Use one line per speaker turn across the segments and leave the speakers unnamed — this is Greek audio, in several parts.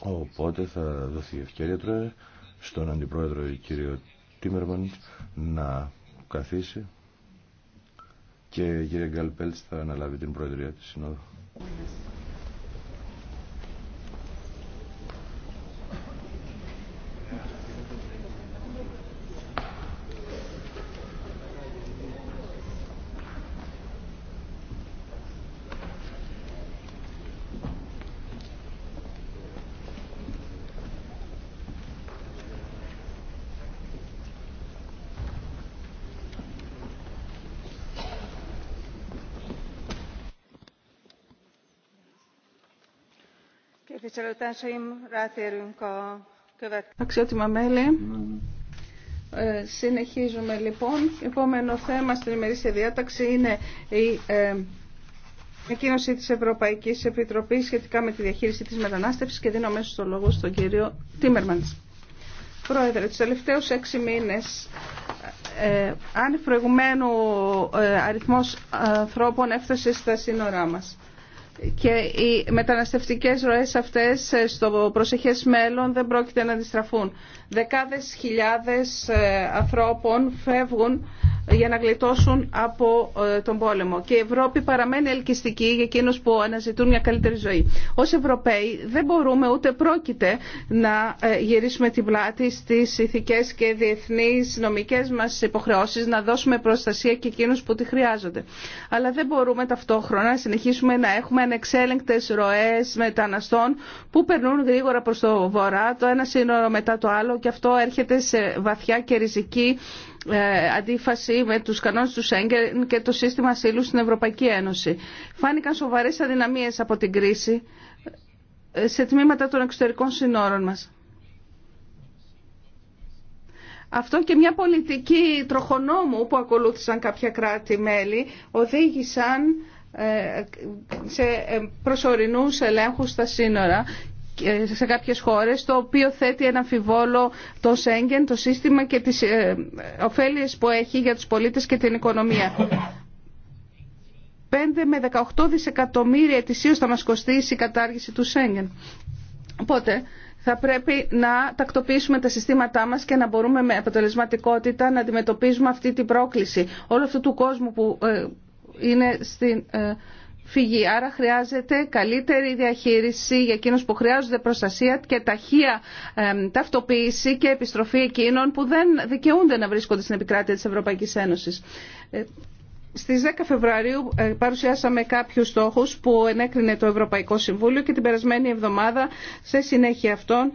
Οπότε θα δοθεί ευκαιρία τώρα στον Αντιπρόεδρο κύριο Τίμερμαν να καθίσει και η κυρία Γκάλπελτς θα αναλάβει την Προεδρία της Συνόδου.
Αξιότιμα μέλη, ε, συνεχίζουμε λοιπόν. Επόμενο θέμα στην ημερήσια διάταξη είναι η ε, τη της Ευρωπαϊκής Επιτροπής σχετικά με τη διαχείριση της μετανάστευσης και δίνω αμέσως το λόγο στον κύριο Τίμερμαντς. Πρόεδρε, τους τελευταίους έξι μήνες ε, αν προηγουμένου ε, αριθμός ανθρώπων έφτασε στα σύνορά μας και οι μεταναστευτικές ροές αυτές ε, στο προσεχές μέλλον δεν πρόκειται να αντιστραφούν. Δεκάδες χιλιάδες ε, ανθρώπων φεύγουν για να γλιτώσουν από ε, τον πόλεμο. Και η Ευρώπη παραμένει ελκυστική για εκείνους που αναζητούν μια καλύτερη ζωή. Ως Ευρωπαίοι δεν μπορούμε ούτε πρόκειται να ε, γυρίσουμε την πλάτη στις ηθικές και διεθνείς νομικές μας υποχρεώσεις να δώσουμε προστασία και εκείνους που τη χρειάζονται. Αλλά δεν μπορούμε ταυτόχρονα να συνεχίσουμε να έχουμε ανεξέλεγκτες ροές μεταναστών που περνούν γρήγορα προς το βορρά, το ένα σύνορο μετά το άλλο και αυτό έρχεται σε βαθιά και ριζική ε, αντίφαση με τους κανόνες του Σέγγεν και το σύστημα ασύλου στην Ευρωπαϊκή Ένωση. Φάνηκαν σοβαρές αδυναμίες από την κρίση ε, σε τμήματα των εξωτερικών συνόρων μας. Αυτό και μια πολιτική τροχονόμου που ακολούθησαν κάποια κράτη-μέλη οδήγησαν ε, σε προσωρινούς ελέγχους στα σύνορα σε κάποιες χώρες, το οποίο θέτει ένα αμφιβόλο το Σέγγεν, το σύστημα και τις ε, ωφέλειες που έχει για τους πολίτες και την οικονομία. 5 με 18 δισεκατομμύρια ετησίως θα μας κοστίσει η κατάργηση του Σέγγεν. Οπότε θα πρέπει να τακτοποιήσουμε τα συστήματά μας και να μπορούμε με αποτελεσματικότητα να αντιμετωπίζουμε αυτή την πρόκληση Όλο αυτού του κόσμου που ε, είναι στην ε, Φυγή. Άρα χρειάζεται καλύτερη διαχείριση για εκείνους που χρειάζονται προστασία και ταχεία ταυτοποίηση και επιστροφή εκείνων που δεν δικαιούνται να βρίσκονται στην επικράτεια της Ευρωπαϊκής Ένωσης. Ε, στις 10 Φεβρουαρίου ε, παρουσιάσαμε κάποιους στόχου που ενέκρινε το Ευρωπαϊκό Συμβούλιο και την περασμένη εβδομάδα σε συνέχεια αυτών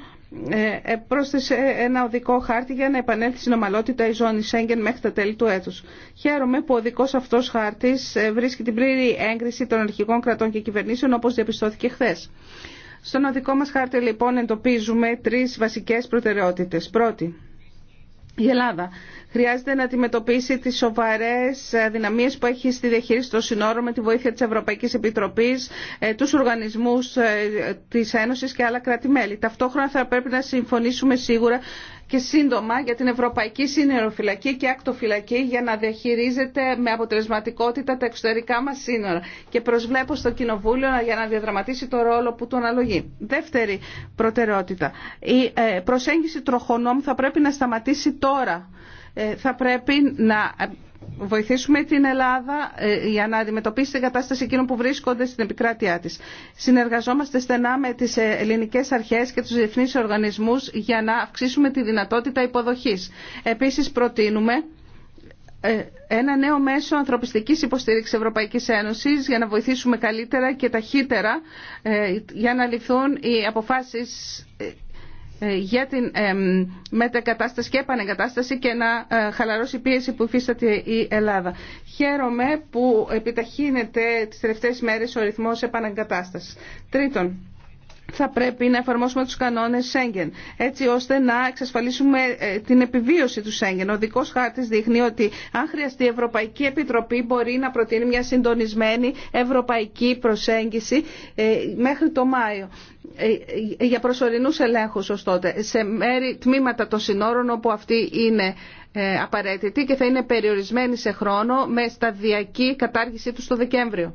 ε, ε, πρόσθεσε ένα οδικό χάρτη για να επανέλθει στην ομαλότητα η ζώνη Σέγγεν μέχρι τα τέλη του έτους. Χαίρομαι που ο οδικός αυτός χάρτης ε, βρίσκει την πλήρη έγκριση των αρχικών κρατών και κυβερνήσεων όπως διαπιστώθηκε χθε. Στον οδικό μας χάρτη λοιπόν εντοπίζουμε τρεις βασικές προτεραιότητες. Πρώτη, η Ελλάδα χρειάζεται να αντιμετωπίσει τις σοβαρές δυναμίες που έχει στη διαχείριση των συνόρων με τη βοήθεια της Ευρωπαϊκής Επιτροπής, ε, τους οργανισμούς ε, της Ένωσης και άλλα κράτη-μέλη. Ταυτόχρονα θα πρέπει να συμφωνήσουμε σίγουρα και σύντομα για την Ευρωπαϊκή Σύνοροφυλακή και Ακτοφυλακή για να διαχειρίζεται με αποτελεσματικότητα τα εξωτερικά μα σύνορα και προσβλέπω στο Κοινοβούλιο για να διαδραματίσει το ρόλο που του αναλογεί. Δεύτερη προτεραιότητα. Η ε, προσέγγιση τροχονόμου θα πρέπει να σταματήσει τώρα ε, θα πρέπει να βοηθήσουμε την Ελλάδα ε, για να αντιμετωπίσει την κατάσταση εκείνων που βρίσκονται στην επικράτειά της. Συνεργαζόμαστε στενά με τις ε, ελληνικές αρχές και τους διεθνείς οργανισμούς για να αυξήσουμε τη δυνατότητα υποδοχής. Επίσης προτείνουμε ε, ένα νέο μέσο ανθρωπιστικής υποστήριξης Ευρωπαϊκής Ένωσης για να βοηθήσουμε καλύτερα και ταχύτερα για να ληφθούν οι αποφάσεις ε, για την μετακατάσταση και επανεγκατάσταση και να ε, χαλαρώσει η πίεση που υφίσταται η Ελλάδα. Χαίρομαι που επιταχύνεται τις τελευταίες μέρες ο ρυθμός επανεγκατάστασης. Τρίτον, θα πρέπει να εφαρμόσουμε τους κανόνες Σέγγεν, έτσι ώστε να εξασφαλίσουμε ε, την επιβίωση του Σέγγεν. Ο δικός χάρτης δείχνει ότι αν χρειαστεί η Ευρωπαϊκή Επιτροπή μπορεί να προτείνει μια συντονισμένη ευρωπαϊκή προσέγγιση ε, μέχρι το Μάιο ε, για προσωρινούς ελέγχους ως τότε, σε μέρη τμήματα των συνόρων όπου αυτή είναι απαραίτητη και θα είναι περιορισμένη σε χρόνο με σταδιακή κατάργησή του στο Δεκέμβριο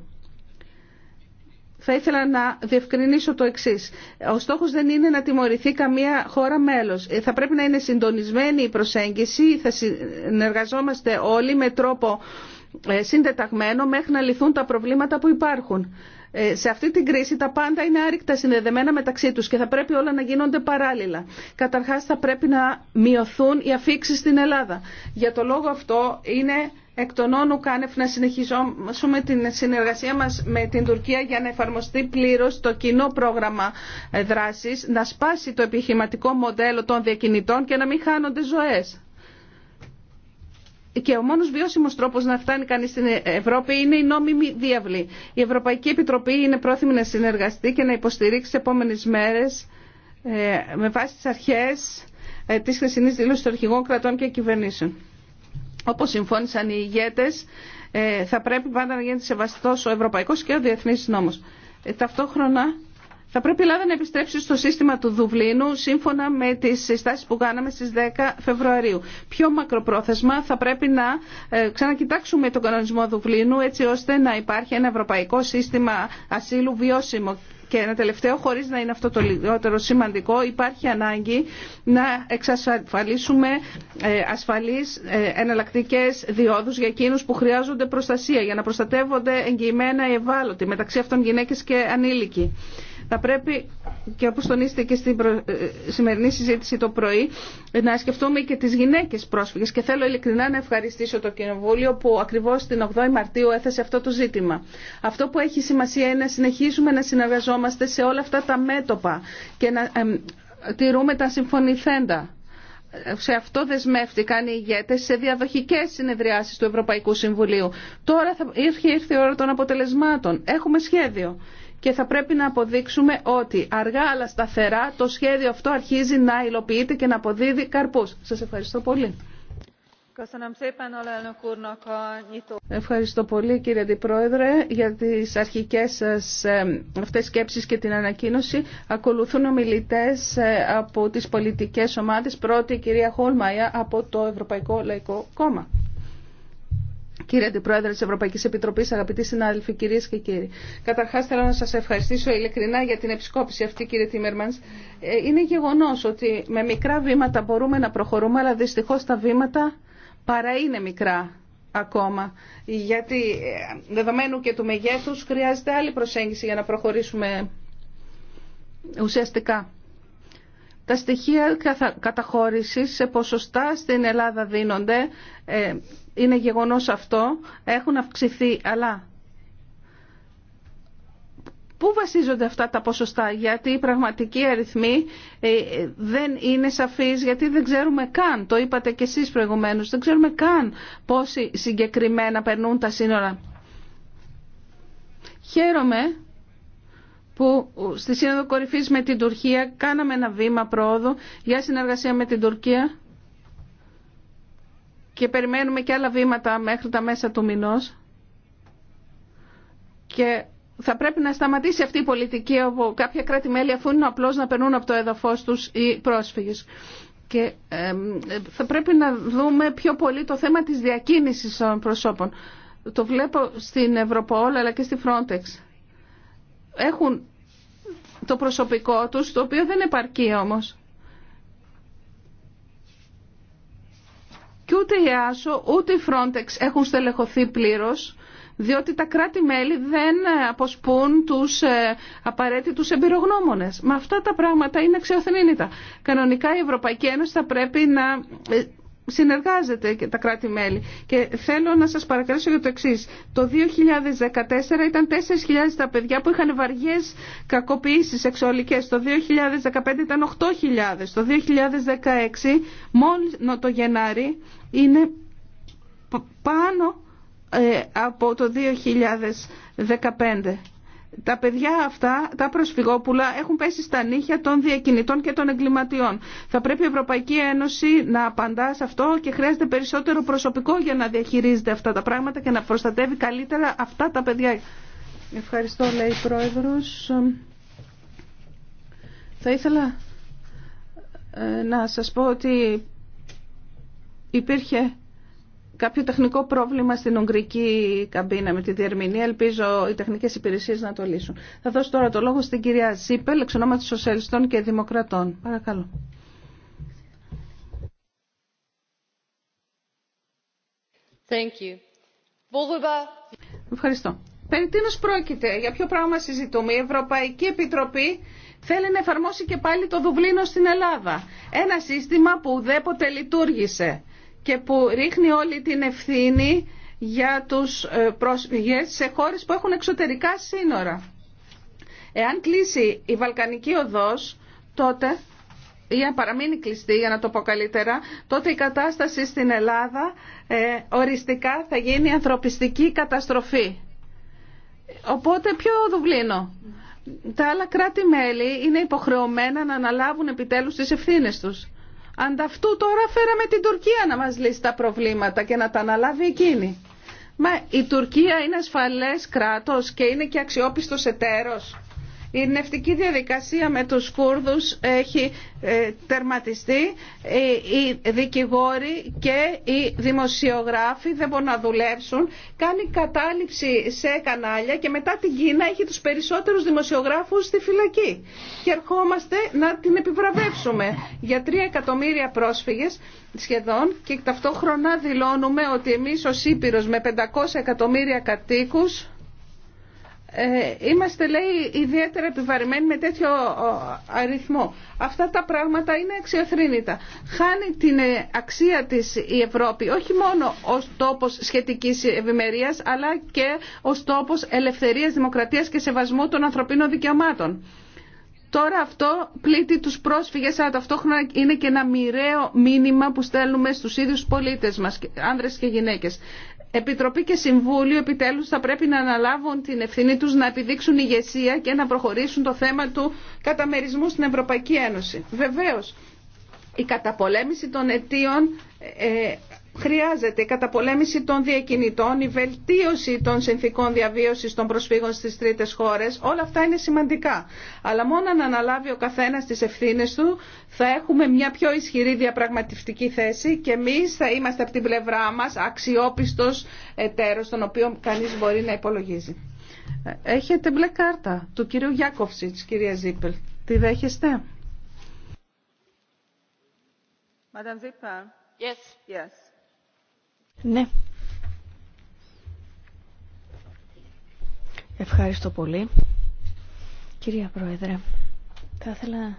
θα ήθελα να διευκρινίσω το εξή. Ο στόχο δεν είναι να τιμωρηθεί καμία χώρα μέλο. Ε, θα πρέπει να είναι συντονισμένη η προσέγγιση, θα συνεργαζόμαστε όλοι με τρόπο ε, συντεταγμένο μέχρι να λυθούν τα προβλήματα που υπάρχουν. Ε, σε αυτή την κρίση τα πάντα είναι άρρηκτα συνδεδεμένα μεταξύ τους και θα πρέπει όλα να γίνονται παράλληλα. Καταρχάς θα πρέπει να μειωθούν οι αφήξεις στην Ελλάδα. Για το λόγο αυτό είναι εκ των όνου κάνευ να συνεχίσουμε την συνεργασία μας με την Τουρκία για να εφαρμοστεί πλήρως το κοινό πρόγραμμα ε, δράσης, να σπάσει το επιχειρηματικό μοντέλο των διακινητών και να μην χάνονται ζωές και ο μόνος βιώσιμος τρόπος να φτάνει κανείς στην Ευρώπη είναι η νόμιμη διαβλή. Η Ευρωπαϊκή Επιτροπή είναι πρόθυμη να συνεργαστεί και να υποστηρίξει τις επόμενες μέρες ε, με βάση τις αρχές ε, της χθεσινής δήλωσης των αρχηγών κρατών και κυβερνήσεων. Όπως συμφώνησαν οι ηγέτες, ε, θα πρέπει πάντα να γίνεται σεβαστός ο ευρωπαϊκός και ο διεθνής νόμος. Ταυτόχρονα θα πρέπει η Ελλάδα να επιστρέψει στο σύστημα του Δουβλίνου σύμφωνα με τι συστάσει που κάναμε στι 10 Φεβρουαρίου. Πιο μακροπρόθεσμα θα πρέπει να ε, ξανακοιτάξουμε τον κανονισμό Δουβλίνου έτσι ώστε να υπάρχει ένα ευρωπαϊκό σύστημα ασύλου βιώσιμο. Και ένα τελευταίο, χωρίς να είναι αυτό το λιγότερο σημαντικό, υπάρχει ανάγκη να εξασφαλίσουμε ε, ασφαλείς ε, εναλλακτικές διόδους για εκείνους που χρειάζονται προστασία, για να προστατεύονται εγγυημένα οι ευάλωτοι, μεταξύ αυτών γυναίκες και ανήλικοι. Θα πρέπει και όπως τονίστε και στην ε, σημερινή συζήτηση το πρωί να σκεφτούμε και τις γυναίκες πρόσφυγες και θέλω ειλικρινά να ευχαριστήσω το Κοινοβούλιο που ακριβώς την 8η Μαρτίου έθεσε αυτό το ζήτημα. Αυτό που έχει σημασία είναι να συνεχίσουμε να συνεργαζόμαστε σε όλα αυτά τα μέτωπα και να τηρούμε τα συμφωνηθέντα. Σε αυτό δεσμεύτηκαν οι ηγέτες σε διαδοχικές συνεδριάσεις του Ευρωπαϊκού Συμβουλίου. Τώρα θα ήρθε η ώρα των αποτελεσμάτων. Έχουμε σχέδιο και θα πρέπει να αποδείξουμε ότι αργά αλλά σταθερά το σχέδιο αυτό αρχίζει να υλοποιείται και να αποδίδει καρπούς. Σας ευχαριστώ πολύ. Ευχαριστώ πολύ κύριε Αντιπρόεδρε για τις αρχικές σας ε, αυτές σκέψεις και την ανακοίνωση. Ακολουθούν ομιλητές ε, από τις πολιτικές ομάδες. Πρώτη η κυρία Χόλμαια από το Ευρωπαϊκό Λαϊκό Κόμμα. Κύριε Αντιπρόεδρε τη Ευρωπαϊκή Επιτροπή, αγαπητοί συνάδελφοι, κυρίε και κύριοι. Καταρχά, θέλω να σα ευχαριστήσω ειλικρινά για την επισκόπηση αυτή, κύριε Τίμερμαν. Ε, είναι γεγονό ότι με μικρά βήματα μπορούμε να προχωρούμε, αλλά δυστυχώ τα βήματα παρά είναι μικρά ακόμα. Γιατί ε, δεδομένου και του μεγέθου χρειάζεται άλλη προσέγγιση για να προχωρήσουμε ουσιαστικά. Τα στοιχεία καταχώρησης σε ποσοστά στην Ελλάδα δίνονται ε, είναι γεγονός αυτό, έχουν αυξηθεί, αλλά πού βασίζονται αυτά τα ποσοστά, γιατί οι πραγματικοί αριθμοί ε, δεν είναι σαφείς, γιατί δεν ξέρουμε καν, το είπατε και εσείς προηγουμένως, δεν ξέρουμε καν πόσοι συγκεκριμένα περνούν τα σύνορα. Χαίρομαι που στη Σύνοδο Κορυφής με την Τουρκία κάναμε ένα βήμα πρόοδο για συνεργασία με την Τουρκία και περιμένουμε και άλλα βήματα μέχρι τα μέσα του μηνός και θα πρέπει να σταματήσει αυτή η πολιτική από κάποια κράτη-μέλη αφού είναι απλώς να περνούν από το έδαφος τους οι πρόσφυγες. Και θα πρέπει να δούμε πιο πολύ το θέμα της διακίνησης των προσώπων. Το βλέπω στην Ευρωπόλ αλλά και στη Frontex. Έχουν το προσωπικό τους, το οποίο δεν επαρκεί όμως. Και ούτε η ΆΣΟ ούτε η Frontex έχουν στελεχωθεί πλήρως διότι τα κράτη-μέλη δεν αποσπούν τους ε, απαραίτητους εμπειρογνώμονες. Με αυτά τα πράγματα είναι αξιοθενήνητα. Κανονικά η Ευρωπαϊκή Ένωση θα πρέπει να ε, συνεργάζεται τα κράτη-μέλη. Και θέλω να σας παρακαλέσω για το εξή. Το 2014 ήταν 4.000 τα παιδιά που είχαν βαριές κακοποιήσεις σεξουαλικές. Το 2015 ήταν 8.000. Το 2016 μόνο το Γενάρη είναι πάνω ε, από το 2015 τα παιδιά αυτά, τα προσφυγόπουλα, έχουν πέσει στα νύχια των διακινητών και των εγκληματιών. Θα πρέπει η Ευρωπαϊκή Ένωση να απαντά σε αυτό και χρειάζεται περισσότερο προσωπικό για να διαχειρίζεται αυτά τα πράγματα και να προστατεύει καλύτερα αυτά τα παιδιά. Ευχαριστώ, λέει η Πρόεδρος. Θα ήθελα ε, να σας πω ότι υπήρχε κάποιο τεχνικό πρόβλημα στην Ουγγρική καμπίνα με τη διερμηνία. Ελπίζω οι τεχνικέ υπηρεσίε να το λύσουν. Θα δώσω τώρα το λόγο στην κυρία Σίπελ, εξ ονόματο Σοσιαλιστών και Δημοκρατών. Παρακαλώ. Thank you. Ευχαριστώ. Περί τίνος πρόκειται, για ποιο πράγμα συζητούμε. Η Ευρωπαϊκή Επιτροπή θέλει να εφαρμόσει και πάλι το Δουβλίνο στην Ελλάδα. Ένα σύστημα που ουδέποτε λειτουργήσε και που ρίχνει όλη την ευθύνη για τους ε, πρόσφυγες σε χώρες που έχουν εξωτερικά σύνορα. Εάν κλείσει η Βαλκανική οδός, τότε ή αν παραμείνει κλειστή, για να το πω καλύτερα, τότε η κατάσταση στην Ελλάδα ε, οριστικά θα γίνει ανθρωπιστική καταστροφή. Οπότε ποιο Δουβλίνο. Τα άλλα κράτη-μέλη είναι υποχρεωμένα να αναλάβουν επιτέλους τις ευθύνες τους. Ανταυτού τώρα φέραμε την Τουρκία να μας λύσει τα προβλήματα και να τα αναλάβει εκείνη. Μα η Τουρκία είναι ασφαλές κράτος και είναι και αξιόπιστος εταίρος. Η νευτική διαδικασία με τους Κούρδους έχει ε, τερματιστεί. Ε, οι δικηγόροι και οι δημοσιογράφοι δεν μπορούν να δουλέψουν. Κάνει κατάληψη σε κανάλια και μετά την Κίνα έχει τους περισσότερους δημοσιογράφους στη φυλακή. Και ερχόμαστε να την επιβραβεύσουμε για τρία εκατομμύρια πρόσφυγες σχεδόν και ταυτόχρονα δηλώνουμε ότι εμείς ως Ήπειρος με 500 εκατομμύρια κατοίκους ε, είμαστε λέει ιδιαίτερα επιβαρημένοι με τέτοιο αριθμό. Αυτά τα πράγματα είναι αξιοθρύνητα. Χάνει την ε, αξία της η Ευρώπη όχι μόνο ως τόπος σχετικής ευημερίας αλλά και ως τόπος ελευθερίας, δημοκρατίας και σεβασμού των ανθρωπίνων δικαιωμάτων. Τώρα αυτό πλήττει τους πρόσφυγες, αλλά ταυτόχρονα είναι και ένα μοιραίο μήνυμα που στέλνουμε στους ίδιους πολίτες μας, άνδρες και γυναίκες. Επιτροπή και Συμβούλιο επιτέλους θα πρέπει να αναλάβουν την ευθύνη τους να επιδείξουν ηγεσία και να προχωρήσουν το θέμα του καταμερισμού στην Ευρωπαϊκή Ένωση. Βεβαίως, η καταπολέμηση των αιτίων ε, χρειάζεται καταπολέμηση των διακινητών, η βελτίωση των συνθήκων διαβίωση των προσφύγων στις τρίτες χώρες, όλα αυτά είναι σημαντικά. Αλλά μόνο αν αναλάβει ο καθένα τις ευθύνε του θα έχουμε μια πιο ισχυρή διαπραγματευτική θέση και εμεί θα είμαστε από την πλευρά μας αξιόπιστος εταίρο, τον οποίο κανεί μπορεί να υπολογίζει. Έχετε μπλε κάρτα του κυρίου Γιάκοφσιτ, κυρία Ζίπελ. Τη δέχεστε?
Yes. Yes.
Ναι. Ευχαριστώ πολύ. Κυρία Πρόεδρε, θα ήθελα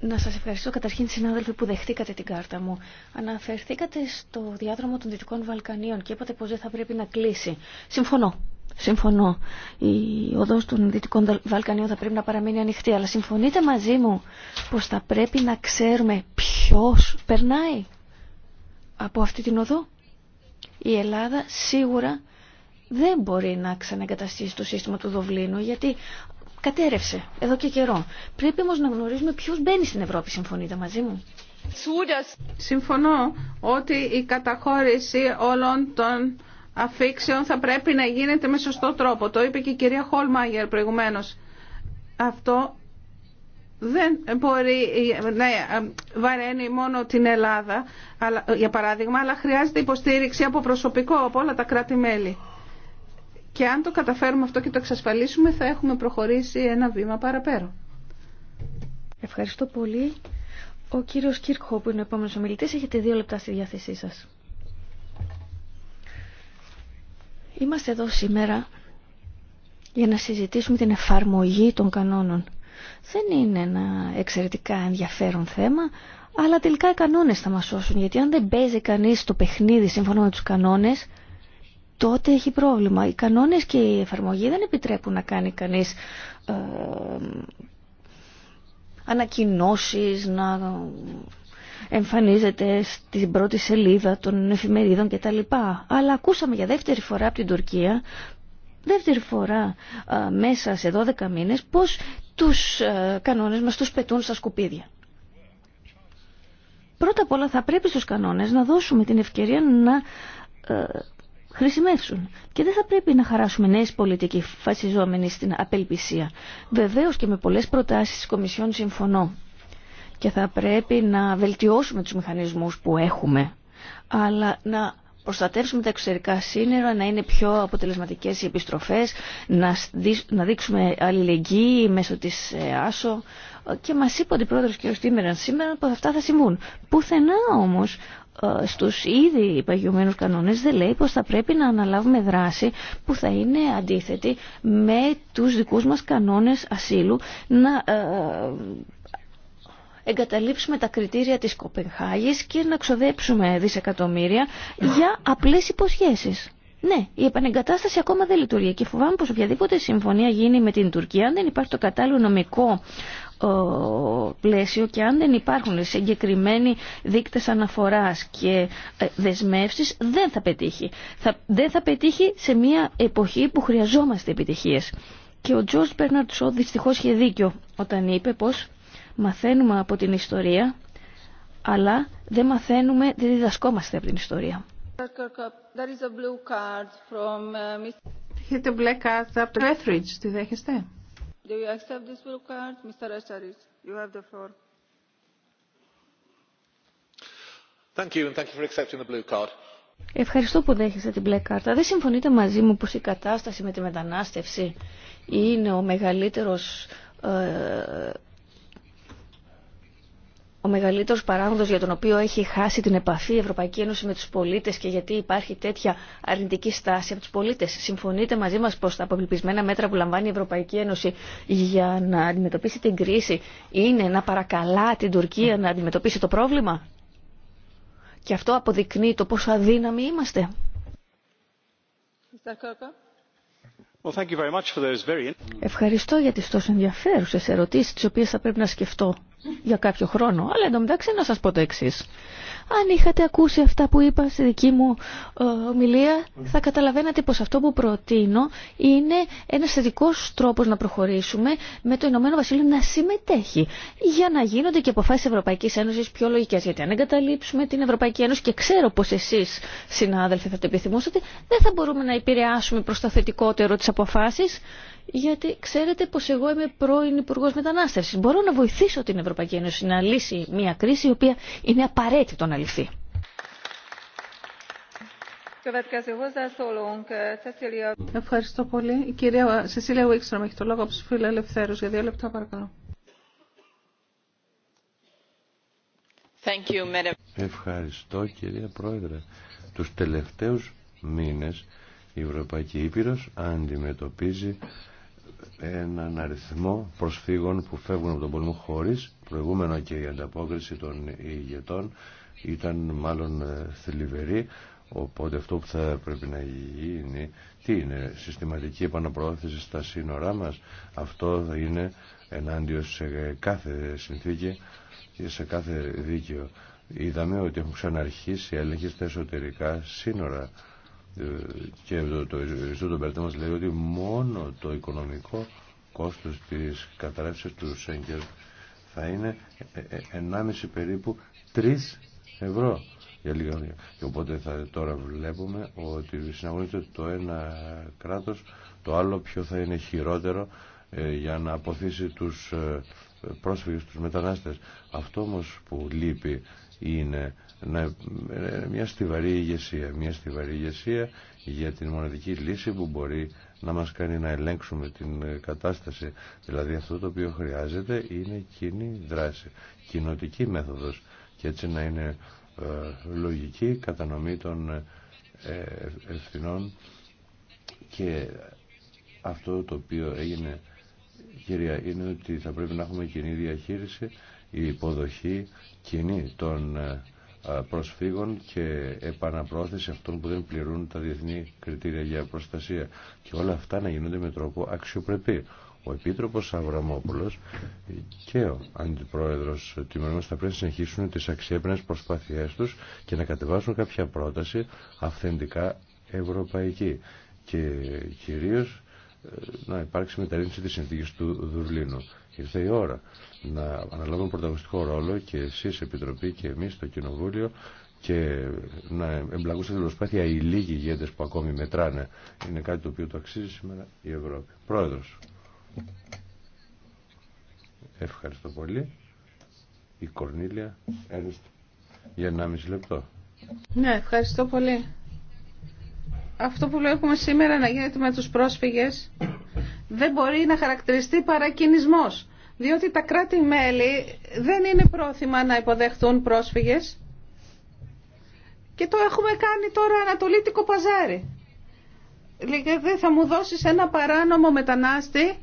να σας ευχαριστώ καταρχήν συνάδελφοι που δεχτήκατε την κάρτα μου. Αναφερθήκατε στο διάδρομο των Δυτικών Βαλκανίων και είπατε πως δεν θα πρέπει να κλείσει. Συμφωνώ. Συμφωνώ. Η οδός των Δυτικών Βαλκανίων θα πρέπει να παραμείνει ανοιχτή. Αλλά συμφωνείτε μαζί μου πως θα πρέπει να ξέρουμε ποιος περνάει από αυτή την οδό η Ελλάδα σίγουρα δεν μπορεί να ξαναγκαταστήσει το σύστημα του Δοβλίνου γιατί κατέρευσε εδώ και καιρό. Πρέπει όμως να γνωρίζουμε ποιος μπαίνει στην Ευρώπη, συμφωνείτε μαζί μου. Συμφωνώ
ότι η καταχώρηση όλων των αφήξεων θα πρέπει να γίνεται με σωστό τρόπο. Το είπε και η κυρία Χολμάγερ προηγουμένως. Αυτό δεν μπορεί να βαραίνει μόνο την Ελλάδα, για παράδειγμα, αλλά χρειάζεται υποστήριξη από προσωπικό, από όλα τα κράτη-μέλη. Και αν το καταφέρουμε αυτό και το εξασφαλίσουμε, θα έχουμε προχωρήσει ένα βήμα παραπέρα.
Ευχαριστώ πολύ. Ο κύριος Κύρκο, που είναι ο επόμενος ομιλητής, έχετε δύο λεπτά στη διάθεσή σας. Είμαστε εδώ σήμερα για να συζητήσουμε την εφαρμογή των κανόνων δεν είναι ένα εξαιρετικά ενδιαφέρον θέμα, αλλά τελικά οι κανόνες θα μας σώσουν. Γιατί αν δεν παίζει κανείς το παιχνίδι σύμφωνα με τους κανόνες, τότε έχει πρόβλημα. Οι κανόνες και η εφαρμογή δεν επιτρέπουν να κάνει κανείς ε, ανακοινώσεις, να εμφανίζεται στην πρώτη σελίδα των εφημερίδων κτλ. Αλλά ακούσαμε για δεύτερη φορά από την Τουρκία δεύτερη φορά μέσα σε 12 μήνες πώς τους κανόνες μας τους πετούν στα σκουπίδια. Πρώτα απ' όλα θα πρέπει στους κανόνες να δώσουμε την ευκαιρία να χρησιμεύσουν. Και δεν θα πρέπει να χαράσουμε νέες πολιτικοί φασιζόμενοι στην απελπισία. Βεβαίως και με πολλές προτάσεις της Κομισιόν συμφωνώ. Και θα πρέπει να βελτιώσουμε τους μηχανισμούς που έχουμε. Αλλά να προστατεύσουμε τα εξωτερικά σύνορα, να είναι πιο αποτελεσματικές οι επιστροφές, να δείξουμε αλληλεγγύη μέσω της ε, ΆΣΟ και μας είπε ότι πρόεδρος κ. στήμεραν σήμερα ότι αυτά θα συμβούν. Πουθενά όμως ε, στους ήδη υπαγιωμένους κανόνες δεν λέει πως θα πρέπει να αναλάβουμε δράση που θα είναι αντίθετη με τους δικούς μας κανόνες ασύλου να ε, εγκαταλείψουμε τα κριτήρια της Κοπενχάγης και να ξοδέψουμε δισεκατομμύρια για απλές υποσχέσεις. Ναι, η επανεγκατάσταση ακόμα δεν λειτουργεί και φοβάμαι πως οποιαδήποτε συμφωνία γίνει με την Τουρκία, αν δεν υπάρχει το κατάλληλο νομικό πλαίσιο και αν δεν υπάρχουν συγκεκριμένοι δείκτες αναφοράς και ε, δεσμεύσεις δεν θα πετύχει. δεν θα πετύχει σε μια εποχή που χρειαζόμαστε επιτυχίες. Και ο Τζορτ Μπέρναρτ Σό δυστυχώς είχε δίκιο όταν είπε πως Μαθαίνουμε από την ιστορία, αλλά δεν μαθαίνουμε, δεν διδασκόμαστε από την ιστορία. Ευχαριστώ που δέχεστε την μπλε κάρτα. Δεν συμφωνείτε μαζί μου πως η κατάσταση με τη μετανάστευση είναι ο μεγαλύτερος ε, ο μεγαλύτερος παράγοντας για τον οποίο έχει χάσει την επαφή η Ευρωπαϊκή Ένωση με τους πολίτες και γιατί υπάρχει τέτοια αρνητική στάση από τους πολίτες. Συμφωνείτε μαζί μας πως τα αποπληπισμένα μέτρα που λαμβάνει η Ευρωπαϊκή Ένωση για να αντιμετωπίσει την κρίση είναι να παρακαλά την Τουρκία να αντιμετωπίσει το πρόβλημα. Και αυτό αποδεικνύει το πόσο αδύναμοι είμαστε. Ευχαριστώ για τις τόσο ενδιαφέρουσες ερωτήσεις τις οποίες θα πρέπει να σκεφτώ για κάποιο χρόνο. Αλλά εντωμεταξύ να σας πω το εξής. Αν είχατε ακούσει αυτά που είπα στη δική μου ε, ομιλία, θα καταλαβαίνατε πως αυτό που προτείνω είναι ένας θετικός τρόπος να προχωρήσουμε με το Ηνωμένο Βασίλειο να συμμετέχει για να γίνονται και αποφάσεις Ευρωπαϊκής Ένωσης πιο λογικές. Γιατί αν εγκαταλείψουμε την Ευρωπαϊκή Ένωση και ξέρω πως εσείς συνάδελφοι θα το επιθυμούσατε, δεν θα μπορούμε να επηρεάσουμε προς το θετικότερο τις αποφάσεις γιατί ξέρετε πως εγώ είμαι πρώην Υπουργός Μετανάστευσης. Μπορώ να βοηθήσω την Ευρωπαϊκή Ένωση να λύσει μια κρίση η οποία είναι απαραίτητο να λυθεί. Ευχαριστώ
πολύ. Η κυρία Σεσίλια Βίξτρομ έχει το λόγο από φίλου ελευθέρους Για δύο λεπτά παρακαλώ.
Ευχαριστώ κυρία Πρόεδρε. Τους τελευταίους μήνες η Ευρωπαϊκή Ήπειρος αντιμετωπίζει έναν αριθμό προσφύγων που φεύγουν από τον πόλεμο χωρίς προηγούμενο και η ανταπόκριση των ηγετών ήταν μάλλον ε, θλιβερή οπότε αυτό που θα πρέπει να γίνει τι είναι συστηματική επαναπρόθεση στα σύνορά μας αυτό είναι ενάντια σε κάθε συνθήκη και σε κάθε δίκαιο είδαμε ότι έχουν ξαναρχίσει έλεγχοι στα εσωτερικά σύνορα και το Μπερτέ μας λέει ότι μόνο το οικονομικό κόστος της καταρρεύσης του Σέγκερ θα είναι 1,5 ε, ε, περίπου 3 ευρώ για οπότε θα, τώρα βλέπουμε ότι συναγωνίζεται το ένα κράτος, το άλλο πιο θα είναι χειρότερο ε, για να αποθήσει τους ε, πρόσφυγες, τους μετανάστες. Αυτό όμως που λείπει είναι ε, μια στιβαρή ηγεσία. Μια στιβαρή ηγεσία για την μοναδική λύση που μπορεί να μας κάνει να ελέγξουμε την ε, κατάσταση. Δηλαδή αυτό το οποίο χρειάζεται είναι κοινή δράση, κοινοτική μέθοδος και έτσι να είναι ε, λογική κατανομή των ευθυνών και αυτό το οποίο έγινε κυρία είναι ότι θα πρέπει να έχουμε κοινή διαχείριση η υποδοχή κοινή των ε, προσφύγων και επαναπρόθεση αυτών που δεν πληρούν τα διεθνή κριτήρια για προστασία και όλα αυτά να γίνονται με τρόπο αξιοπρεπή. Ο Επίτροπος Αβραμόπουλος και ο Αντιπρόεδρος Τιμερός θα πρέπει να συνεχίσουν τις αξιέπαινες προσπάθειές τους και να κατεβάσουν κάποια πρόταση αυθεντικά ευρωπαϊκή και κυρίως ε, να υπάρξει μεταρρύνση της συνθήκης του Δουρλίνου ήρθε η ώρα να αναλάβουν πρωταγωνιστικό ρόλο και εσεί Επιτροπή και εμεί το Κοινοβούλιο και να εμπλακούν την προσπάθεια οι λίγοι ηγέτε που ακόμη μετράνε. Είναι κάτι το οποίο το αξίζει σήμερα η Ευρώπη. Πρόεδρος. Ευχαριστώ πολύ. Η Κορνίλια για 1,5 λεπτό.
Ναι, ευχαριστώ πολύ αυτό που βλέπουμε σήμερα να γίνεται με τους πρόσφυγες δεν μπορεί να χαρακτηριστεί παρακινησμός, διότι τα κράτη-μέλη δεν είναι πρόθυμα να υποδεχτούν πρόσφυγες και το έχουμε κάνει τώρα ανατολίτικο παζάρι. Δηλαδή θα μου δώσεις ένα παράνομο μετανάστη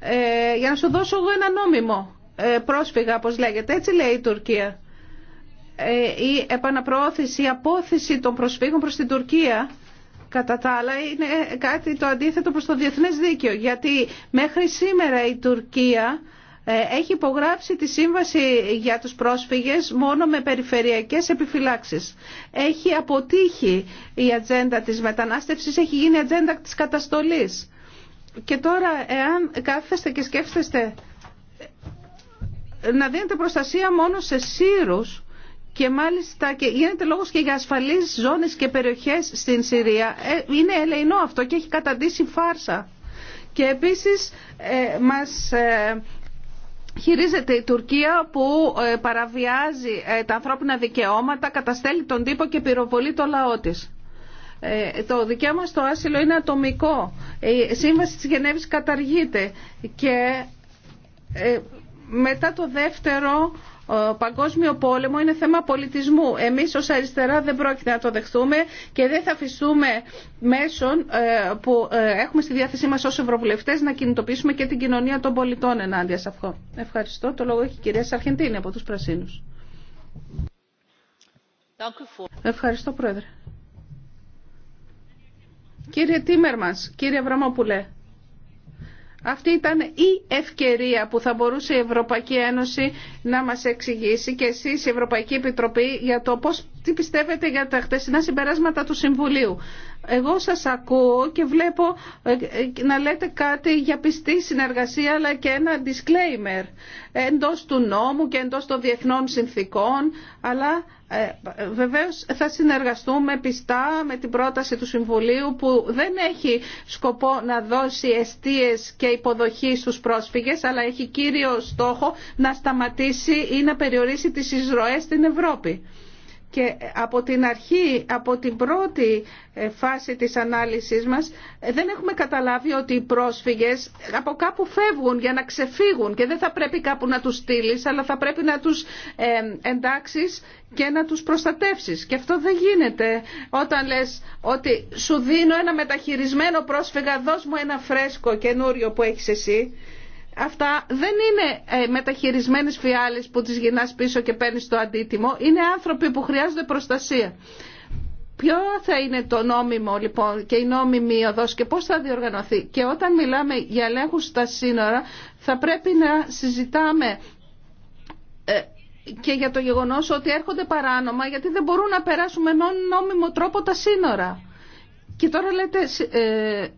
ε, για να σου δώσω εγώ ένα νόμιμο ε, πρόσφυγα, όπως λέγεται. Έτσι λέει η Τουρκία. Ε, η επαναπροώθηση, η απόθεση των προσφύγων προς την Τουρκία Κατά τα άλλα είναι κάτι το αντίθετο προς το διεθνές δίκαιο, γιατί μέχρι σήμερα η Τουρκία ε, έχει υπογράψει τη σύμβαση για τους πρόσφυγες μόνο με περιφερειακές επιφυλάξεις. Έχει αποτύχει η ατζέντα της μετανάστευσης, έχει γίνει ατζέντα της καταστολής. Και τώρα εάν κάθεστε και σκέφτεστε να δίνετε προστασία μόνο σε σύρους, και μάλιστα και γίνεται λόγος και για ασφαλείς ζώνες και περιοχές στην Συρία. Ε, είναι ελεηνό αυτό και έχει καταντήσει φάρσα. Και επίσης ε, μας ε, χειρίζεται η Τουρκία που ε, παραβιάζει τα ανθρώπινα δικαιώματα, καταστέλει τον τύπο και πυροβολεί το λαό της. Το δικαίωμα στο άσυλο είναι ατομικό. Η σύμβαση της Γενέβης καταργείται και μετά το δεύτερο ο παγκόσμιο πόλεμο είναι θέμα πολιτισμού. Εμείς ως αριστερά δεν πρόκειται να το δεχθούμε και δεν θα αφήσουμε μέσων ε, που ε, έχουμε στη διάθεσή μας ως ευρωβουλευτές να κινητοποιήσουμε και την κοινωνία των πολιτών ενάντια σε αυτό. Ευχαριστώ. Το λόγο έχει η κυρία Σαρχεντίνη από τους Πρασίνους. Ευχαριστώ Πρόεδρε. Κύριε Τίμερμας, κύριε Βραμόπουλε, αυτή ήταν η ευκαιρία που θα μπορούσε η Ευρωπαϊκή Ένωση να μας εξηγήσει και εσείς η Ευρωπαϊκή Επιτροπή για το πώς τι πιστεύετε για τα χτεσινά συμπεράσματα του Συμβουλίου. Εγώ σας ακούω και βλέπω ε, ε, να λέτε κάτι για πιστή συνεργασία αλλά και ένα disclaimer εντός του νόμου και εντός των διεθνών συνθήκων αλλά ε, βεβαίως θα συνεργαστούμε πιστά με την πρόταση του Συμβουλίου που δεν έχει σκοπό να δώσει εστίες και υποδοχή στους πρόσφυγες αλλά έχει κύριο στόχο να σταματήσει ή να περιορίσει τις εισρωές στην Ευρώπη και από την αρχή, από την πρώτη ε, φάση της ανάλυσης μας, ε, δεν έχουμε καταλάβει ότι οι πρόσφυγες από κάπου φεύγουν για να ξεφύγουν και δεν θα πρέπει κάπου να τους στείλει, αλλά θα πρέπει να τους ε, εντάξεις και να τους προστατεύσεις. Και αυτό δεν γίνεται όταν λες ότι σου δίνω ένα μεταχειρισμένο πρόσφυγα, δώσ' μου ένα φρέσκο καινούριο που έχεις εσύ. Αυτά δεν είναι ε, μεταχειρισμένες φιάλες που τις γυρνάς πίσω και παίρνεις το αντίτιμο. Είναι άνθρωποι που χρειάζονται προστασία. Ποιο θα είναι το νόμιμο λοιπόν και η νόμιμη οδός και πώς θα διοργανωθεί. Και όταν μιλάμε για ελέγχου στα σύνορα θα πρέπει να συζητάμε ε, και για το γεγονός ότι έρχονται παράνομα γιατί δεν μπορούν να περάσουν με νόμιμο τρόπο τα σύνορα. Και τώρα λέτε ε,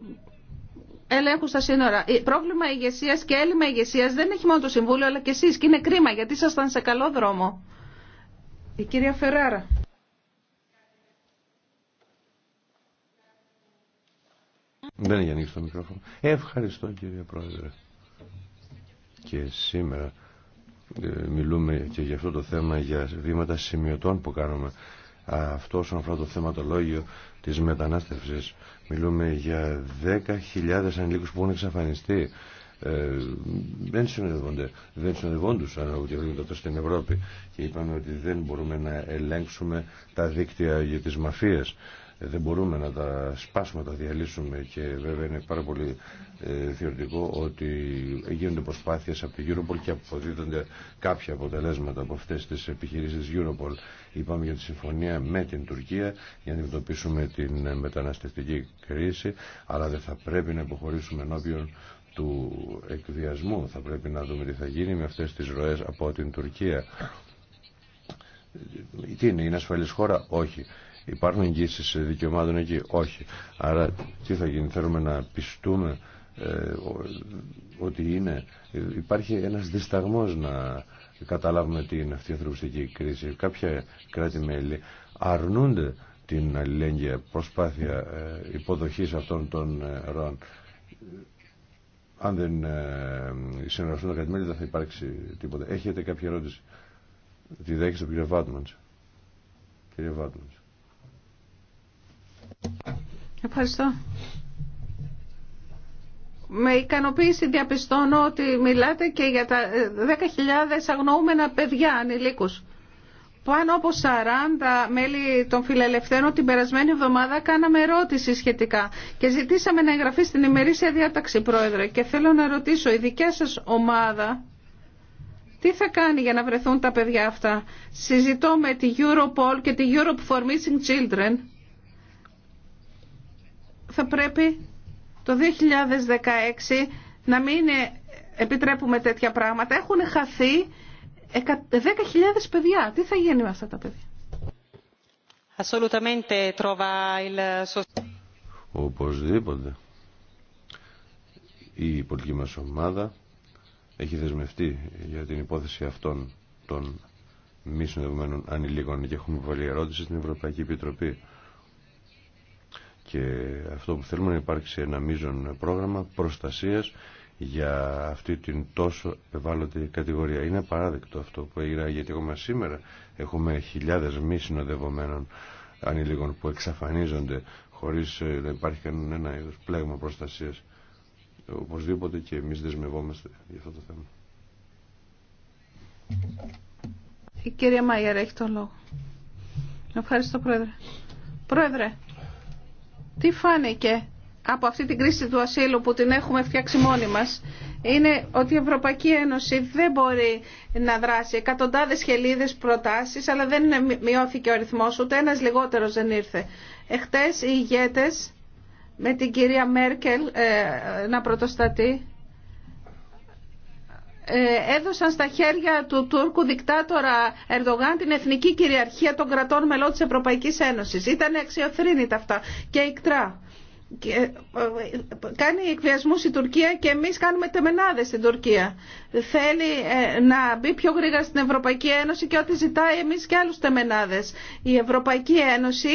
ελέγχου στα σύνορα. Πρόβλημα ηγεσία και έλλειμμα ηγεσία δεν έχει μόνο το Συμβούλιο αλλά και εσεί. Και είναι κρίμα γιατί ήσασταν σε καλό δρόμο. Η κυρία Φεράρα.
Δεν έχει ανοίξει το μικρόφωνο. Ευχαριστώ κύριε Πρόεδρε. Και σήμερα ε, μιλούμε και για αυτό το θέμα, για βήματα σημειωτών που κάνουμε. Αυτό όσον αφορά το θεματολόγιο της μετανάστευσης. Μιλούμε για 10.000 ανηλίκους που έχουν εξαφανιστεί. Ε, δεν συνοδεύονται, δεν συνοδεύοντουσαν ουτε τη τότε στην Ευρώπη και είπαμε ότι δεν μπορούμε να ελέγξουμε τα δίκτυα για τις μαφίες δεν μπορούμε να τα σπάσουμε, να τα διαλύσουμε και βέβαια είναι πάρα πολύ ε, θεωρητικό ότι γίνονται προσπάθειες από την Europol και αποδίδονται κάποια αποτελέσματα από αυτές τις επιχειρήσεις Europol. Είπαμε για τη συμφωνία με την Τουρκία για να αντιμετωπίσουμε την μεταναστευτική κρίση, αλλά δεν θα πρέπει να υποχωρήσουμε ενώπιον του εκβιασμού. Θα πρέπει να δούμε τι θα γίνει με αυτές τις ροές από την Τουρκία. Τι είναι, είναι ασφαλής χώρα, όχι. Υπάρχουν εγγύσει δικαιωμάτων εκεί. Όχι. Άρα τι θα γίνει. Θέλουμε να πιστούμε ε, ότι είναι. Υπάρχει ένας δισταγμός να καταλάβουμε τι είναι αυτή η ανθρωπιστική κρίση. Κάποια κράτη-μέλη αρνούνται την αλληλέγγυα προσπάθεια ε, υποδοχής αυτών των ε, ροών. Αν δεν συνεργαστούν τα κράτη-μέλη δεν θα υπάρξει τίποτα. Έχετε κάποια ερώτηση. Τη δέχεστε κύριε Βάτμαντς. Κύριε Βάτμαντς.
Ευχαριστώ. Με ικανοποίηση διαπιστώνω ότι μιλάτε και για τα 10.000 ε, αγνοούμενα παιδιά ανηλίκους. Πάνω από 40 μέλη των φιλελευθέρων την περασμένη εβδομάδα κάναμε ερώτηση σχετικά και ζητήσαμε να εγγραφεί στην ημερήσια διάταξη, Πρόεδρε. Και θέλω να ρωτήσω, η δικιά σας ομάδα τι θα κάνει για να βρεθούν τα παιδιά αυτά. Συζητώ με τη Europol και τη Europe for Missing Children θα πρέπει το 2016 να μην επιτρέπουμε τέτοια πράγματα. Έχουν χαθεί 10.000 παιδιά. Τι θα γίνει με αυτά τα παιδιά.
Οπωσδήποτε. Η πολιτική μας ομάδα έχει δεσμευτεί για την υπόθεση αυτών των μη συνδεδεμένων ανηλίκων και έχουμε βάλει ερώτηση στην Ευρωπαϊκή Επιτροπή και αυτό που θέλουμε να υπάρξει ένα μείζον πρόγραμμα προστασίας για αυτή την τόσο ευάλωτη κατηγορία. Είναι παράδεκτο αυτό που έγινε γιατί ακόμα σήμερα έχουμε χιλιάδες μη συνοδευομένων ανήλικων που εξαφανίζονται χωρίς ε, να υπάρχει κανένα είδος πλέγμα προστασίας. Οπωσδήποτε και εμείς δεσμευόμαστε για αυτό το θέμα.
Η κυρία Μαϊέρα έχει τον λόγο. Ευχαριστώ πρόεδρε. Πρόεδρε, τι φάνηκε από αυτή την κρίση του ασύλου που την έχουμε φτιάξει μόνοι μας είναι ότι η Ευρωπαϊκή Ένωση δεν μπορεί να δράσει εκατοντάδες χελίδες προτάσεις αλλά δεν μειώθηκε ο αριθμός, ούτε ένας λιγότερος δεν ήρθε. Εχθές οι ηγέτες με την κυρία Μέρκελ ε, να πρωτοστατεί ε, έδωσαν στα χέρια του Τούρκου δικτάτορα Ερντογάν την εθνική κυριαρχία των κρατών μελών της Ευρωπαϊκής Ένωσης. Ήταν αξιοθρύνητα αυτά και ικτρά και ε, κάνει εκβιασμούς η Τουρκία και εμείς κάνουμε τεμενάδες στην Τουρκία. Θέλει ε, να μπει πιο γρήγορα στην Ευρωπαϊκή Ένωση και ό,τι ζητάει εμείς και άλλους τεμενάδες. Η Ευρωπαϊκή Ένωση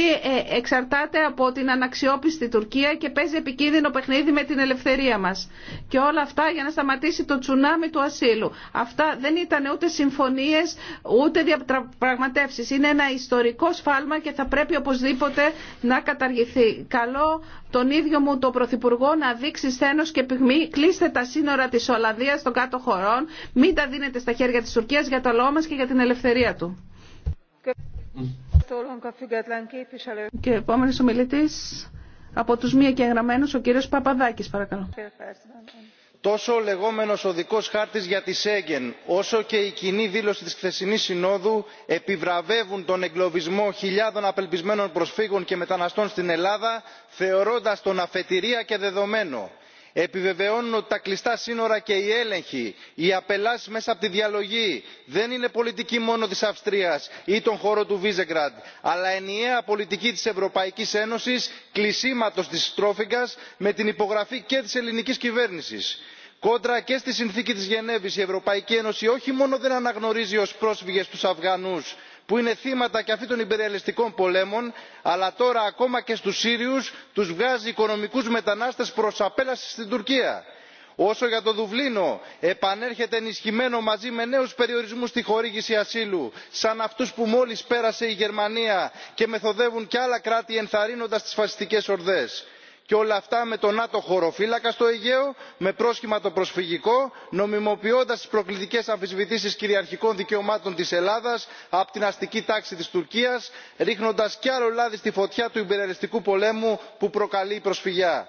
ε, εξαρτάται από την αναξιόπιστη Τουρκία και παίζει επικίνδυνο παιχνίδι με την ελευθερία μας. Και όλα αυτά για να σταματήσει το τσουνάμι του ασύλου. Αυτά δεν ήταν ούτε συμφωνίες ούτε διαπραγματεύσεις. Είναι ένα ιστορικό σφάλμα και θα πρέπει οπωσδήποτε να καταργηθεί. Καλό τον ίδιο μου το Πρωθυπουργό να δείξει σθένος και πυγμή, κλείστε τα σύνορα της Ολλανδίας των κάτω χωρών, μην τα δίνετε στα χέρια της Τουρκίας για το λόγο μας και για την ελευθερία του. Και επόμενος ομιλητής από τους μη εγγεγραμμένους, ο κύριος Παπαδάκης, παρακαλώ
τόσο ο λεγόμενος οδικός χάρτης για τη σέγγεν όσο και η κοινή δήλωση της χθεσινής συνόδου επιβραβεύουν τον εγκλωβισμό χιλιάδων απελπισμένων προσφύγων και μεταναστών στην ελλάδα θεωρώντας τον αφετηρία και δεδομένο επιβεβαιώνουν ότι τα κλειστά σύνορα και οι έλεγχοι οι απελάσεις μέσα από τη διαλογή δεν είναι πολιτική μόνο της αυστρίας ή των χωρών του βίζεγκραντ αλλά ενιαία πολιτική της ευρωπαϊκής ένωσης κλεισίματος της στρόφιγγα με την υπογραφή και της ελληνικής κυβέρνησης. κόντρα και στη συνθήκη της γενέβης η ευρωπαϊκή ένωση όχι μόνο δεν αναγνωρίζει ως πρόσφυγες τους αφγανούς που είναι θύματα και αυτοί των υπεριαλιστικών πολέμων αλλά τώρα ακόμα και στους σύριους τους βγάζει οικονομικούς μετανάστες προς απέλαση στην τουρκία. όσο για το δουβλίνο επανέρχεται ενισχυμένο μαζί με νέους περιορισμούς στη χορήγηση ασύλου σαν αυτούς που μόλις πέρασε η γερμανία και μεθοδεύουν και άλλα κράτη ενθαρρύνοντας τις φασιστικές ορδές και όλα αυτά με τον νατο χωροφύλακα στο αιγαίο με πρόσχημα το προσφυγικό νομιμοποιώντας τις προκλητικές αμφισβητήσεις κυριαρχικών δικαιωμάτων της ελλάδας από την αστική τάξη της τουρκίας ρίχνοντας κι άλλο λάδι στη φωτιά του ιμπεριαλιστικού πολέμου που προκαλεί η προσφυγιά.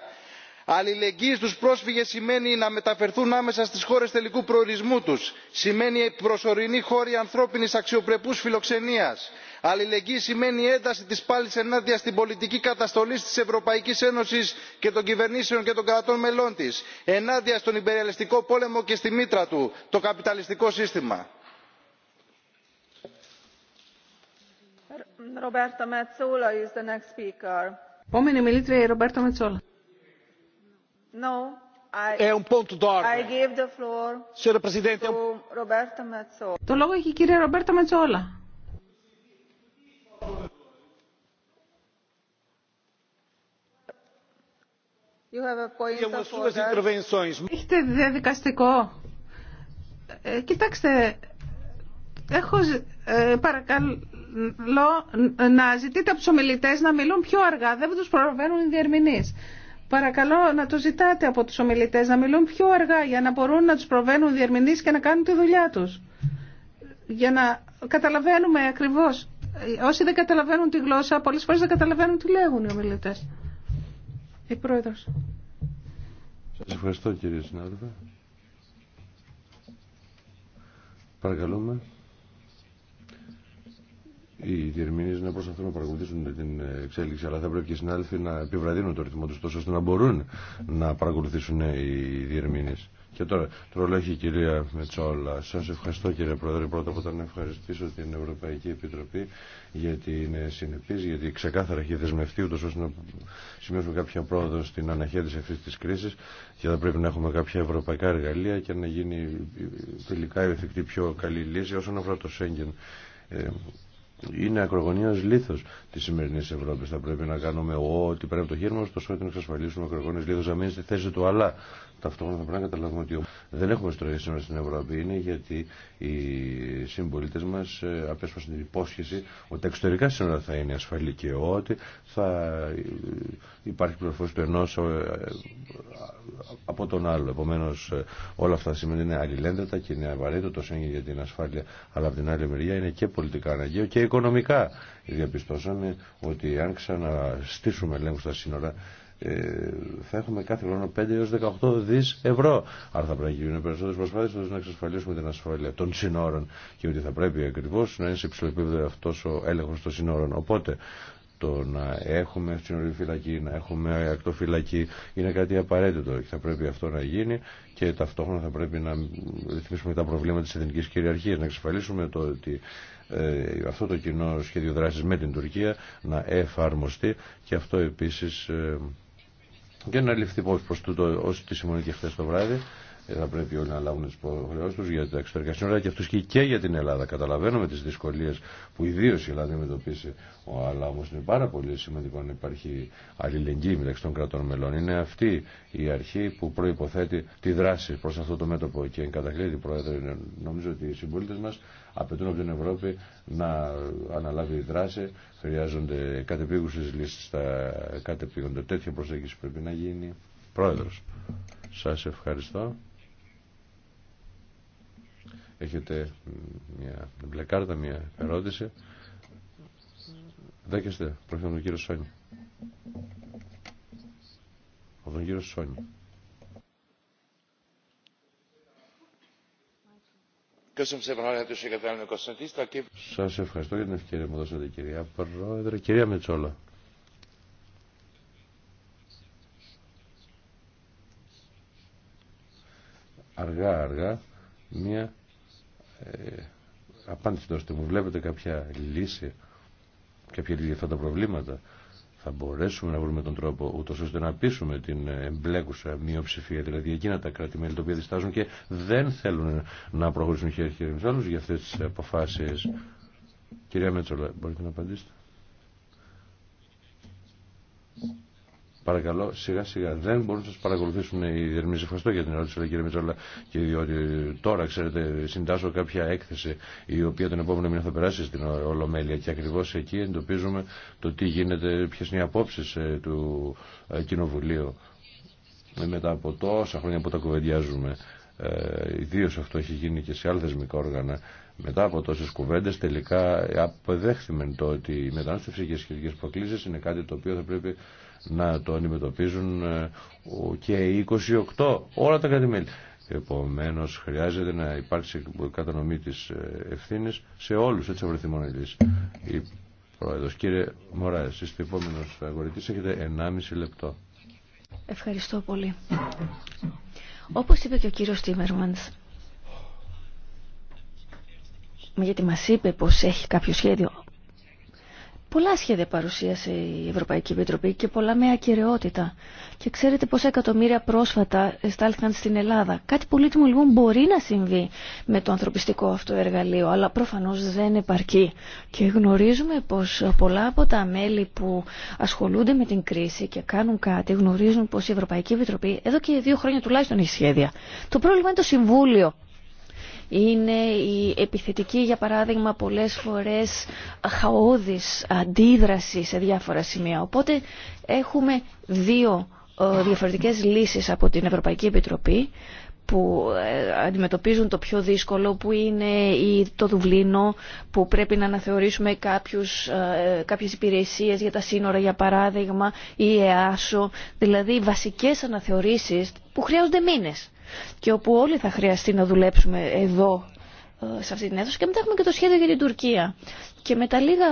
αλληλεγγύη στους πρόσφυγες σημαίνει να μεταφερθούν άμεσα στις χώρες τελικού προορισμού τους σημαίνει προσωρινή χώρη ανθρώπινης αξιοπρεπούς φιλοξενίας αλληλεγγύη σημαίνει ένταση της πάλης ενάντια στην πολιτική καταστολή της ευρωπαϊκής ένωσης και των κυβερνήσεων και των κρατών μελών της ενάντια στον υπεριαλιστικό πόλεμο και στη μήτρα του το καπιταλιστικό σύστημα.
Το λόγο έχει η κυρία Ρομπέρτα Μετσόλα. Έχετε διαδικαστικό. Ε, κοιτάξτε, έχω ε, παρακαλώ να ζητείτε από τους ομιλητές να μιλούν πιο αργά. Δεν τους προβαίνουν οι διερμηνείς. Παρακαλώ να το ζητάτε από τους ομιλητές να μιλούν πιο αργά για να μπορούν να τους προβαίνουν οι διερμηνείς και να κάνουν τη δουλειά τους. Για να καταλαβαίνουμε ακριβώς. Όσοι δεν καταλαβαίνουν τη γλώσσα, πολλέ φορέ δεν καταλαβαίνουν τι λέγουν οι ομιλητέ. Η πρόεδρο.
Σα ευχαριστώ κύριε συνάδελφε. Παρακαλούμε οι διερμηνείς να προσπαθούν να παρακολουθήσουν την εξέλιξη, αλλά θα πρέπει και οι συνάδελφοι να επιβραδύνουν το ρυθμό του τόσο ώστε να μπορούν να παρακολουθήσουν οι διερμηνεί. Και τώρα, τρολόγη κυρία Μετσόλα, σας ευχαριστώ κύριε Πρόεδρε. Πρώτα απ' όλα ευχαριστήσω την Ευρωπαϊκή Επιτροπή γιατί είναι συνεπής, γιατί ξεκάθαρα έχει δεσμευτεί ούτως ώστε να σημειώσουμε κάποια πρόοδο στην αναχέτηση αυτής της κρίσης και θα πρέπει να έχουμε κάποια ευρωπαϊκά εργαλεία και να γίνει τελικά η εφικτή πιο καλή λύση όσον αφορά το Σέγγεν ε, είναι ακρογωνίας λίθος τη σημερινή Ευρώπη. Θα πρέπει να κάνουμε ό,τι πρέπει το χέρι μα, ώστε να εξασφαλίσουμε λίθος να μείνει στη θέση του αλλά. Ταυτόχρονα θα πρέπει να καταλάβουμε ότι δεν έχουμε στροφή σήμερα στην Ευρώπη. Είναι γιατί οι συμπολίτε μα ε, απέσπασαν την υπόσχεση ότι τα εξωτερικά σύνορα θα είναι ασφαλή και ότι θα ε, υπάρχει πληροφόρηση του ενό ε, από τον άλλο. Επομένω, όλα αυτά σήμερα είναι αλληλένδετα και είναι απαραίτητο το για την ασφάλεια. Αλλά από την άλλη μεριά είναι και πολιτικά αναγκαίο και οικονομικά. Διαπιστώσαμε ότι αν ξαναστήσουμε ελέγχου στα σύνορα ε, θα έχουμε κάθε χρόνο 5 έως 18 δις ευρώ. Άρα θα πρέπει να γίνουν περισσότερες προσπάθειες ώστε να εξασφαλίσουμε την ασφάλεια των συνόρων και ότι θα πρέπει ακριβώς να είναι σε υψηλό επίπεδο αυτός ο έλεγχος των συνόρων. Οπότε το να έχουμε φυλακή, να έχουμε ακτοφυλακή είναι κάτι απαραίτητο και θα πρέπει αυτό να γίνει και ταυτόχρονα θα πρέπει να ρυθμίσουμε τα προβλήματα της εθνικής κυριαρχίας, να εξασφαλίσουμε το ότι ε, αυτό το κοινό σχέδιο δράσης με την Τουρκία να εφαρμοστεί και αυτό επίσης ε, και να ληφθεί υπόψη προς τούτο ως τη και χθες το βράδυ ε, θα πρέπει όλοι να λάβουν τι υποχρεώσει του για τα εξωτερικά σύνορα και αυτού και, για την Ελλάδα. Καταλαβαίνουμε τι δυσκολίε που ιδίω η Ελλάδα αντιμετωπίσει. Αλλά όμω είναι πάρα πολύ σημαντικό να υπάρχει αλληλεγγύη μεταξύ των κρατών μελών. Είναι αυτή η αρχή που προποθέτει τη δράση προ αυτό το μέτωπο. Και κατακλείδη, Πρόεδρε, νομίζω ότι οι συμπολίτε μα απαιτούν από την Ευρώπη να αναλάβει δράση. Χρειάζονται κατεπίγουσε λύσει στα κατεπήγοντα. Τέτοια προσέγγιση πρέπει να γίνει. Πρόεδρος. Σας ευχαριστώ. Έχετε μια μπλε κάρτα, μια ερώτηση. Δέχεστε, πρόκειται τον κύριο Σόνι. Από τον κύριο Σόνι. Σας ευχαριστώ για την ευκαιρία που δώσατε κυρία Πρόεδρε. Κυρία Μετσόλα. Αργά, αργά, μία ε, απάντηση δώστε μου. Βλέπετε κάποια λύση, κάποια λύση για αυτά τα προβλήματα. Θα μπορέσουμε να βρούμε τον τρόπο ούτως ώστε να πείσουμε την εμπλέκουσα μειοψηφία, δηλαδή εκείνα τα κράτη-μέλη τα οποία διστάζουν και δεν θέλουν να προχωρήσουν χέρι-χέρι με για αυτές τις αποφάσεις. Κυρία Μέτσολα, μπορείτε να απαντήσετε. Παρακαλώ, σιγά σιγά. Δεν μπορούν να σα παρακολουθήσουν οι διερμηνεί. Ευχαριστώ για την ερώτηση, κύριε Μητσόλα. Και διότι τώρα, ξέρετε, συντάσσω κάποια έκθεση η οποία τον επόμενο μήνα θα περάσει στην Ολομέλεια. Και ακριβώ εκεί εντοπίζουμε το τι γίνεται, ποιε είναι οι απόψει ε, του ε, Κοινοβουλίου. Ε, μετά από τόσα χρόνια που τα κουβεντιάζουμε, ιδίω αυτό έχει γίνει και σε άλλα θεσμικά όργανα μετά από τόσες κουβέντες τελικά αποδέχθημεν το ότι η μετανάστευση και οι σχετικές προκλήσεις είναι κάτι το οποίο θα πρέπει να το αντιμετωπίζουν ε, και οι 28 όλα τα κράτη-μέλη. Επομένως χρειάζεται να υπάρξει κατανομή της ε, ευθύνης σε όλους, έτσι βρεθεί μόνο η Πρόεδρος. Κύριε Μωρά, εσείς το επόμενο έχετε 1,5 λεπτό.
Ευχαριστώ πολύ. Όπως είπε και ο κύριος Τίμερμαντς, γιατί μας είπε πως έχει κάποιο σχέδιο. Πολλά σχέδια παρουσίασε η Ευρωπαϊκή Επιτροπή και πολλά με ακυρεότητα. Και ξέρετε πόσα εκατομμύρια πρόσφατα εστάλθηκαν στην Ελλάδα. Κάτι πολύτιμο λοιπόν μπορεί να συμβεί με το ανθρωπιστικό αυτό εργαλείο, αλλά προφανώς δεν επαρκεί. Και γνωρίζουμε πως πολλά από τα μέλη που ασχολούνται με την κρίση και κάνουν κάτι γνωρίζουν πως η Ευρωπαϊκή Επιτροπή εδώ και δύο χρόνια τουλάχιστον έχει σχέδια. Το πρόβλημα είναι το Συμβούλιο είναι η επιθετική, για παράδειγμα, πολλές φορές χαόδης αντίδραση σε διάφορα σημεία. Οπότε έχουμε δύο ε, διαφορετικές λύσεις από την Ευρωπαϊκή Επιτροπή που ε, αντιμετωπίζουν το πιο δύσκολο που είναι το Δουβλίνο που πρέπει να αναθεωρήσουμε κάποιους, ε, κάποιες υπηρεσίες για τα σύνορα για παράδειγμα ή ΕΑΣΟ δηλαδή βασικές αναθεωρήσεις που χρειάζονται μήνες και όπου όλοι θα χρειαστεί να δουλέψουμε εδώ ε, σε αυτή την αίθουσα και μετά έχουμε και το σχέδιο για την Τουρκία. Και με τα λίγα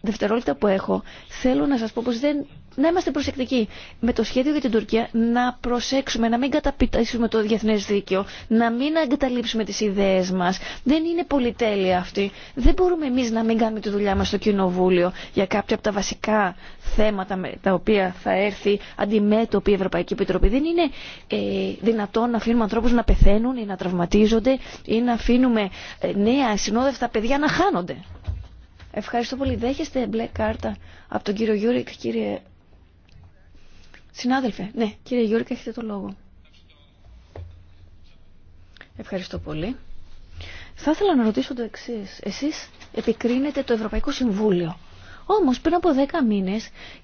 δευτερόλεπτα που έχω, θέλω να σας πω πως δεν... Να είμαστε προσεκτικοί με το σχέδιο για την Τουρκία, να προσέξουμε, να μην καταπιτάσουμε το διεθνές δίκαιο, να μην εγκαταλείψουμε τις ιδέες μας. Δεν είναι πολυτέλεια αυτή. Δεν μπορούμε εμείς να μην κάνουμε τη δουλειά μας στο Κοινοβούλιο για κάποια από τα βασικά θέματα με τα οποία θα έρθει αντιμέτωπη η Ευρωπαϊκή Επιτροπή. Δεν είναι ε, δυνατόν να αφήνουμε ανθρώπους να πεθαίνουν ή να τραυματίζονται ή να αφήνουμε ε, νέα συνόδευτα παιδιά να χάνονται. Ευχαριστώ πολύ. Δέχεστε μπλε κάρτα από τον κύριο Γιούρικ, κύριε... Συνάδελφε, ναι, κύριε Γιούρικ, έχετε το λόγο. Ευχαριστώ πολύ. Θα ήθελα να ρωτήσω το εξή. Εσεί επικρίνετε το Ευρωπαϊκό Συμβούλιο. Όμω πριν από δέκα μήνε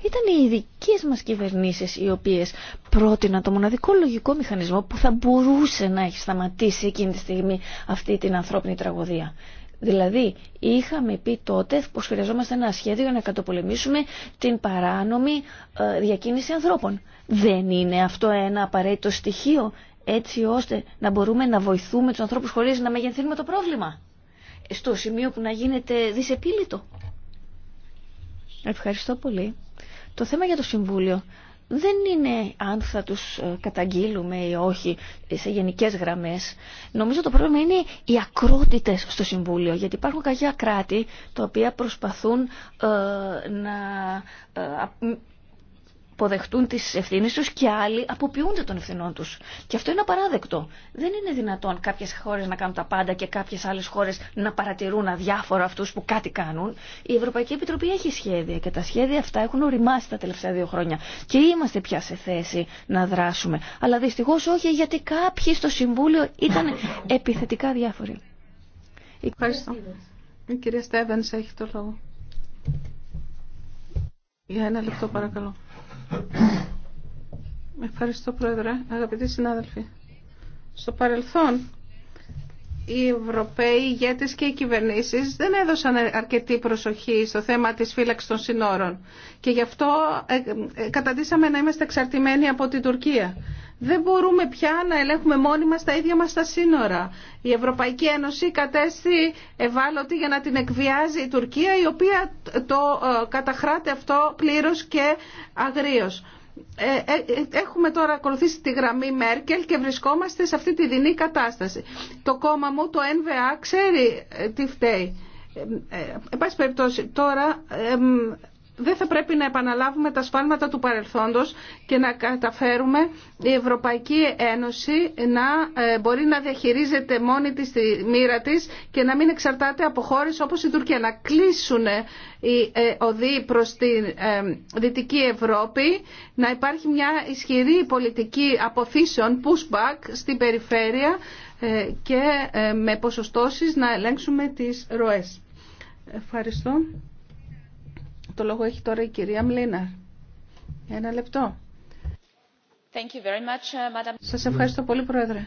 ήταν οι ειδικέ μα κυβερνήσει οι οποίε πρότειναν το μοναδικό λογικό μηχανισμό που θα μπορούσε να έχει σταματήσει εκείνη τη στιγμή αυτή την ανθρώπινη τραγωδία. Δηλαδή, είχαμε πει τότε πως χρειαζόμαστε ένα σχέδιο για να κατοπολεμήσουμε την παράνομη ε, διακίνηση ανθρώπων. Δεν είναι αυτό ένα απαραίτητο στοιχείο έτσι ώστε να μπορούμε να βοηθούμε τους ανθρώπους χωρίς να μεγενθύνουμε το πρόβλημα. Στο σημείο που να γίνεται δυσεπίλητο. Ευχαριστώ πολύ. Το θέμα για το Συμβούλιο δεν είναι αν θα τους ε, καταγγείλουμε ή όχι σε γενικές γραμμές. Νομίζω το πρόβλημα είναι οι ακρότητες στο Συμβούλιο, γιατί υπάρχουν κάποια κράτη τα οποία προσπαθούν ε, να ε, αποδεχτούν τι ευθύνε του και άλλοι αποποιούνται των ευθυνών του. Και αυτό είναι απαράδεκτο. Δεν είναι δυνατόν κάποιε χώρε να κάνουν τα πάντα και κάποιε άλλε χώρε να παρατηρούν αδιάφορα αυτού που κάτι κάνουν. Η Ευρωπαϊκή Επιτροπή έχει σχέδια και τα σχέδια αυτά έχουν οριμάσει τα τελευταία δύο χρόνια. Και είμαστε πια σε θέση να δράσουμε. Αλλά δυστυχώ όχι γιατί κάποιοι στο Συμβούλιο ήταν επιθετικά διάφοροι. Ευχαριστώ. Η κυρία Στέβενς έχει το λόγο.
Για ένα λεπτό παρακαλώ. Ευχαριστώ Πρόεδρε, αγαπητοί συνάδελφοι. Στο παρελθόν, οι Ευρωπαίοι ηγέτες και οι κυβερνήσεις δεν έδωσαν αρκετή προσοχή στο θέμα της φύλαξης των συνόρων και γι' αυτό ε, ε, καταντήσαμε να είμαστε εξαρτημένοι από την Τουρκία. Δεν μπορούμε πια να ελέγχουμε μόνοι μας τα ίδια μας τα σύνορα. Η Ευρωπαϊκή Ένωση κατέστη ευάλωτη για να την εκβιάζει η Τουρκία η οποία το ε, καταχράται αυτό πλήρως και αγρίως. Ε, ε, έχουμε τώρα ακολουθήσει τη γραμμή Μέρκελ και βρισκόμαστε σε αυτή τη δινή κατάσταση. Το κόμμα μου, το NVA, ξέρει τι φταίει. Εν περιπτώσει, τώρα δεν θα πρέπει να επαναλάβουμε τα σφάλματα του παρελθόντος και να καταφέρουμε η Ευρωπαϊκή Ένωση να ε, μπορεί να διαχειρίζεται μόνη της τη μοίρα της και να μην εξαρτάται από χώρες όπως η Τουρκία. Να κλείσουν οι ε, οδοί προς τη ε, Δυτική Ευρώπη, να υπάρχει μια ισχυρή πολιτική αποθήσεων, pushback στην περιφέρεια και με ποσοστώσεις να ελέγξουμε τις ροές. Ευχαριστώ. Το λόγο έχει τώρα η κυρία Μλίναρ. Ένα λεπτό. Uh, Σας ευχαριστώ πολύ, Πρόεδρε.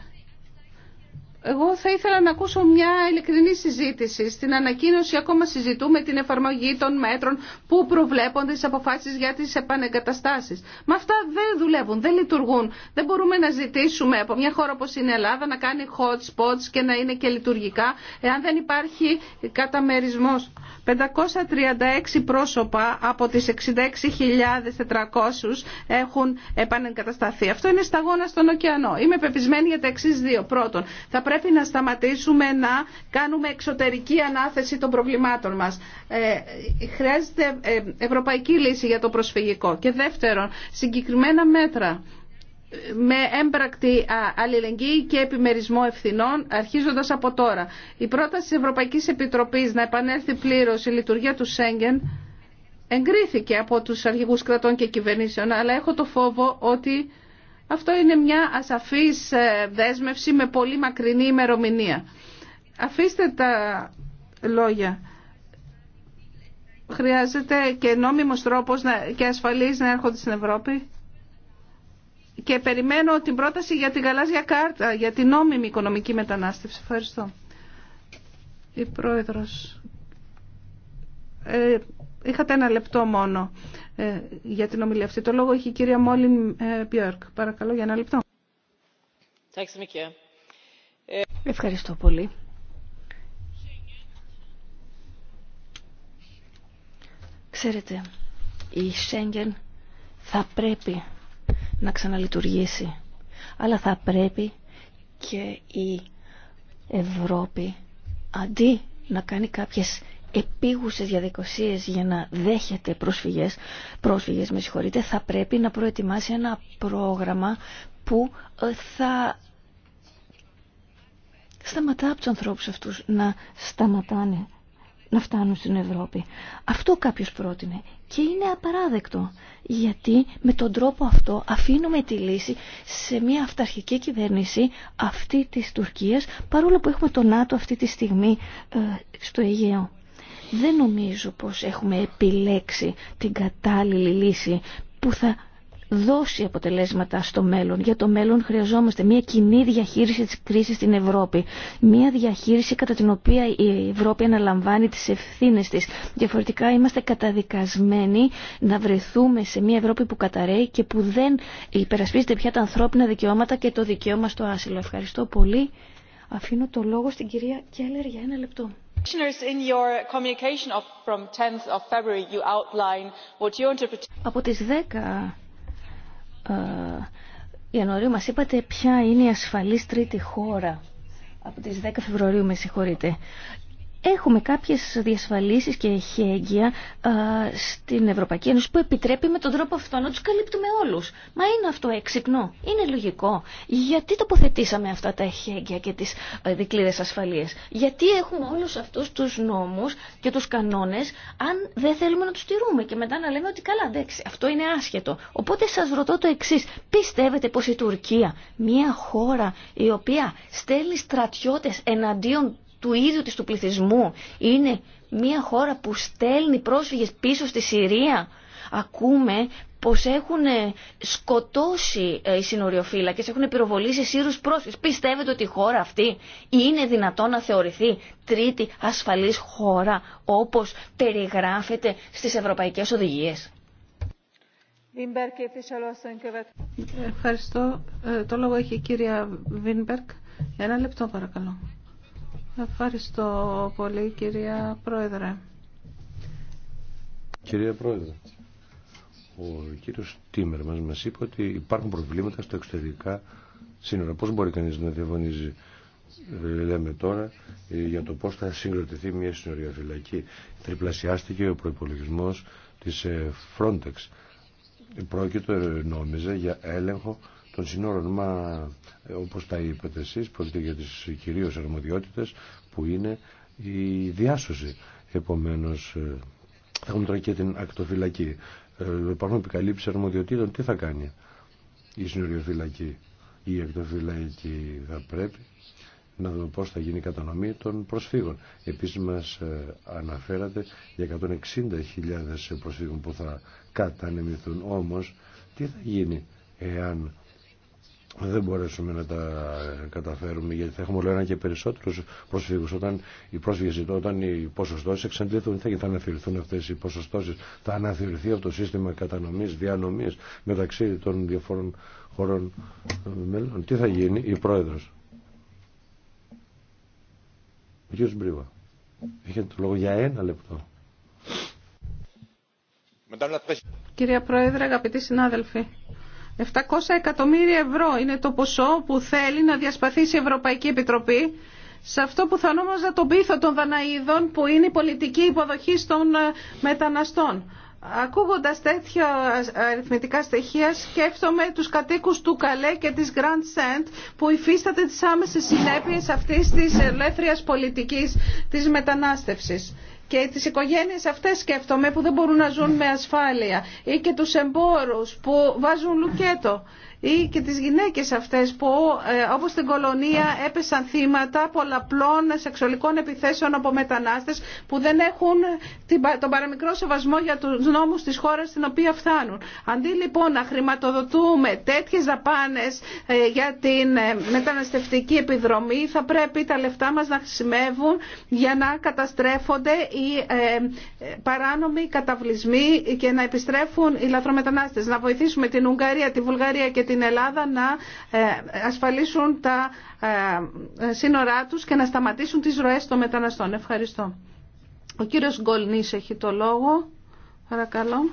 Εγώ θα ήθελα να ακούσω μια ειλικρινή συζήτηση. Στην ανακοίνωση ακόμα συζητούμε την εφαρμογή των μέτρων που προβλέπονται στι αποφάσει για τι επανεγκαταστάσει. Μα αυτά δεν δουλεύουν, δεν λειτουργούν. Δεν μπορούμε να ζητήσουμε από μια χώρα όπω είναι η Ελλάδα να κάνει hot spots και να είναι και λειτουργικά εάν δεν υπάρχει καταμερισμό. 536 πρόσωπα από τις 66.400 έχουν επανεγκατασταθεί. Αυτό είναι σταγόνα στον ωκεανό. Είμαι πεπισμένη για τα εξή δύο. Πρώτον, πρέπει να σταματήσουμε να κάνουμε εξωτερική ανάθεση των προβλημάτων μας. Ε, χρειάζεται ε, ευρωπαϊκή λύση για το προσφυγικό. Και δεύτερον, συγκεκριμένα μέτρα με έμπρακτη αλληλεγγύη και επιμερισμό ευθυνών αρχίζοντας από τώρα. Η πρόταση της Ευρωπαϊκής Επιτροπής να επανέλθει πλήρως η λειτουργία του Σέγγεν εγκρίθηκε από τους αρχηγούς κρατών και κυβερνήσεων αλλά έχω το φόβο ότι αυτό είναι μια ασαφής ε, δέσμευση με πολύ μακρινή ημερομηνία. Αφήστε τα λόγια. Χρειάζεται και νόμιμος τρόπος και ασφαλής να έρχονται στην Ευρώπη. Και περιμένω την πρόταση για την γαλάζια κάρτα, για την νόμιμη οικονομική μετανάστευση. Ευχαριστώ. Η Πρόεδρος. Ε, είχατε ένα λεπτό μόνο. Ε, για την ομιλία αυτή. Το λόγο έχει η κυρία Μόλιν Πιόρκ. Ε, Παρακαλώ για ένα λεπτό.
Ευχαριστώ πολύ. Ξέρετε, η Σέγγεν θα πρέπει να ξαναλειτουργήσει, αλλά θα πρέπει και η Ευρώπη αντί να κάνει κάποιες επίγουσες διαδικασίες για να δέχεται προσφυγές, πρόσφυγες με συγχωρείτε, θα πρέπει να προετοιμάσει ένα πρόγραμμα που ε, θα σταματά από τους ανθρώπους αυτούς να σταματάνε να φτάνουν στην Ευρώπη. Αυτό κάποιος πρότεινε και είναι απαράδεκτο γιατί με τον τρόπο αυτό αφήνουμε τη λύση σε μια αυταρχική κυβέρνηση αυτή της Τουρκίας παρόλο που έχουμε το ΝΑΤΟ αυτή τη στιγμή ε, στο Αιγαίο δεν νομίζω πως έχουμε επιλέξει την κατάλληλη λύση που θα δώσει αποτελέσματα στο μέλλον. Για το μέλλον χρειαζόμαστε μια κοινή διαχείριση της κρίσης στην Ευρώπη. Μια διαχείριση κατά την οποία η Ευρώπη αναλαμβάνει τις ευθύνες της. Διαφορετικά είμαστε καταδικασμένοι να βρεθούμε σε μια Ευρώπη που καταραίει και που δεν υπερασπίζεται πια τα ανθρώπινα δικαιώματα και το δικαίωμα στο άσυλο. Ευχαριστώ πολύ. Αφήνω το λόγο στην κυρία Κέλλερ για ένα λεπτό. Από τις 10 ε, Ιανουαρίου μας είπατε ποια είναι η ασφαλής τρίτη χώρα. Από τις 10 Φεβρουαρίου με συγχωρείτε έχουμε κάποιες διασφαλίσεις και εχέγγυα στην Ευρωπαϊκή Ένωση που επιτρέπει με τον τρόπο αυτό να τους καλύπτουμε όλους. Μα είναι αυτό έξυπνο, είναι λογικό. Γιατί τοποθετήσαμε αυτά τα εχέγγυα και τις ε, δικλείδες ασφαλείας. Γιατί έχουμε όλους αυτούς τους νόμους και τους κανόνες αν δεν θέλουμε να τους τηρούμε και μετά να λέμε ότι καλά αυτό είναι άσχετο. Οπότε σας ρωτώ το εξή. Πιστεύετε πως η Τουρκία, μια χώρα η οποία στέλνει στρατιώτες εναντίον του ίδιου της του πληθυσμού. Είναι μια χώρα που στέλνει πρόσφυγες πίσω στη Συρία. Ακούμε πως έχουν ε, σκοτώσει ε, οι συνοριοφύλακες, έχουν πυροβολήσει σύρους πρόσφυγες. Πιστεύετε ότι η χώρα αυτή είναι δυνατόν να θεωρηθεί τρίτη ασφαλής χώρα όπως περιγράφεται στις ευρωπαϊκές οδηγίες. Ευχαριστώ. Ε, το λόγο έχει η κυρία
Βίνμπερκ. Ένα λεπτό παρακαλώ. Ευχαριστώ πολύ κυρία Πρόεδρε.
Κυρία Πρόεδρε, ο κύριος Τίμερ μας μας είπε ότι υπάρχουν προβλήματα στα εξωτερικά σύνορα. Πώς μπορεί κανείς να διαφωνίζει ε, λέμε τώρα ε, για το πώς θα συγκροτηθεί μια σύνορια φυλακή. Τριπλασιάστηκε ο προϋπολογισμός της ε, Frontex. Πρόκειται νόμιζε για έλεγχο των συνόρων. Μα ε, όπως τα είπατε εσείς, πρόκειται για τις κυρίως αρμοδιότητες που είναι η διάσωση. Επομένως, ε, έχουμε τώρα και την ακτοφυλακή. Υπάρχουν ε, επικαλύψεις αρμοδιοτήτων, τι θα κάνει η συνοριοφυλακή ή η ακτοφυλακή θα πρέπει να δούμε πώς θα γίνει η κατανομή των προσφύγων. Επίσης μας αναφέρατε για 160.000 προσφύγων που θα κατανεμηθούν. Όμως, τι θα γίνει εάν δεν μπορέσουμε να τα καταφέρουμε γιατί θα έχουμε όλο ένα και περισσότερου προσφύγους όταν οι πρόσφυγες όταν οι ποσοστώσει εξαντλήθουν θα αναθεωρηθούν αυτέ οι ποσοστώσει. θα αναθεωρηθεί από το σύστημα κατανομής, διανομή μεταξύ των διαφόρων χωρών μελών. Τι θα γίνει η πρόεδρο. ο κ. Μπρίβα είχε το λόγο για ένα λεπτό
Κυρία Πρόεδρε, αγαπητοί συνάδελφοι 700 εκατομμύρια ευρώ είναι το ποσό που θέλει να διασπαθήσει η Ευρωπαϊκή Επιτροπή σε αυτό που θα ονόμαζα τον πίθο των Δαναίδων που είναι η πολιτική υποδοχή των ε, μεταναστών. Ακούγοντας τέτοια αριθμητικά στοιχεία σκέφτομαι τους κατοίκους του Καλέ και της Grand Σεντ που υφίσταται τις άμεσες συνέπειες αυτής της ελεύθερης πολιτικής της μετανάστευσης και τις οικογένειες αυτές σκέφτομαι που δεν μπορούν να ζουν με ασφάλεια ή και τους εμπόρους που βάζουν λουκέτο ή και τις γυναίκες αυτές που ε, όπως στην κολονία έπεσαν θύματα πολλαπλών σεξουαλικών επιθέσεων από μετανάστες που δεν έχουν τον παραμικρό σεβασμό για τους νόμους της χώρας στην οποία φτάνουν. Αντί λοιπόν να χρηματοδοτούμε τέτοιες δαπάνες ε, για την ε, μεταναστευτική επιδρομή θα πρέπει τα λεφτά μας να χρησιμεύουν για να καταστρέφονται οι παράνομοι καταβλισμοί και να επιστρέφουν οι λαθρομετανάστες. Να βοηθήσουμε την Ουγγαρία, τη Βουλγαρία την Ελλάδα να ε, ασφαλίσουν τα ε, σύνορά τους και να σταματήσουν τις ροές των μεταναστών. Ευχαριστώ. Ο κύριος Γκολνής έχει το λόγο. Παρακαλώ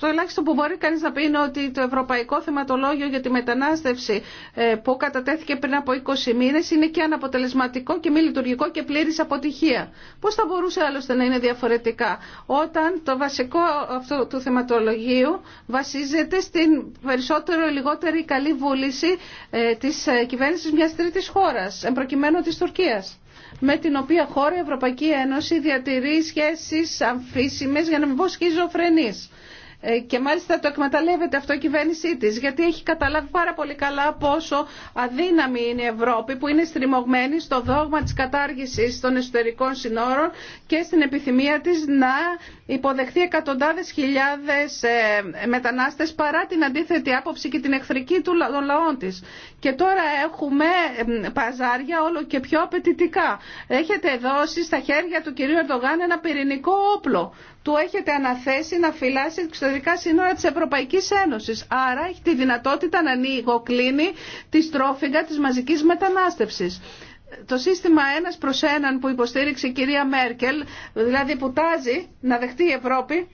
το ελάχιστο που μπορεί κανείς να πει είναι ότι το Ευρωπαϊκό Θεματολόγιο για τη Μετανάστευση ε, που κατατέθηκε πριν από 20 μήνες είναι και αναποτελεσματικό και μη λειτουργικό και πλήρης αποτυχία. Πώς θα μπορούσε άλλωστε να είναι διαφορετικά όταν το βασικό αυτό του θεματολογίου βασίζεται στην περισσότερο ή λιγότερη καλή βούληση ε, της ε, κυβέρνησης μιας τρίτης χώρας, εμπροκειμένου της Τουρκίας με την οποία χώρα η Ευρωπαϊκή Ένωση διατηρεί σχέσεις αμφίσιμες για να μην πω σχιζοφρενείς. Ε, και μάλιστα το εκμεταλλεύεται αυτό η κυβέρνησή της γιατί έχει καταλάβει πάρα πολύ καλά πόσο αδύναμη είναι η Ευρώπη που είναι στριμωγμένη στο δόγμα της κατάργησης των εσωτερικών συνόρων και στην επιθυμία της να υποδεχθεί εκατοντάδες χιλιάδες ε, μετανάστες παρά την αντίθετη άποψη και την εχθρική των λαών της. Και τώρα έχουμε παζάρια όλο και πιο απαιτητικά. Έχετε δώσει στα χέρια του κυρίου Ερντογάν ένα πυρηνικό όπλο του έχετε αναθέσει να φυλάσει εξωτερικά σύνορα της Ευρωπαϊκής Ένωσης. Άρα έχει τη δυνατότητα να ανοίγω κλείνει τη στρόφιγγα της μαζικής μετανάστευσης. Το σύστημα ένας προς έναν που υποστήριξε η κυρία Μέρκελ, δηλαδή που τάζει να δεχτεί η Ευρώπη,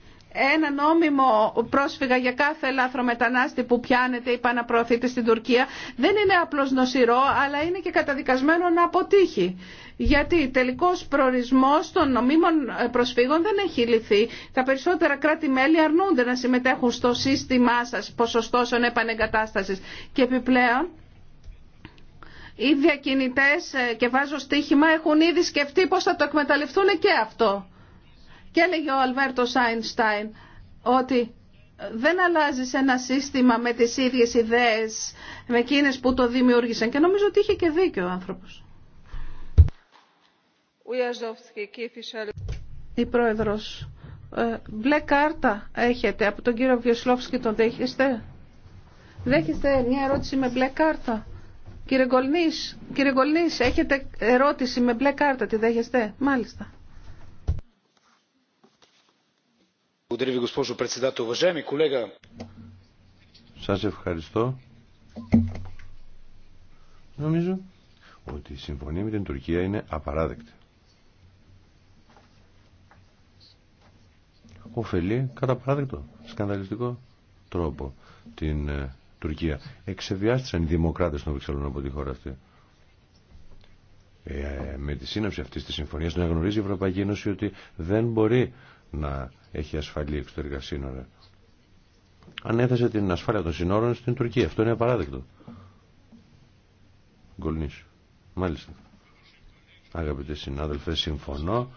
ένα νόμιμο πρόσφυγα για κάθε λάθρομετανάστη μετανάστη που πιάνεται ή παναπροωθείται στην Τουρκία δεν είναι απλώς νοσηρό αλλά είναι και καταδικασμένο να αποτύχει. Γιατί τελικός προορισμός των νομίμων προσφύγων δεν έχει λυθεί. Τα περισσότερα κράτη-μέλη αρνούνται να συμμετέχουν στο σύστημά σας ποσοστώσεων επανεγκατάστασης. Και επιπλέον οι διακινητές ε, και βάζω στοίχημα έχουν ήδη σκεφτεί πώς θα το εκμεταλλευτούν και αυτό. Και έλεγε ο Αλβέρτο Άινστάιν ότι δεν αλλάζεις ένα σύστημα με τις ίδιες ιδέες, με εκείνες που το δημιούργησαν. Και νομίζω ότι είχε και δίκιο ο άνθρωπος. Η Πρόεδρος, ε, μπλε κάρτα έχετε από τον κύριο Βιοσλόφσκι, τον δέχεστε. Δέχεστε μια ερώτηση με μπλε κάρτα. Κύριε Γκολνής, έχετε ερώτηση με μπλε κάρτα, τη δέχεστε. Μάλιστα.
Σας ευχαριστώ. Νομίζω ότι η συμφωνία με την Τουρκία είναι απαράδεκτη. Οφελεί κατά παράδεκτο, σκανδαλιστικό τρόπο την ε, Τουρκία. Εξεβιάστησαν οι δημοκράτες των Βρυξελών από τη χώρα αυτή. Ε, με τη σύναψη αυτής της συμφωνίας να γνωρίζει η Ευρωπαϊκή Ένωση ότι δεν μπορεί να έχει ασφαλή εξωτερικά σύνορα. Ανέθεσε την ασφάλεια των σύνορων στην Τουρκία. Αυτό είναι απαράδεκτο. Γκολνίσου. Μάλιστα. Αγαπητοί συνάδελφοι, συμφωνώ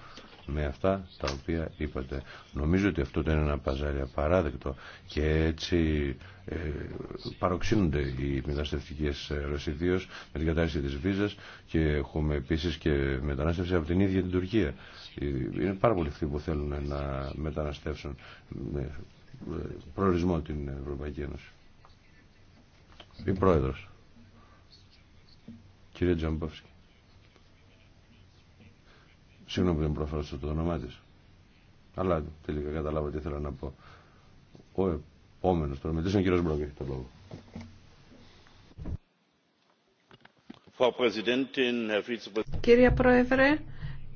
με αυτά τα οποία είπατε. Νομίζω ότι αυτό δεν είναι ένα παζάρι απαράδεκτο και έτσι ε, παροξύνονται οι μεταναστευτικές ε, ρωσιδίες με την κατάρριξη της βίζας και έχουμε επίσης και μετανάστευση από την ίδια την Τουρκία. Ε, είναι πάρα πολλοί αυτοί που θέλουν να μεταναστεύσουν με ε, προορισμό την Ευρωπαϊκή Ένωση. Η Πρόεδρος. Κύριε Τζαμπόφσκι. Συγγνώμη που δεν προφέρασα το όνομά τη. Αλλά τελικά καταλάβω τι ήθελα να πω. Ο επόμενο τώρα, ο κύριο Μπρόγκ το λόγο.
Κύριε Πρόεδρε,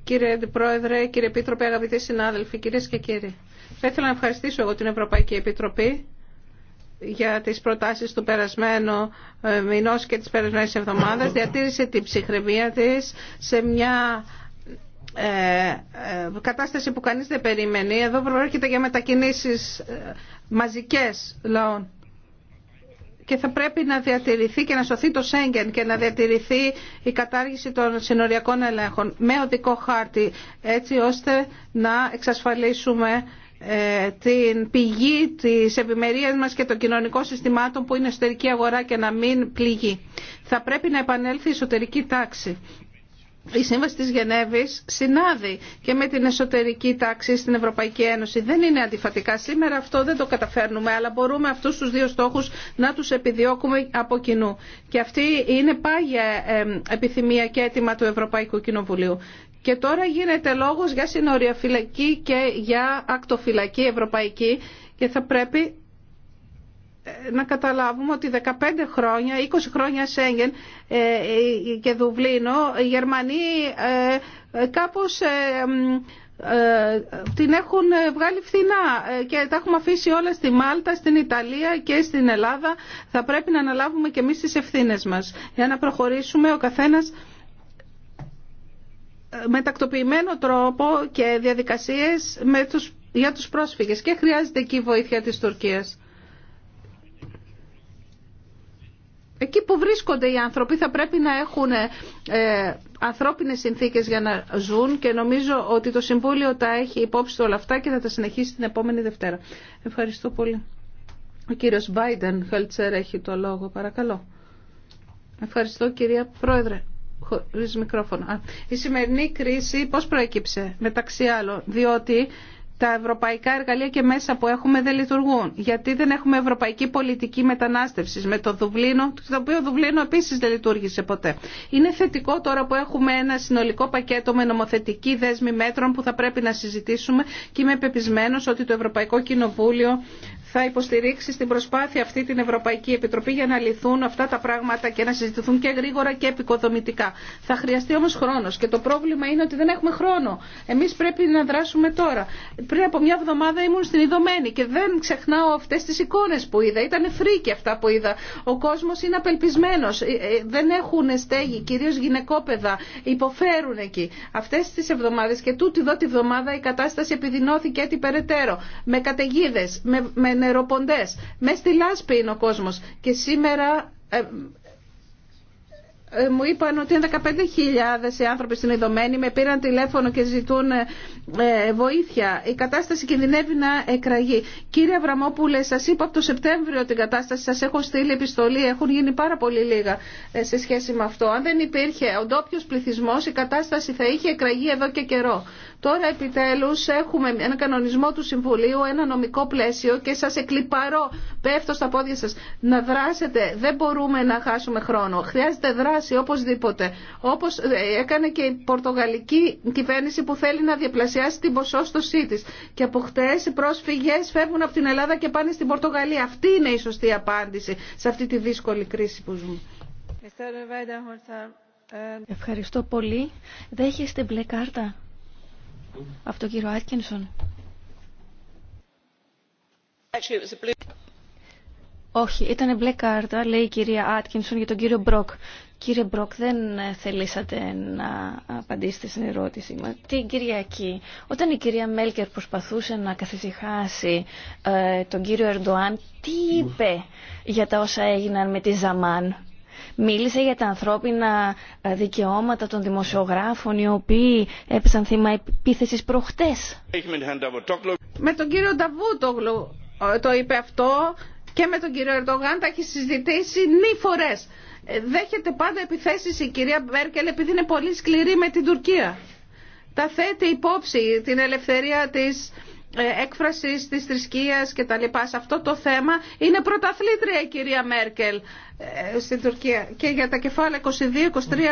κύριε Αντιπρόεδρε, κύριε Επίτροπε, αγαπητοί συνάδελφοι, κυρίε και κύριοι. Θα ήθελα να ευχαριστήσω εγώ την Ευρωπαϊκή Επιτροπή για τις προτάσεις του περασμένου ε, μηνός και της περασμένης εβδομάδες. Διατήρησε την ψυχραιμία της σε μια ε, ε, κατάσταση που κανείς δεν περιμένει. Εδώ προέρχεται για μετακινήσεις ε, μαζικές λαών και θα πρέπει να διατηρηθεί και να σωθεί το Σέγγεν και να διατηρηθεί η κατάργηση των συνοριακών ελέγχων με οδικό χάρτη έτσι ώστε να εξασφαλίσουμε την πηγή της ευημερία μας και των κοινωνικών συστημάτων που είναι εσωτερική αγορά και να μην πληγεί. Θα πρέπει να επανέλθει η εσωτερική τάξη η Σύμβαση της Γενέβης συνάδει και με την εσωτερική τάξη στην Ευρωπαϊκή Ένωση. Δεν είναι αντιφατικά. Σήμερα αυτό δεν το καταφέρνουμε, αλλά μπορούμε αυτούς τους δύο στόχους να τους επιδιώκουμε από κοινού. Και αυτή είναι πάγια επιθυμία και αίτημα του Ευρωπαϊκού Κοινοβουλίου. Και τώρα γίνεται λόγος για συνοριαφυλακή και για ακτοφυλακή ευρωπαϊκή και θα πρέπει να καταλάβουμε ότι 15 χρόνια, 20 χρόνια Σέγγεν ε, ε, και Δουβλίνο, οι Γερμανοί ε, κάπως την έχουν βγάλει φθηνά και τα έχουμε αφήσει όλα στη Μάλτα, στην Ιταλία και στην Ελλάδα. Θα πρέπει να αναλάβουμε και εμείς τις ευθύνες μας για να προχωρήσουμε ο καθένας με τακτοποιημένο τρόπο και διαδικασίες με τους, για τους πρόσφυγες και χρειάζεται εκεί βοήθεια της Τουρκίας. εκεί που βρίσκονται οι άνθρωποι θα πρέπει να έχουν ε, ανθρώπινες συνθήκες για να ζουν και νομίζω ότι το Συμβούλιο τα έχει υπόψη όλα αυτά και θα τα συνεχίσει την επόμενη Δευτέρα. Ευχαριστώ πολύ. Ο κύριος Βάιντεν Χελτσέρ έχει το λόγο. Παρακαλώ. Ευχαριστώ κυρία Πρόεδρε. Χωρίς μικρόφωνο. η σημερινή κρίση πώς προέκυψε μεταξύ άλλων, διότι τα ευρωπαϊκά εργαλεία και μέσα που έχουμε δεν λειτουργούν. Γιατί δεν έχουμε ευρωπαϊκή πολιτική μετανάστευση με το Δουβλίνο, το οποίο Δουβλίνο επίση δεν λειτουργήσε ποτέ. Είναι θετικό τώρα που έχουμε ένα συνολικό πακέτο με νομοθετική δέσμη μέτρων που θα πρέπει να συζητήσουμε και είμαι πεπισμένο ότι το Ευρωπαϊκό Κοινοβούλιο θα υποστηρίξει στην προσπάθεια αυτή την Ευρωπαϊκή Επιτροπή για να λυθούν αυτά τα πράγματα και να συζητηθούν και γρήγορα και επικοδομητικά. Θα χρειαστεί όμω χρόνο και το πρόβλημα είναι ότι δεν έχουμε χρόνο. Εμεί πρέπει να δράσουμε τώρα. Πριν από μια εβδομάδα ήμουν στην Ιδωμένη και δεν ξεχνάω αυτέ τι εικόνε που είδα. Ήταν φρίκι αυτά που είδα. Ο κόσμο είναι απελπισμένο. Ε, ε, δεν έχουν στέγη, Κυρίω γυναικόπαιδα. Υποφέρουν εκεί. αυτέ τι εβδομάδε και τούτη εδώ τη η κατάσταση επιδεινώθηκε έτσι περαιτέρω. Με καταιγίδε, με νεροποντές. Με στη λάσπη είναι ο κόσμος και σήμερα ε, ε, μου είπαν ότι είναι 15.000 οι άνθρωποι στην Ιδωμένη, με πήραν τηλέφωνο και ζητούν ε, ε, βοήθεια. Η κατάσταση κινδυνεύει να εκραγεί. Κύριε Αβραμόπουλε, σα είπα από το Σεπτέμβριο την κατάσταση, σα έχω στείλει επιστολή, έχουν γίνει πάρα πολύ λίγα σε σχέση με αυτό. Αν δεν υπήρχε ο ντόπιο πληθυσμό, η κατάσταση θα είχε εκραγεί εδώ και καιρό. Τώρα επιτέλου έχουμε ένα κανονισμό του Συμβουλίου, ένα νομικό πλαίσιο και σα εκλυπαρώ, πέφτω στα πόδια σα να δράσετε. Δεν μπορούμε να χάσουμε χρόνο. Χρειάζεται δράση διαπλασιάσει οπωσδήποτε. Όπως ε, έκανε και η πορτογαλική κυβέρνηση που θέλει να διαπλασιάσει την ποσόστοσή τη. Και από χτες οι πρόσφυγες φεύγουν από την Ελλάδα και πάνε στην Πορτογαλία. Αυτή είναι η σωστή απάντηση σε
αυτή τη δύσκολη κρίση που ζούμε. Ευχαριστώ πολύ. Δέχεστε μπλε κάρτα από τον κύριο Άτκινσον. Όχι, ήταν μπλε κάρτα, λέει η κυρία Άτκινσον για τον κύριο Μπροκ. Κύριε Μπροκ, δεν ε, θελήσατε να απαντήσετε στην ερώτησή μου. Την Κυριακή, όταν η κυρία Μέλκερ προσπαθούσε να καθησυχάσει ε, τον κύριο Ερντοάν, τι είπε για τα όσα έγιναν με τη Ζαμάν. Μίλησε για τα ανθρώπινα ε, δικαιώματα των δημοσιογράφων οι οποίοι έπεσαν θύμα επίθεσης προχτές.
Με τον κύριο Νταβούτογλου το είπε αυτό και με τον κύριο Ερντογάν τα έχει συζητήσει νη φορές. Ε, δέχεται πάντα επιθέσεις η κυρία Μέρκελ επειδή είναι πολύ σκληρή με την Τουρκία. Τα θέτει υπόψη την ελευθερία της ε, έκφρασης της θρησκείας και τα λοιπά. Σε αυτό το θέμα είναι πρωταθλήτρια η κυρία Μέρκελ ε, στην Τουρκία. Και για τα κεφάλαια 22-23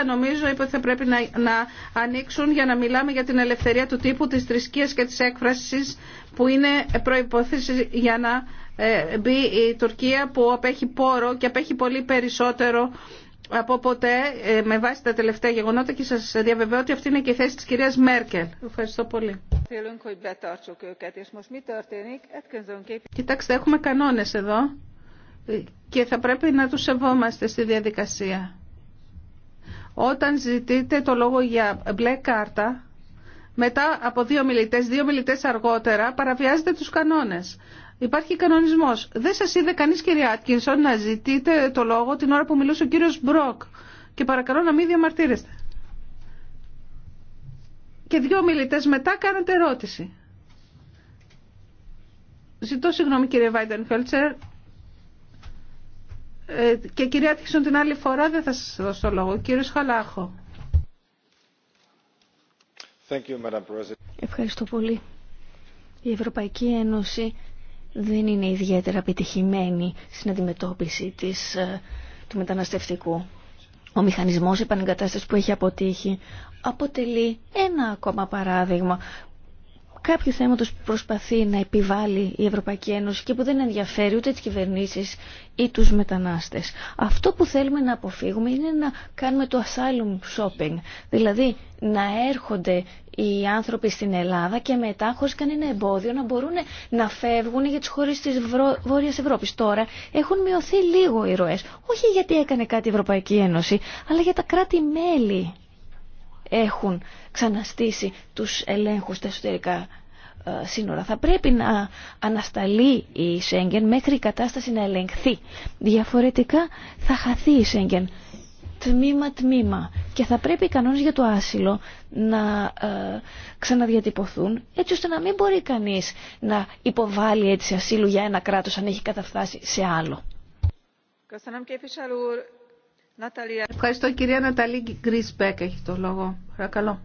νομίζω είπε ότι θα πρέπει να, να ανοίξουν για να μιλάμε για την ελευθερία του τύπου, της θρησκείας και της έκφρασης που είναι προϋπόθεση για να ε, μπει η Τουρκία που απέχει πόρο και απέχει πολύ περισσότερο από ποτέ ε, με βάση τα τελευταία γεγονότα και σας διαβεβαιώ ότι αυτή είναι και η θέση της κυρίας Μέρκελ. Ευχαριστώ πολύ. Κοιτάξτε, έχουμε κανόνες εδώ και θα πρέπει να τους σεβόμαστε στη διαδικασία. Όταν ζητείτε το λόγο για μπλε κάρτα, μετά από δύο μιλητές, δύο μιλητές αργότερα, παραβιάζετε τους κανόνες. Υπάρχει κανονισμό. Δεν σας είδε κανείς κύριε Άτκινσον να ζητείτε το λόγο την ώρα που μιλούσε ο κύριος Μπροκ. Και παρακαλώ να μην διαμαρτύρεστε. Και δύο μιλητές μετά κάνετε ερώτηση. Ζητώ συγγνώμη κύριε Βάιντενφέλτσερ. Ε, και κυρία Άτκινσον την άλλη φορά δεν θα σα δώσω το λόγο. Κύριο Χαλάχο.
Ευχαριστώ πολύ. Η Ευρωπαϊκή Ένωση δεν είναι ιδιαίτερα επιτυχημένη στην αντιμετώπιση της, ε, του μεταναστευτικού. Ο μηχανισμός επανεγκατάστασης που έχει αποτύχει αποτελεί ένα ακόμα παράδειγμα κάποιο θέματος που προσπαθεί να επιβάλλει η Ευρωπαϊκή Ένωση και που δεν ενδιαφέρει ούτε τις κυβερνήσεις ή τους μετανάστες. Αυτό που θέλουμε να αποφύγουμε είναι να κάνουμε το asylum shopping, δηλαδή να έρχονται οι άνθρωποι στην Ελλάδα και μετά χωρίς κανένα εμπόδιο να μπορούν να φεύγουν για τις χώρες της Βόρειας Ευρώπης. Τώρα έχουν μειωθεί λίγο οι ροές, όχι γιατί έκανε κάτι η Ευρωπαϊκή Ένωση, αλλά για τα κράτη-μέλη έχουν ξαναστήσει τους ελέγχους στα εσωτερικά ε, σύνορα. Θα πρέπει να ανασταλεί η Σέγγεν μέχρι η κατάσταση να ελεγχθεί. Διαφορετικά θα χαθεί η Σέγγεν τμήμα-τμήμα και θα πρέπει οι κανόνες για το άσυλο να ε, ξαναδιατυπωθούν έτσι ώστε να μην μπορεί κανείς να υποβάλει έτσι ασύλου για ένα κράτος αν έχει καταφτάσει σε άλλο. Ευχαριστώ κυρία Ναταλή Γκρίσπεκ έχει το λόγο.
Παρακαλώ.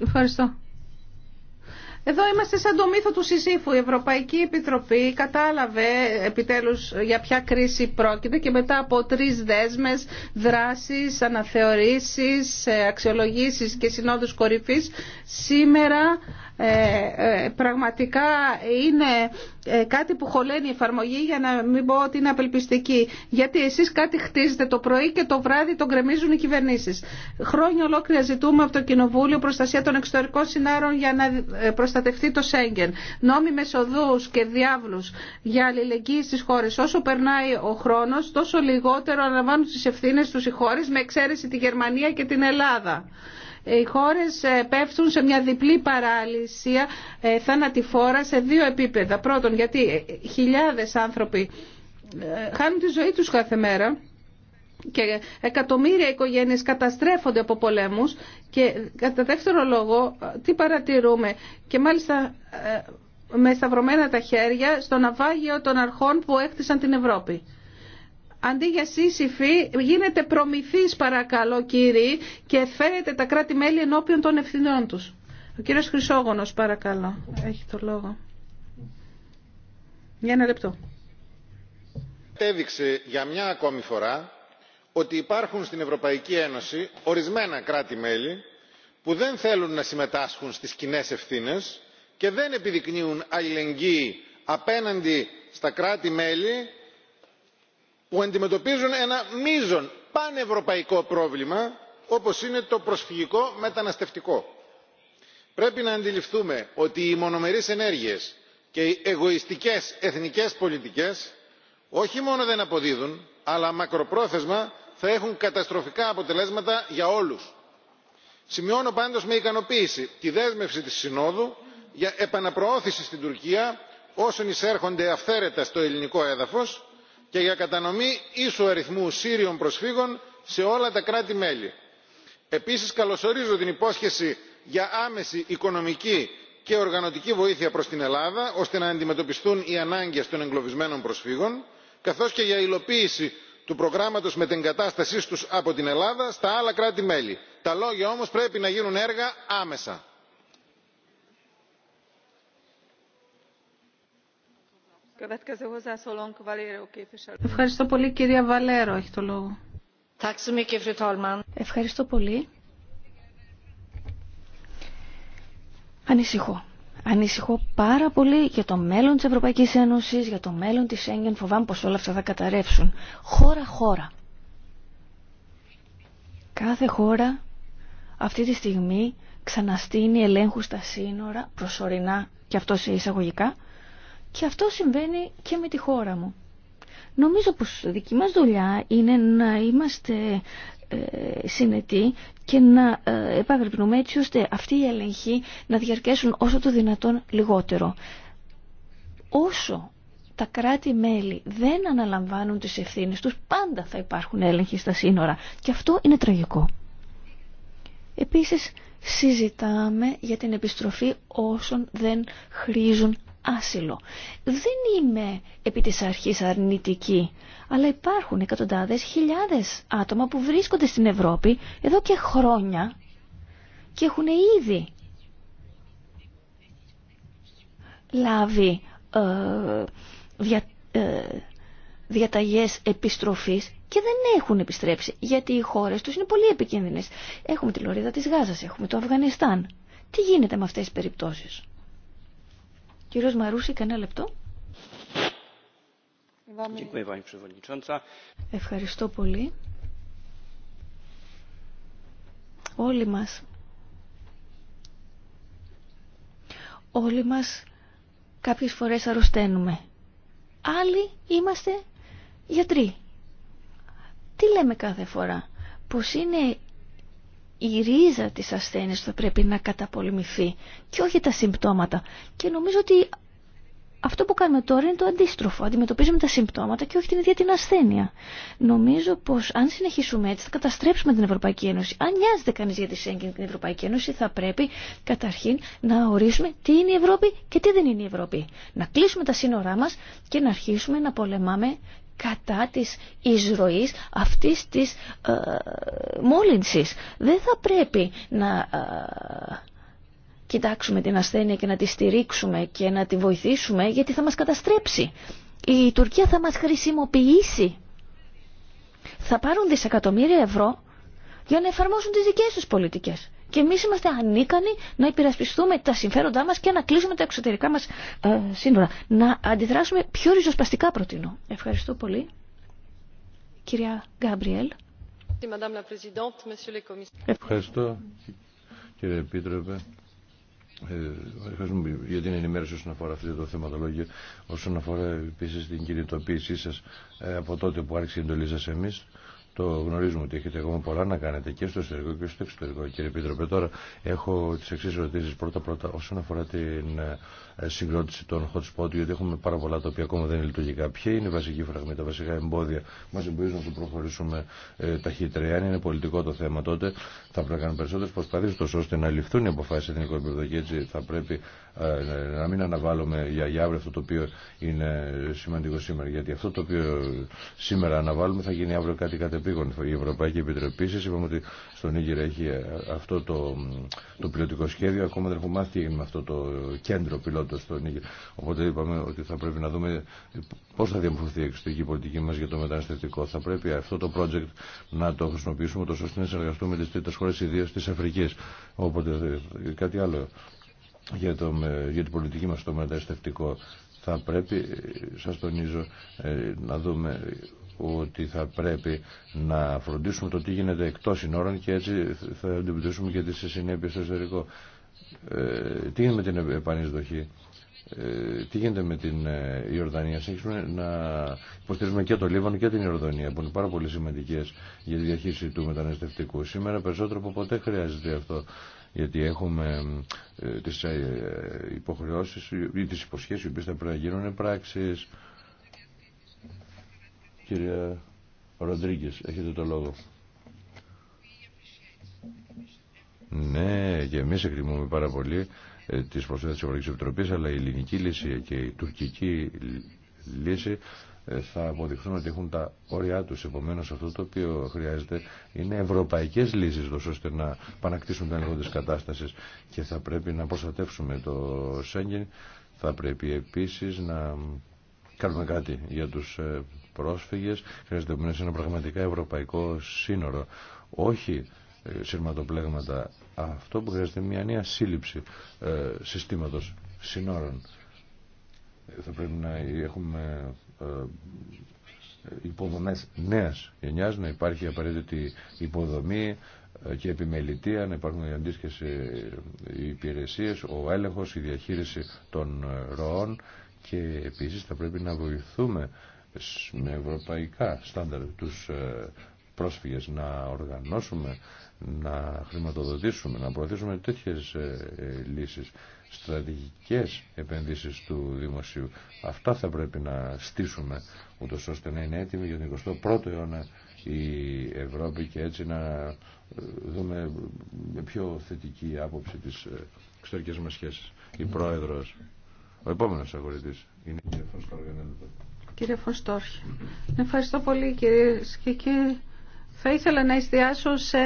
Ευχαριστώ. Εδώ είμαστε σαν το μύθο του Σιζήφου. Η Ευρωπαϊκή Επιτροπή κατάλαβε επιτέλους για ποια κρίση πρόκειται και μετά από τρεις δέσμες δράσεις, αναθεωρήσεις, αξιολογήσεις και συνόδους κορυφής σήμερα ε, ε, πραγματικά είναι ε, κάτι που χωλαίνει η εφαρμογή για να μην πω ότι είναι απελπιστική. Γιατί εσείς κάτι χτίζετε το πρωί και το βράδυ τον κρεμίζουν οι κυβερνήσεις. Χρόνια ολόκληρα ζητούμε από το Κοινοβούλιο προστασία των εξωτερικών συνάρων για να προστατευτεί το Σέγγεν. νόμοι μεσοδούς και διάβλους για αλληλεγγύη στις χώρες. Όσο περνάει ο χρόνος τόσο λιγότερο αναλαμβάνουν τις ευθύνες τους οι χώρες με εξαίρεση τη Γερμανία και την Ελλάδα οι χώρες ε, πέφτουν σε μια διπλή παράλυσία ε, θανατηφόρα σε δύο επίπεδα. Πρώτον, γιατί ε, χιλιάδες άνθρωποι χάνουν τη ζωή τους κάθε μέρα και εκατομμύρια οικογένειες καταστρέφονται από πολέμους και κατά δεύτερο λόγο τι παρατηρούμε και μάλιστα με σταυρωμένα τα χέρια στο ναυάγιο των αρχών που έκτισαν την Ευρώπη αντί για σύσυφη γίνεται προμηθής παρακαλώ κύριοι και φέρετε τα κράτη-μέλη ενώπιον των ευθυνών τους. Ο κύριος Χρυσόγονος παρακαλώ. Έχει το λόγο. Για ένα λεπτό.
Έδειξε για μια ακόμη φορά ότι υπάρχουν στην Ευρωπαϊκή Ένωση ορισμένα κράτη-μέλη που δεν θέλουν να συμμετάσχουν στις κοινέ ευθύνε και δεν επιδεικνύουν αλληλεγγύη απέναντι στα κράτη-μέλη που αντιμετωπίζουν ένα μείζον πανευρωπαϊκό πρόβλημα όπως είναι το προσφυγικό μεταναστευτικό. πρέπει να αντιληφθούμε ότι οι μονομερείς ενέργειες και οι εγωιστικές εθνικές πολιτικές όχι μόνο δεν αποδίδουν αλλά μακροπρόθεσμα θα έχουν καταστροφικά αποτελέσματα για όλους. σημειώνω πάντως με ικανοποίηση τη δέσμευση της συνόδου για επαναπροώθηση στην τουρκία όσων εισέρχονται αυθαίρετα στο ελληνικό έδαφος και για κατανομή ίσου αριθμού σύριων προσφύγων σε όλα τα κράτη μέλη. επίσης καλωσορίζω την υπόσχεση για άμεση οικονομική και οργανωτική βοήθεια προς την ελλάδα ώστε να αντιμετωπιστούν οι ανάγκες των εγκλωβισμένων προσφύγων καθώς και για υλοποίηση του προγράμματος μετεγκατάστασής τους από την ελλάδα στα άλλα κράτη μέλη. τα λόγια όμως πρέπει να γίνουν έργα άμεσα.
Ευχαριστώ πολύ κυρία Βαλέρο, έχει το λόγο. Ευχαριστώ πολύ.
Ανησυχώ. Ανησυχώ πάρα πολύ για το μέλλον της Ευρωπαϊκής Ένωσης, για το μέλλον της Σέγγεν. Φοβάμαι πως όλα αυτά θα καταρρεύσουν. Χώρα-χώρα. Κάθε χώρα αυτή τη στιγμή ξαναστείνει ελέγχου στα σύνορα προσωρινά και αυτό σε εισαγωγικά και αυτό συμβαίνει και με τη χώρα μου. Νομίζω πως δική μας δουλειά είναι να είμαστε ε, συνετοί και να ε, επαγρυπνούμε έτσι ώστε αυτοί οι ελεγχοί να διαρκέσουν όσο το δυνατόν λιγότερο. Όσο τα κράτη-μέλη δεν αναλαμβάνουν τις ευθύνες τους, πάντα θα υπάρχουν έλεγχοι στα σύνορα. Και αυτό είναι τραγικό. Επίσης, συζητάμε για την επιστροφή όσων δεν χρήζουν άσυλο. Δεν είμαι επί της αρχής αρνητική, αλλά υπάρχουν εκατοντάδες χιλιάδες άτομα που βρίσκονται στην Ευρώπη εδώ και χρόνια και έχουν ήδη λάβει ε, δια, ε, διαταγές επιστροφής και δεν έχουν επιστρέψει γιατί οι χώρες τους είναι πολύ επικίνδυνες. Έχουμε τη Λωρίδα της Γάζας, έχουμε το Αφγανιστάν. Τι γίνεται με αυτές τις περιπτώσεις. Κύριος Μαρούση, κανένα λεπτό. Ευχαριστώ πολύ. Όλοι μας. Όλοι μας κάποιες φορές αρρωσταίνουμε. Άλλοι είμαστε γιατροί. Τι λέμε κάθε φορά. Πως είναι η ρίζα της ασθένειας θα πρέπει να καταπολεμηθεί και όχι τα συμπτώματα. Και νομίζω ότι αυτό που κάνουμε τώρα είναι το αντίστροφο. Αντιμετωπίζουμε τα συμπτώματα και όχι την ίδια την ασθένεια. Νομίζω πω αν συνεχίσουμε έτσι θα καταστρέψουμε την Ευρωπαϊκή Ένωση. Αν νοιάζεται κανεί για τη Σέγγεν την Ευρωπαϊκή Ένωση, θα πρέπει καταρχήν να ορίσουμε τι είναι η Ευρώπη και τι δεν είναι η Ευρώπη. Να κλείσουμε τα σύνορά μα και να αρχίσουμε να πολεμάμε κατά της εισρωής αυτής της ε, μόλυνσης. Δεν θα πρέπει να ε, κοιτάξουμε την ασθένεια και να τη στηρίξουμε και να τη βοηθήσουμε γιατί θα μας καταστρέψει. Η Τουρκία θα μας χρησιμοποιήσει. Θα πάρουν δισεκατομμύρια ευρώ για να εφαρμόσουν τις δικές τους πολιτικές και εμεί είμαστε ανίκανοι να υπερασπιστούμε τα συμφέροντά μα και να κλείσουμε τα εξωτερικά μα ε, σύνορα. Να αντιδράσουμε πιο ριζοσπαστικά προτείνω. Ευχαριστώ πολύ. Κυρία Γκάμπριελ.
Ευχαριστώ κύριε Επίτροπε. Ε, ευχαριστούμε για την ενημέρωση όσον αφορά αυτό το θεματολόγιο. Όσον αφορά επίση την κινητοποίησή σα ε, από τότε που άρχισε η εντολή σα εμεί, το γνωρίζουμε ότι έχετε ακόμα πολλά να κάνετε και στο εσωτερικό και στο εξωτερικό, κύριε Επίτροπε. Τώρα έχω τι εξή ερωτήσει. Πρώτα-πρώτα, όσον αφορά την ε, συγκρότηση των hot spot, γιατί έχουμε πάρα πολλά τα οποία ακόμα δεν είναι λειτουργικά. Ποια είναι η βασική φραγμή, τα βασικά εμπόδια που μα εμποδίζουν να προχωρήσουμε ε, ταχύτερα. Αν είναι πολιτικό το θέμα, τότε θα πρέπει να κάνουμε περισσότερε προσπάθειε, ώστε να ληφθούν οι αποφάσει σε εθνικό επίπεδο. Και έτσι θα πρέπει ε, να μην αναβάλουμε για, για αύριο αυτό το οποίο είναι σημαντικό σήμερα. Γιατί αυτό το οποίο σήμερα αναβάλουμε θα γίνει αύριο κάτι κατεπίδευτο η Ευρωπαϊκή Επιτροπή σα είπαμε ότι στον Ήγηρα έχει ε, αυτό το, το πιλωτικό σχέδιο. Ακόμα δεν έχουμε μάθει με αυτό το κέντρο πιλότο στον Ήγηρα. Οπότε είπαμε ότι θα πρέπει να δούμε πώ θα διαμορφωθεί η εξωτερική πολιτική μα για το μεταναστευτικό. Θα πρέπει αυτό το project να το χρησιμοποιήσουμε τόσο ώστε να συνεργαστούμε με τι τρίτε χώρε, ιδίω τη Αφρική. Οπότε ε, κάτι άλλο για, το, ε, για την πολιτική μα το μεταναστευτικό θα πρέπει, σας τονίζω, να δούμε ότι θα πρέπει να φροντίσουμε το τι γίνεται εκτός συνόρων και έτσι θα αντιμετωπίσουμε και τις συνέπειες στο εσωτερικό. Ε, τι γίνεται με την επανεισδοχή. Ε, τι γίνεται με την ε, Ιορδανία. Συνεχίζουμε να υποστηρίζουμε και το Λίβανο και την Ιορδανία που είναι πάρα πολύ σημαντικέ για τη διαχείριση του μεταναστευτικού. Σήμερα περισσότερο από ποτέ χρειάζεται αυτό. Γιατί έχουμε ε, τι υποχρεώσει ή τι υποσχέσει οι οποίες θα πρέπει να γίνουν πράξει. Κύριε Ροντρίγκης, έχετε το λόγο. Ναι, και εμείς εκτιμούμε πάρα πολύ ε, τις τη της Ευρωπαϊκής Επιτροπής, αλλά η ελληνική λύση και η τουρκική λύση ε, θα αποδειχθούν ότι έχουν τα όρια τους. Επομένως αυτό το οποίο χρειάζεται είναι ευρωπαϊκές λύσεις ώστε να πανακτήσουν την έλεγχο κατάσταση και θα πρέπει να προστατεύσουμε το Σέγγεν. Θα πρέπει επίσης να κάνουμε κάτι για τους ε, πρόσφυγες, χρειάζεται σε ένα πραγματικά ευρωπαϊκό σύνορο, όχι ε, σειρματοπλέγματα. Αυτό που χρειάζεται μια νέα σύλληψη ε, συστήματος συνόρων. Ε, θα πρέπει να έχουμε ε, υποδομές νέας γενιάς, να υπάρχει απαραίτητη υποδομή και επιμελητία, να υπάρχουν οι αντίστοιχε υπηρεσίες, ο έλεγχος, η διαχείριση των ροών και επίσης θα πρέπει να βοηθούμε με ευρωπαϊκά στάνταρ τους ε, πρόσφυγες, να οργανώσουμε, να χρηματοδοτήσουμε, να προωθήσουμε τέτοιες ε, ε, λύσεις, στρατηγικές επενδύσεις του δημοσίου. Αυτά θα πρέπει να στήσουμε, ούτως ώστε να είναι έτοιμοι για τον 21ο αιώνα η Ευρώπη και έτσι να δούμε με πιο θετική άποψη τις εξωτερικές μας σχέσεις. Η Πρόεδρος, ο επόμενος αγορητής είναι η
κύριε Φωστόρχη, Ευχαριστώ πολύ κύριε και Θα ήθελα να εστιάσω σε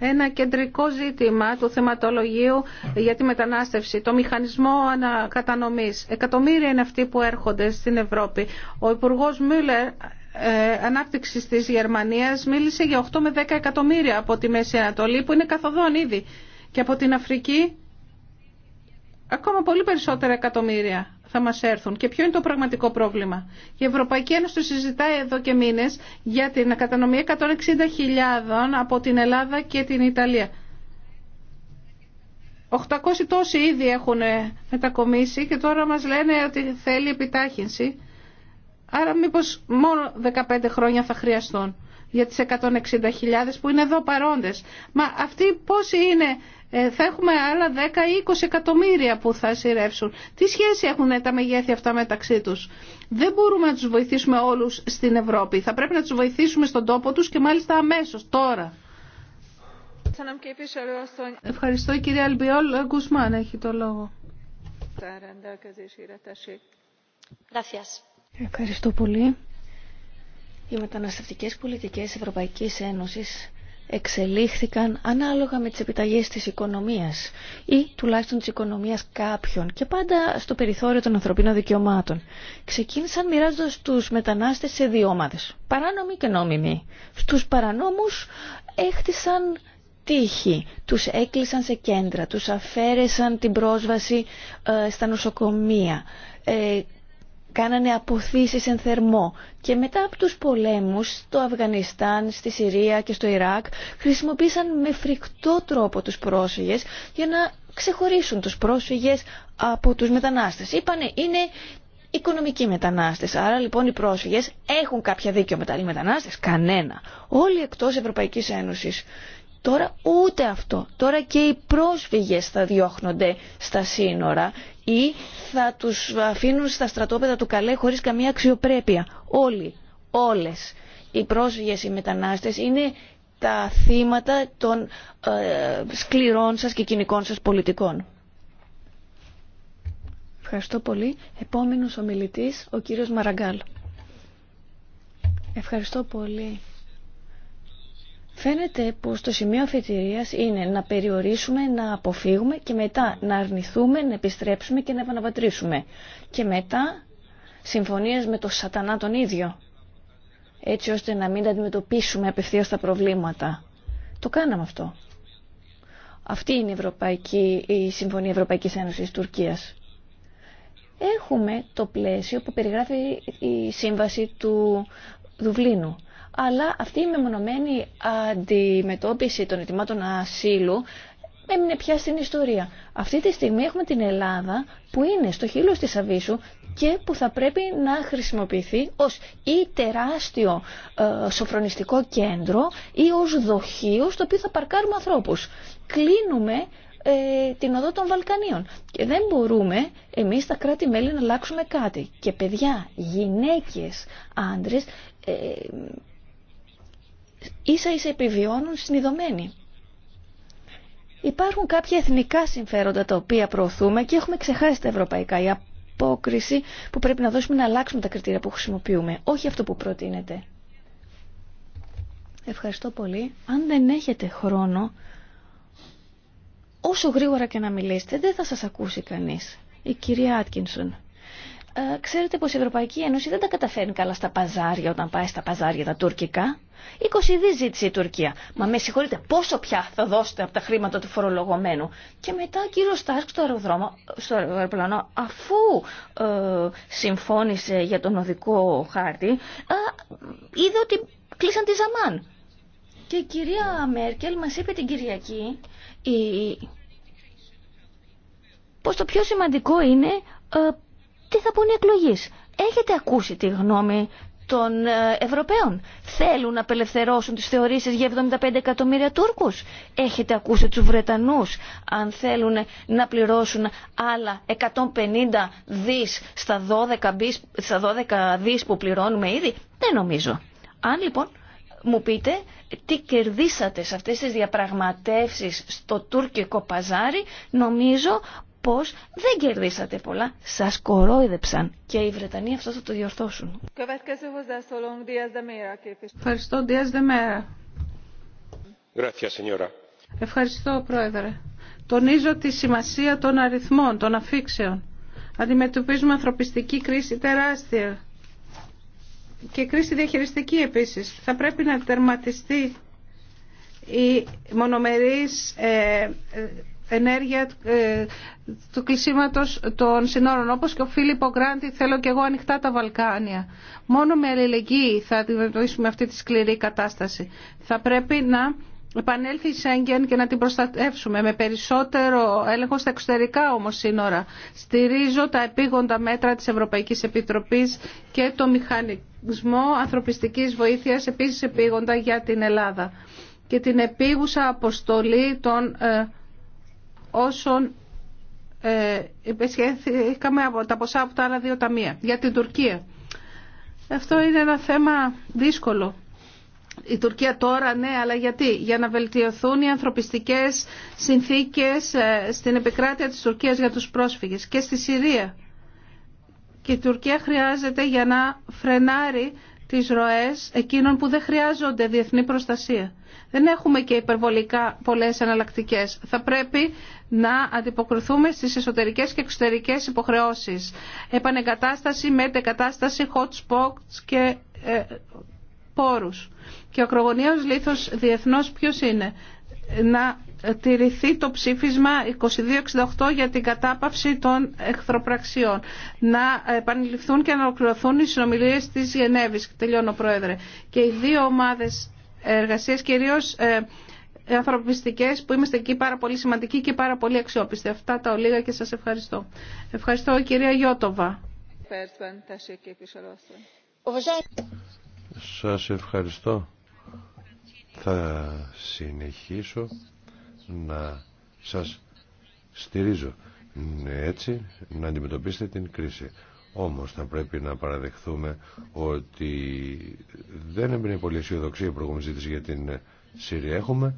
ένα κεντρικό ζήτημα του θεματολογίου για τη μετανάστευση, το μηχανισμό ανακατανομής. Εκατομμύρια είναι αυτοί που έρχονται στην Ευρώπη. Ο Υπουργός Μούλερ ε, ανάπτυξη της Γερμανίας μίλησε για 8 με 10 εκατομμύρια από τη Μέση Ανατολή που είναι καθοδόν ήδη και από την Αφρική ακόμα πολύ περισσότερα εκατομμύρια θα μας έρθουν. Και ποιο είναι το πραγματικό πρόβλημα. Η Ευρωπαϊκή Ένωση συζητάει εδώ και μήνες για την κατανομή 160.000 από την Ελλάδα και την Ιταλία. 800 τόσοι ήδη έχουν μετακομίσει και τώρα μας λένε ότι θέλει επιτάχυνση. Άρα μήπως μόνο 15 χρόνια θα χρειαστούν για τις 160.000 που είναι εδώ παρόντες. Μα αυτοί πόσοι είναι, ε, θα έχουμε άλλα 10 ή 20 εκατομμύρια που θα σειρεύσουν. Τι σχέση έχουν τα μεγέθη αυτά μεταξύ τους. Δεν μπορούμε να τους βοηθήσουμε όλους στην Ευρώπη. Θα πρέπει να τους βοηθήσουμε στον τόπο τους και μάλιστα αμέσως, τώρα. Ευχαριστώ κυρία Αλμπιόλ. Γκουσμάν έχει το λόγο.
Ευχαριστώ πολύ. Οι μεταναστευτικές πολιτικές Ευρωπαϊκής Ένωσης εξελίχθηκαν ανάλογα με τις επιταγές της οικονομίας ή τουλάχιστον της οικονομίας κάποιων και πάντα στο περιθώριο των ανθρωπίνων δικαιωμάτων. Ξεκίνησαν μοιράζοντα τους μετανάστες σε δύο ομάδες, παράνομοι και νόμιμοι. Στους παρανόμους έχτισαν τύχη, τους έκλεισαν σε κέντρα, τους αφαίρεσαν την πρόσβαση ε, στα νοσοκομεία, ε, κάνανε αποθήσεις εν θερμό και μετά από τους πολέμους στο Αφγανιστάν, στη Συρία και στο Ιράκ χρησιμοποίησαν με φρικτό τρόπο τους πρόσφυγες για να ξεχωρίσουν τους πρόσφυγες από τους μετανάστες. Είπανε είναι οικονομικοί μετανάστες. Άρα λοιπόν οι πρόσφυγες έχουν κάποια δίκιο μετά οι μετανάστες. Κανένα. Όλοι εκτός Ευρωπαϊκής Ένωσης. Τώρα ούτε αυτό. Τώρα και οι πρόσφυγες θα διώχνονται στα σύνορα ή θα τους αφήνουν στα στρατόπεδα του καλέ χωρίς καμία αξιοπρέπεια. Όλοι, όλες οι πρόσφυγες, οι μετανάστες είναι τα θύματα των ε, σκληρών σας και κοινικών σας πολιτικών. Ευχαριστώ πολύ. Επόμενος ομιλητής, ο κύριος Μαραγκάλ. Ευχαριστώ πολύ. Φαίνεται πως το σημείο αφετηρίας είναι να περιορίσουμε, να αποφύγουμε και μετά να αρνηθούμε, να επιστρέψουμε και να επαναπατρίσουμε. Και μετά συμφωνίες με τον σατανά τον ίδιο, έτσι ώστε να μην αντιμετωπίσουμε απευθείας τα προβλήματα. Το κάναμε αυτό. Αυτή είναι η, Ευρωπαϊκή, η Συμφωνία Ευρωπαϊκής Ένωσης Τουρκίας. Έχουμε το πλαίσιο που περιγράφει η σύμβαση του Δουβλίνου αλλά αυτή η μεμονωμένη αντιμετώπιση των ετοιμάτων ασύλου έμεινε πια στην ιστορία. Αυτή τη στιγμή έχουμε την Ελλάδα που είναι στο χείλος της Αβίσου και που θα πρέπει να χρησιμοποιηθεί ως ή τεράστιο ε, σοφρονιστικό κέντρο ή ως δοχείο στο οποίο θα παρκάρουμε ανθρώπους. Κλείνουμε ε, την οδό των Βαλκανίων και δεν μπορούμε εμείς τα κράτη-μέλη να αλλάξουμε κάτι. Και παιδιά, γυναίκες, άντρες... Ε, ίσα ίσα επιβιώνουν συνειδωμένοι. Υπάρχουν κάποια εθνικά συμφέροντα τα οποία προωθούμε και έχουμε ξεχάσει τα ευρωπαϊκά. Η απόκριση που πρέπει να δώσουμε να αλλάξουμε τα κριτήρια που χρησιμοποιούμε, όχι αυτό που προτείνεται. Ευχαριστώ πολύ. Αν δεν έχετε χρόνο, όσο γρήγορα και να μιλήσετε, δεν θα σας ακούσει κανείς. Η κυρία Άτκινσον. Ε, ξέρετε πως η Ευρωπαϊκή Ένωση δεν τα καταφέρνει καλά στα παζάρια όταν πάει στα παζάρια τα τουρκικά. 20 δι ζήτησε η Τουρκία. Μα με συγχωρείτε, πόσο πια θα δώσετε από τα χρήματα του φορολογωμένου. Και μετά ο κύριο Στάρκ στο στο αεροπλανό, αφού ε, συμφώνησε για τον οδικό χάρτη, ε, είδε ότι κλείσαν τη ζαμάν. Και η κυρία Μέρκελ μα είπε την Κυριακή η... πως το πιο σημαντικό είναι ε, τι θα πούνε οι εκλογείς. Έχετε ακούσει τη γνώμη των ε, Ευρωπαίων. Θέλουν να απελευθερώσουν τις θεωρήσεις για 75 εκατομμύρια Τούρκους. Έχετε ακούσει τους Βρετανούς αν θέλουν να πληρώσουν άλλα 150 δις στα 12, δις, στα 12 που πληρώνουμε ήδη. Δεν νομίζω. Αν λοιπόν μου πείτε τι κερδίσατε σε αυτές τις διαπραγματεύσεις στο τουρκικό παζάρι, νομίζω πως δεν κερδίσατε πολλά, σας κορόιδεψαν και οι Βρετανοί αυτό θα το διορθώσουν.
Ευχαριστώ, Δίας Ευχαριστώ, Πρόεδρε. Τονίζω τη σημασία των αριθμών, των αφήξεων. Αντιμετωπίζουμε ανθρωπιστική κρίση τεράστια και κρίση διαχειριστική επίσης. Θα πρέπει να τερματιστεί η μονομερής ε, ε ενέργεια ε, του κλεισίματος των συνόρων. Όπως και ο Φίλιππο Γκράντι θέλω και εγώ ανοιχτά τα Βαλκάνια. Μόνο με αλληλεγγύη θα αντιμετωπίσουμε αυτή τη σκληρή κατάσταση. Θα πρέπει να επανέλθει η Σέγγεν και να την προστατεύσουμε με περισσότερο έλεγχο στα εξωτερικά όμως σύνορα. Στηρίζω τα επίγοντα μέτρα της Ευρωπαϊκής Επιτροπής και το μηχανισμό ανθρωπιστικής βοήθειας επίσης επίγοντα για την Ελλάδα και την επίγουσα αποστολή των ε, όσων ε, από τα ποσά από τα άλλα δύο ταμεία για την Τουρκία. Αυτό είναι ένα θέμα δύσκολο. Η Τουρκία τώρα, ναι, αλλά γιατί. Για να βελτιωθούν οι ανθρωπιστικές συνθήκες ε, στην επικράτεια της Τουρκίας για τους πρόσφυγες και στη Συρία. Και η Τουρκία χρειάζεται για να φρενάρει τις ροές εκείνων που δεν χρειάζονται διεθνή προστασία. Δεν έχουμε και υπερβολικά πολλές εναλλακτικέ. Θα πρέπει να αντιποκριθούμε στις εσωτερικές και εξωτερικές υποχρεώσεις. Επανεγκατάσταση, μετεκατάσταση, hot spots και ε, πόρους. Και ο ακρογωνίος λήθος διεθνώς ποιος είναι να τηρηθεί το ψήφισμα 2268 για την κατάπαυση των εχθροπραξιών. Να επανειληφθούν και να ολοκληρωθούν οι συνομιλίες της Γενέβης. Τελειώνω, Πρόεδρε. Και οι δύο ομάδες εργασίες, κυρίως ε, που είμαστε εκεί πάρα πολύ σημαντικοί και πάρα πολύ αξιόπιστοι. Αυτά τα ολίγα και σας ευχαριστώ. Ευχαριστώ, κυρία Γιώτοβα.
Σας ευχαριστώ. Θα συνεχίσω να σας στηρίζω ναι, έτσι να αντιμετωπίσετε την κρίση. Όμως θα πρέπει να παραδεχθούμε ότι δεν έμπαινε πολύ αισιοδοξία η προηγούμενη ζήτηση για την Συρία. Έχουμε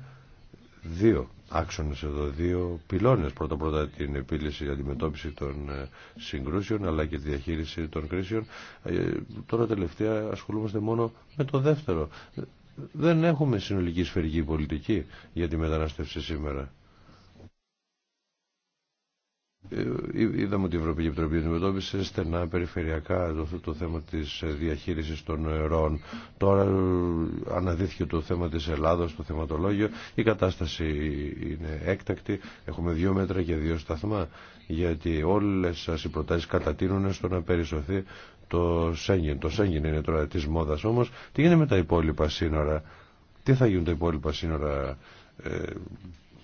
δύο άξονες εδώ, δύο πυλώνες. Πρώτα-πρώτα την επίλυση, για αντιμετώπιση των ε, συγκρούσεων αλλά και τη διαχείριση των κρίσεων. Ε, τώρα τελευταία ασχολούμαστε μόνο με το δεύτερο. Δεν έχουμε συνολική σφαιρική πολιτική για τη μετανάστευση σήμερα. Ε, είδαμε ότι η Ευρωπαϊκή Επιτροπή αντιμετώπισε στενά περιφερειακά το, το θέμα της ε, διαχείρισης των νερών. Τώρα ε, αναδύθηκε το θέμα της Ελλάδος, το θεματολόγιο. Η κατάσταση είναι έκτακτη. Έχουμε δύο μέτρα και δύο σταθμά. Γιατί όλες σας οι προτάσεις κατατείνουν στο να περισωθεί το Σέγγεν. Το Σέγγεν είναι τώρα τη μόδα όμω. Τι γίνεται με τα υπόλοιπα σύνορα. Τι θα γίνουν τα υπόλοιπα σύνορα. Ε,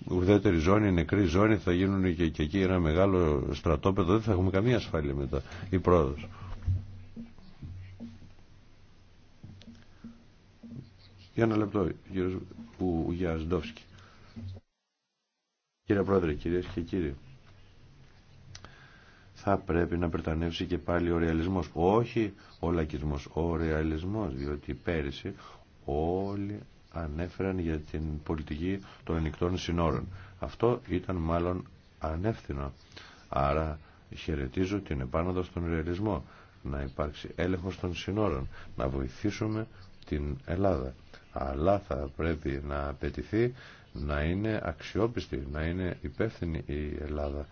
ουδέτερη ζώνη, νεκρή ζώνη, θα γίνουν και, και εκεί ένα μεγάλο στρατόπεδο. Δεν θα έχουμε καμία ασφάλεια μετά. Η πρόοδο. Για ένα λεπτό, κύριος Ουγιασντόφσκι. Κύριε Πρόεδρε, κυρίες και κύριοι θα πρέπει να περτανεύσει και πάλι ο ρεαλισμός. Όχι ο λακισμός, ο ρεαλισμός, διότι πέρυσι όλοι ανέφεραν για την πολιτική των ανοιχτών συνόρων. Αυτό ήταν μάλλον ανεύθυνο. Άρα χαιρετίζω την επάνωδο στον ρεαλισμό, να υπάρξει έλεγχος των συνόρων, να βοηθήσουμε την Ελλάδα. Αλλά θα πρέπει να απαιτηθεί να είναι αξιόπιστη, να είναι υπεύθυνη η Ελλάδα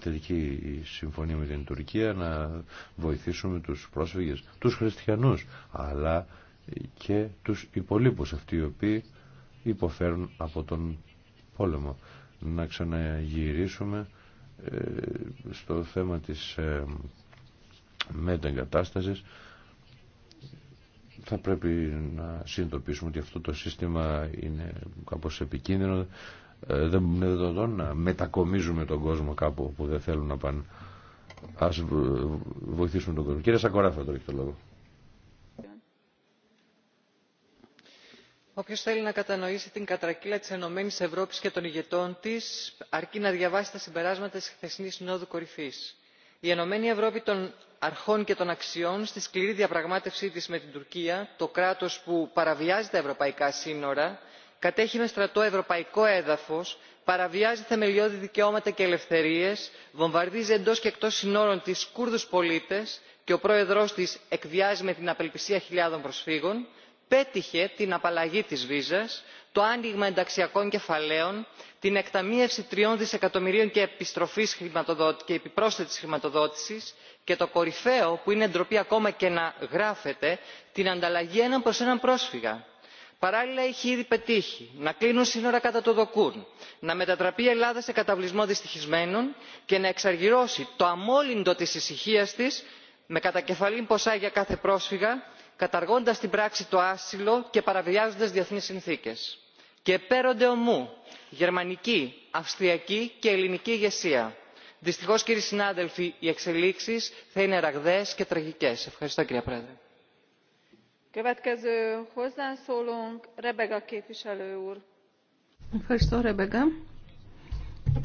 τελική συμφωνία με την Τουρκία να βοηθήσουμε τους πρόσφυγες, τους χριστιανούς, αλλά και τους υπολείπους αυτοί οι οποίοι υποφέρουν από τον πόλεμο. Να ξαναγυρίσουμε ε, στο θέμα της ε, μετεγκατάστασης θα πρέπει να συνειδητοποιήσουμε ότι αυτό το σύστημα είναι κάπως επικίνδυνο ε, δεν είναι δυνατόν να μετακομίζουμε τον κόσμο κάπου που δεν θέλουν να πάνε. Ας βοηθήσουμε τον κόσμο. Κύριε Σακοράφα, τώρα έχει το λόγο.
Όποιο θέλει να κατανοήσει την κατρακύλα τη Ενωμένης ΕΕ Ευρώπης και των ηγετών τη, αρκεί να διαβάσει τα συμπεράσματα τη χθεσινή Συνόδου Κορυφή. Η Ενωμένη Ευρώπη των αρχών και των αξιών στη σκληρή διαπραγμάτευσή τη με την Τουρκία, το κράτο που παραβιάζει τα ευρωπαϊκά σύνορα, κατέχει με στρατό ευρωπαϊκό έδαφος παραβιάζει θεμελιώδη δικαιώματα και ελευθερίες βομβαρδίζει εντός και εκτός συνόρων τις κούρδους πολίτες και ο πρόεδρός της εκβιάζει με την απελπισία χιλιάδων προσφύγων πέτυχε την απαλλαγή της βίζας το άνοιγμα ενταξιακών κεφαλαίων την εκταμείευση τριών δισεκατομμυρίων και επιπρόσθετης χρηματοδότησης και το κορυφαίο που είναι ντροπή ακόμα και να γράφεται την ανταλλαγή έναν προς έναν πρόσφυγα παράλληλα έχει ήδη πετύχει να κλείνουν σύνορα κατά το δοκούν να μετατραπεί η ελλάδα σε καταβλισμό δυστυχισμένων και να εξαργυρώσει το αμόλυντο της ησυχίας της με κατακεφαλήν ποσά για κάθε πρόσφυγα καταργώντας στην πράξη το άσυλο και παραβιάζοντας διεθνείς συνθήκες. και επέρονται ομού γερμανική αυστριακή και ελληνική ηγεσία. δυστυχώς κύριοι συνάδελφοι οι εξελίξεις θα είναι ραγδαίες και τραγικές. ευχαριστώ κύριε πρόεδρε.
Ευχαριστώ, Ρεμπέγκα.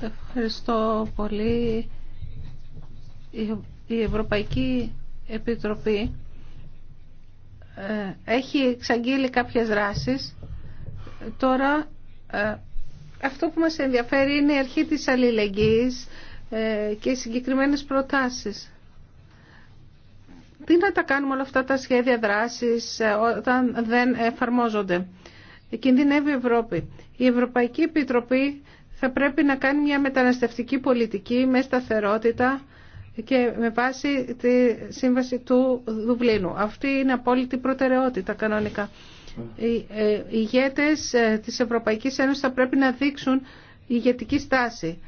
Ευχαριστώ πολύ. Η Ευρωπαϊκή Επιτροπή ε, έχει εξαγγείλει κάποιες δράσεις. Τώρα ε, αυτό που μας ενδιαφέρει είναι η αρχή της αλληλεγγύης ε, και οι συγκεκριμένες προτάσεις. Τι να τα κάνουμε όλα αυτά τα σχέδια δράσης ε, όταν δεν εφαρμόζονται. Κινδυνεύει η Ευρώπη. Η Ευρωπαϊκή Επιτροπή θα πρέπει να κάνει μια μεταναστευτική πολιτική με σταθερότητα και με βάση τη σύμβαση του Δουβλίνου. Αυτή είναι απόλυτη προτεραιότητα κανονικά. Οι ε, ηγέτες ε, της Ευρωπαϊκής Ένωσης θα πρέπει να δείξουν ηγετική στάση.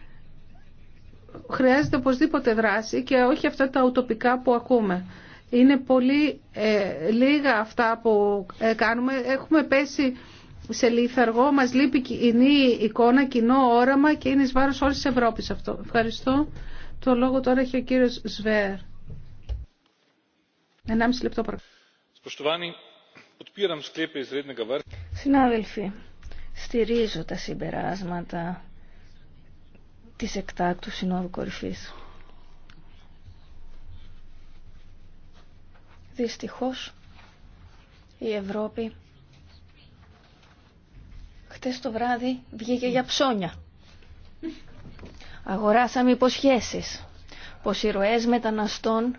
Χρειάζεται οπωσδήποτε δράση και όχι αυτά τα ουτοπικά που ακούμε. Είναι πολύ ε, λίγα αυτά που ε, κάνουμε. Έχουμε πέσει σε λίθαργο, μας λείπει κοινή εικόνα, κοινό όραμα και είναι εις βάρος όλης της Ευρώπης αυτό. Ευχαριστώ. Το λόγο τώρα έχει ο κύριος Σβέρ. Ενάμιση λεπτό παρακαλώ.
Συνάδελφοι, στηρίζω τα συμπεράσματα της εκτάκτου Συνόδου Κορυφής. Δυστυχώς η Ευρώπη χτες το βράδυ βγήκε για ψώνια. Αγοράσαμε υποσχέσεις πως οι ροές μεταναστών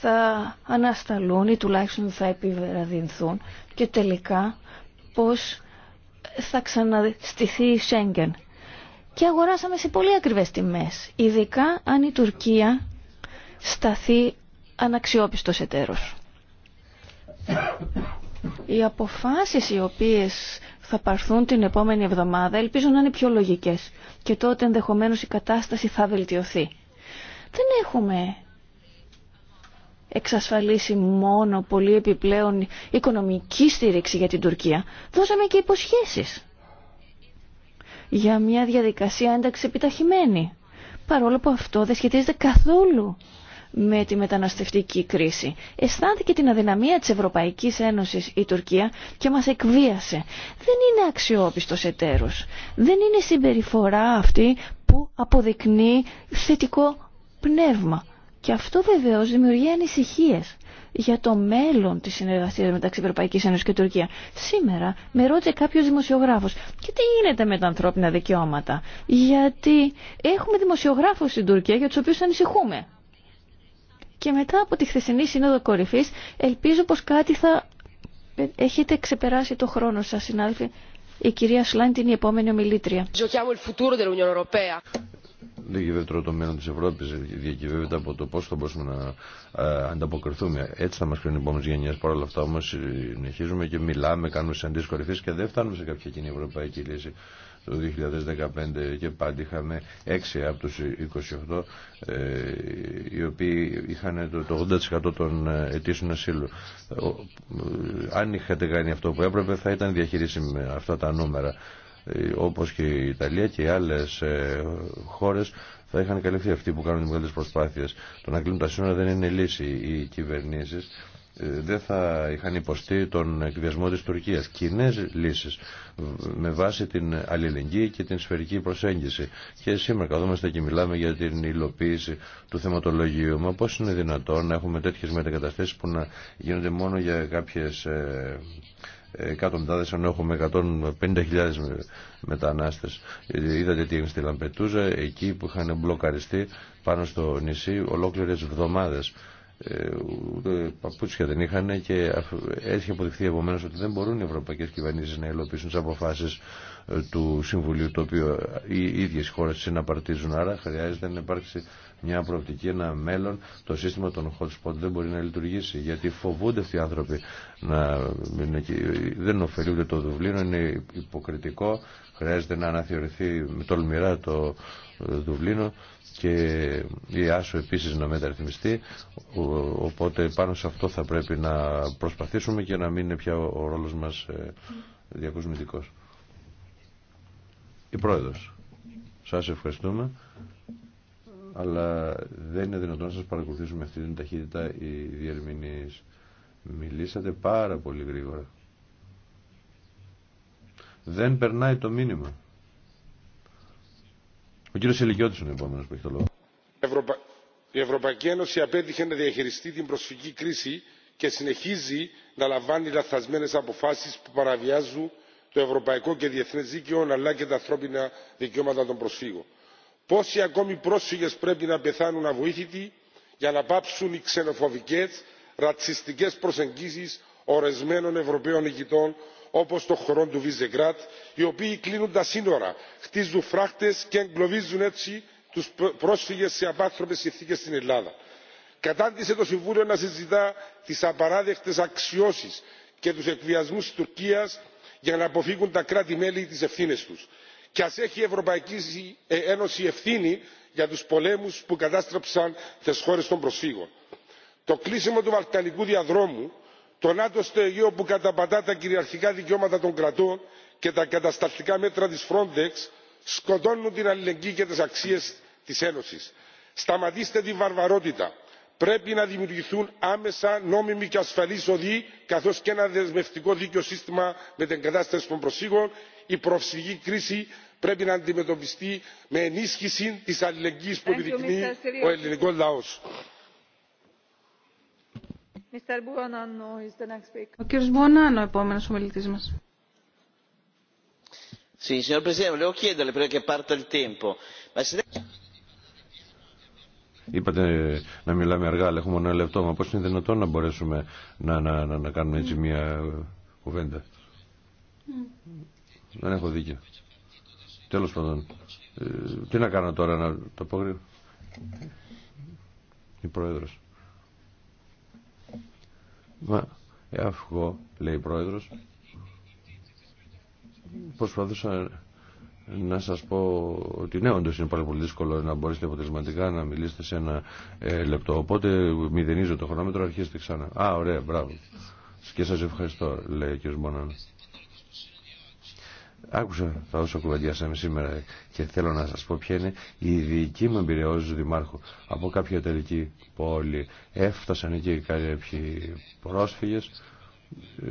θα ανασταλούν ή τουλάχιστον θα επιβραδυνθούν και τελικά πως θα ξαναστηθεί η Σέγγεν. Και αγοράσαμε σε πολύ ακριβές τιμές, ειδικά αν η Τουρκία σταθεί αναξιόπιστος εταίρος. Οι αποφάσεις οι οποίες θα παρθούν την επόμενη εβδομάδα ελπίζω να είναι πιο λογικές και τότε ενδεχομένως η κατάσταση θα βελτιωθεί. Δεν έχουμε εξασφαλίσει μόνο πολύ επιπλέον οικονομική στήριξη για την Τουρκία. Δώσαμε και υποσχέσεις για μια διαδικασία ένταξη επιταχυμένη. Παρόλο που αυτό δεν σχετίζεται καθόλου με τη μεταναστευτική κρίση. Αισθάνθηκε την αδυναμία της Ευρωπαϊκής Ένωσης η Τουρκία και μας εκβίασε. Δεν είναι αξιόπιστος εταίρος. Δεν είναι συμπεριφορά αυτή που αποδεικνύει θετικό πνεύμα. Και αυτό βεβαίως δημιουργεί ανησυχίες για το μέλλον της συνεργασίας μεταξύ Ευρωπαϊκής Ένωσης και Τουρκία. Σήμερα με ρώτησε κάποιος δημοσιογράφος και τι γίνεται με τα ανθρώπινα δικαιώματα. Γιατί έχουμε δημοσιογράφους στην Τουρκία για τους οποίους ανησυχούμε. Και μετά από τη χθεσινή σύνοδο Κορυφή, ελπίζω πω κάτι θα έχετε ξεπεράσει το χρόνο σα συνάδελφοι. Η κυρία Σλάιντ είναι η επόμενη ομιλήτρια.
Διακυβεύεται το μέλλον τη Ευρώπη, διακυβεύεται από το πώ θα μπορούμε να ε, ανταποκριθούμε. Έτσι θα μα κρίνουν οι επόμενε γενιέ. Παρ' όλα αυτά όμω συνεχίζουμε και μιλάμε, κάνουμε συναντήσει κορυφή και δεν φτάνουμε σε κάποια κοινή ευρωπαϊκή λύση το 2015 και πάντα είχαμε 6 από τους 28 ε, οι οποίοι είχαν το 80% των αιτήσεων ε, ασύλου. Αν είχατε κάνει αυτό που έπρεπε θα ήταν διαχειρίσιμη αυτά τα νούμερα ε, όπως και η Ιταλία και οι άλλες χώρες θα είχαν καλυφθεί αυτοί που κάνουν τις μεγάλες προσπάθειες. Το να κλείνουν τα σύνορα δεν είναι λύση οι κυβερνήσεις δεν θα είχαν υποστεί τον εκβιασμό της Τουρκίας. Κοινέ λύσεις με βάση την αλληλεγγύη και την σφαιρική προσέγγιση. Και σήμερα καθόμαστε και μιλάμε για την υλοποίηση του θεματολογίου. Μα πώς είναι δυνατόν να έχουμε τέτοιες μετακαταστήσεις που να γίνονται μόνο για κάποιες ε, ε, εκατοντάδες, αν έχουμε 150.000 μετανάστες. Είδατε τι έγινε στη Λαμπετούζα, εκεί που είχαν μπλοκαριστεί πάνω στο νησί ολόκληρες εβδομάδες ε, ούτε παπούτσια δεν είχαν και έχει αποδειχθεί επομένω ότι δεν μπορούν οι ευρωπαϊκές κυβερνήσεις να υλοποιήσουν τι αποφάσεις ε, του Συμβουλίου το οποίο οι ίδιες χώρες συναπαρτίζουν άρα χρειάζεται να υπάρξει μια προοπτική, ένα μέλλον το σύστημα των hot spot δεν μπορεί να λειτουργήσει γιατί φοβούνται αυτοί οι άνθρωποι να δεν ωφελούνται το Δουβλίνο είναι υποκριτικό χρειάζεται να αναθεωρηθεί με τολμηρά το Δουβλίνο και η Άσο επίσης να μεταρρυθμιστεί οπότε πάνω σε αυτό θα πρέπει να προσπαθήσουμε και να μην είναι πια ο ρόλος μας ε, διακοσμητικός. Η Πρόεδρος, σας ευχαριστούμε αλλά δεν είναι δυνατόν να σας παρακολουθήσουμε αυτή την ταχύτητα οι διερμηνείς. Μιλήσατε πάρα πολύ γρήγορα. Δεν περνάει το μήνυμα κύριο είναι ο που το λόγο.
Η Ευρωπαϊκή Ένωση απέτυχε να διαχειριστεί την προσφυγική κρίση και συνεχίζει να λαμβάνει λαθασμένε αποφάσει που παραβιάζουν το ευρωπαϊκό και διεθνέ δίκαιο αλλά και τα ανθρώπινα δικαιώματα των προσφύγων. Πόσοι ακόμη πρόσφυγε πρέπει να πεθάνουν αβοήθητοι για να πάψουν οι ξενοφοβικέ ρατσιστικέ προσεγγίσεις ορισμένων Ευρωπαίων ηγητών όπως το χωρών του βισεγκράτ οι οποίοι κλείνουν τα σύνορα χτίζουν φράχτες και εγκλωβίζουν έτσι τους πρόσφυγες σε απάνθρωπες συνθήκες στην ελλάδα. κατάντησε το συμβούλιο να συζητά τις απαράδεκτες αξιώσεις και τους εκβιασμούς της τουρκίας για να αποφύγουν τα κράτη μέλη τις ευθύνες τους. και ας έχει η ευρωπαϊκή ε, ένωση ευθύνη για τους πολέμους που κατάστρεψαν τις χώρες των προσφύγων. το κλείσιμο του βαλκανικού διαδρόμου το νατο στο αιγαίο που καταπατά τα κυριαρχικά δικαιώματα των κρατών και τα κατασταλτικά μέτρα της frontex σκοτώνουν την αλληλεγγύη και τις αξίες της ένωσης. σταματήστε τη βαρβαρότητα. πρέπει να δημιουργηθούν άμεσα νόμιμοι και ασφαλείς οδοί καθώς και ένα δεσμευτικό δίκαιο σύστημα κατάσταση των προσήγων. η προσφυγική κρίση πρέπει να αντιμετωπιστεί με ενίσχυση της αλληλεγγύης που επιδεικνύει ο ελληνικός λαός.
Ο κύριος Μπουονάνο, επόμενος μας.
Είπατε να μιλάμε αργά, αλλά έχουμε ένα λεπτό. Μα πώ είναι δυνατόν να μπορέσουμε να, να, να, να κάνουμε έτσι μια ε, κουβέντα. Mm. Δεν έχω δίκιο. Τέλο πάντων. Ε, τι να κάνω τώρα, να το πω γρήγορα. Η Πρόεδρος. Μα, εγώ, λέει η πρόεδρος, προσπαθούσα να σας πω ότι ναι, όντως είναι πάρα πολύ δύσκολο να μπορείτε αποτελεσματικά να μιλήσετε σε ένα ε, λεπτό. Οπότε μηδενίζω το χρονόμετρο, αρχίστε ξανά. Α, ωραία, μπράβο. Και σας ευχαριστώ, λέει ο κ. Μπονάνο. Άκουσα τα όσα κουβεντιάσαμε σήμερα και θέλω να σας πω ποια είναι η δική μου εμπειρία ως δημάρχου από κάποια τελική πόλη. Έφτασαν εκεί κάποιοι πρόσφυγες ε,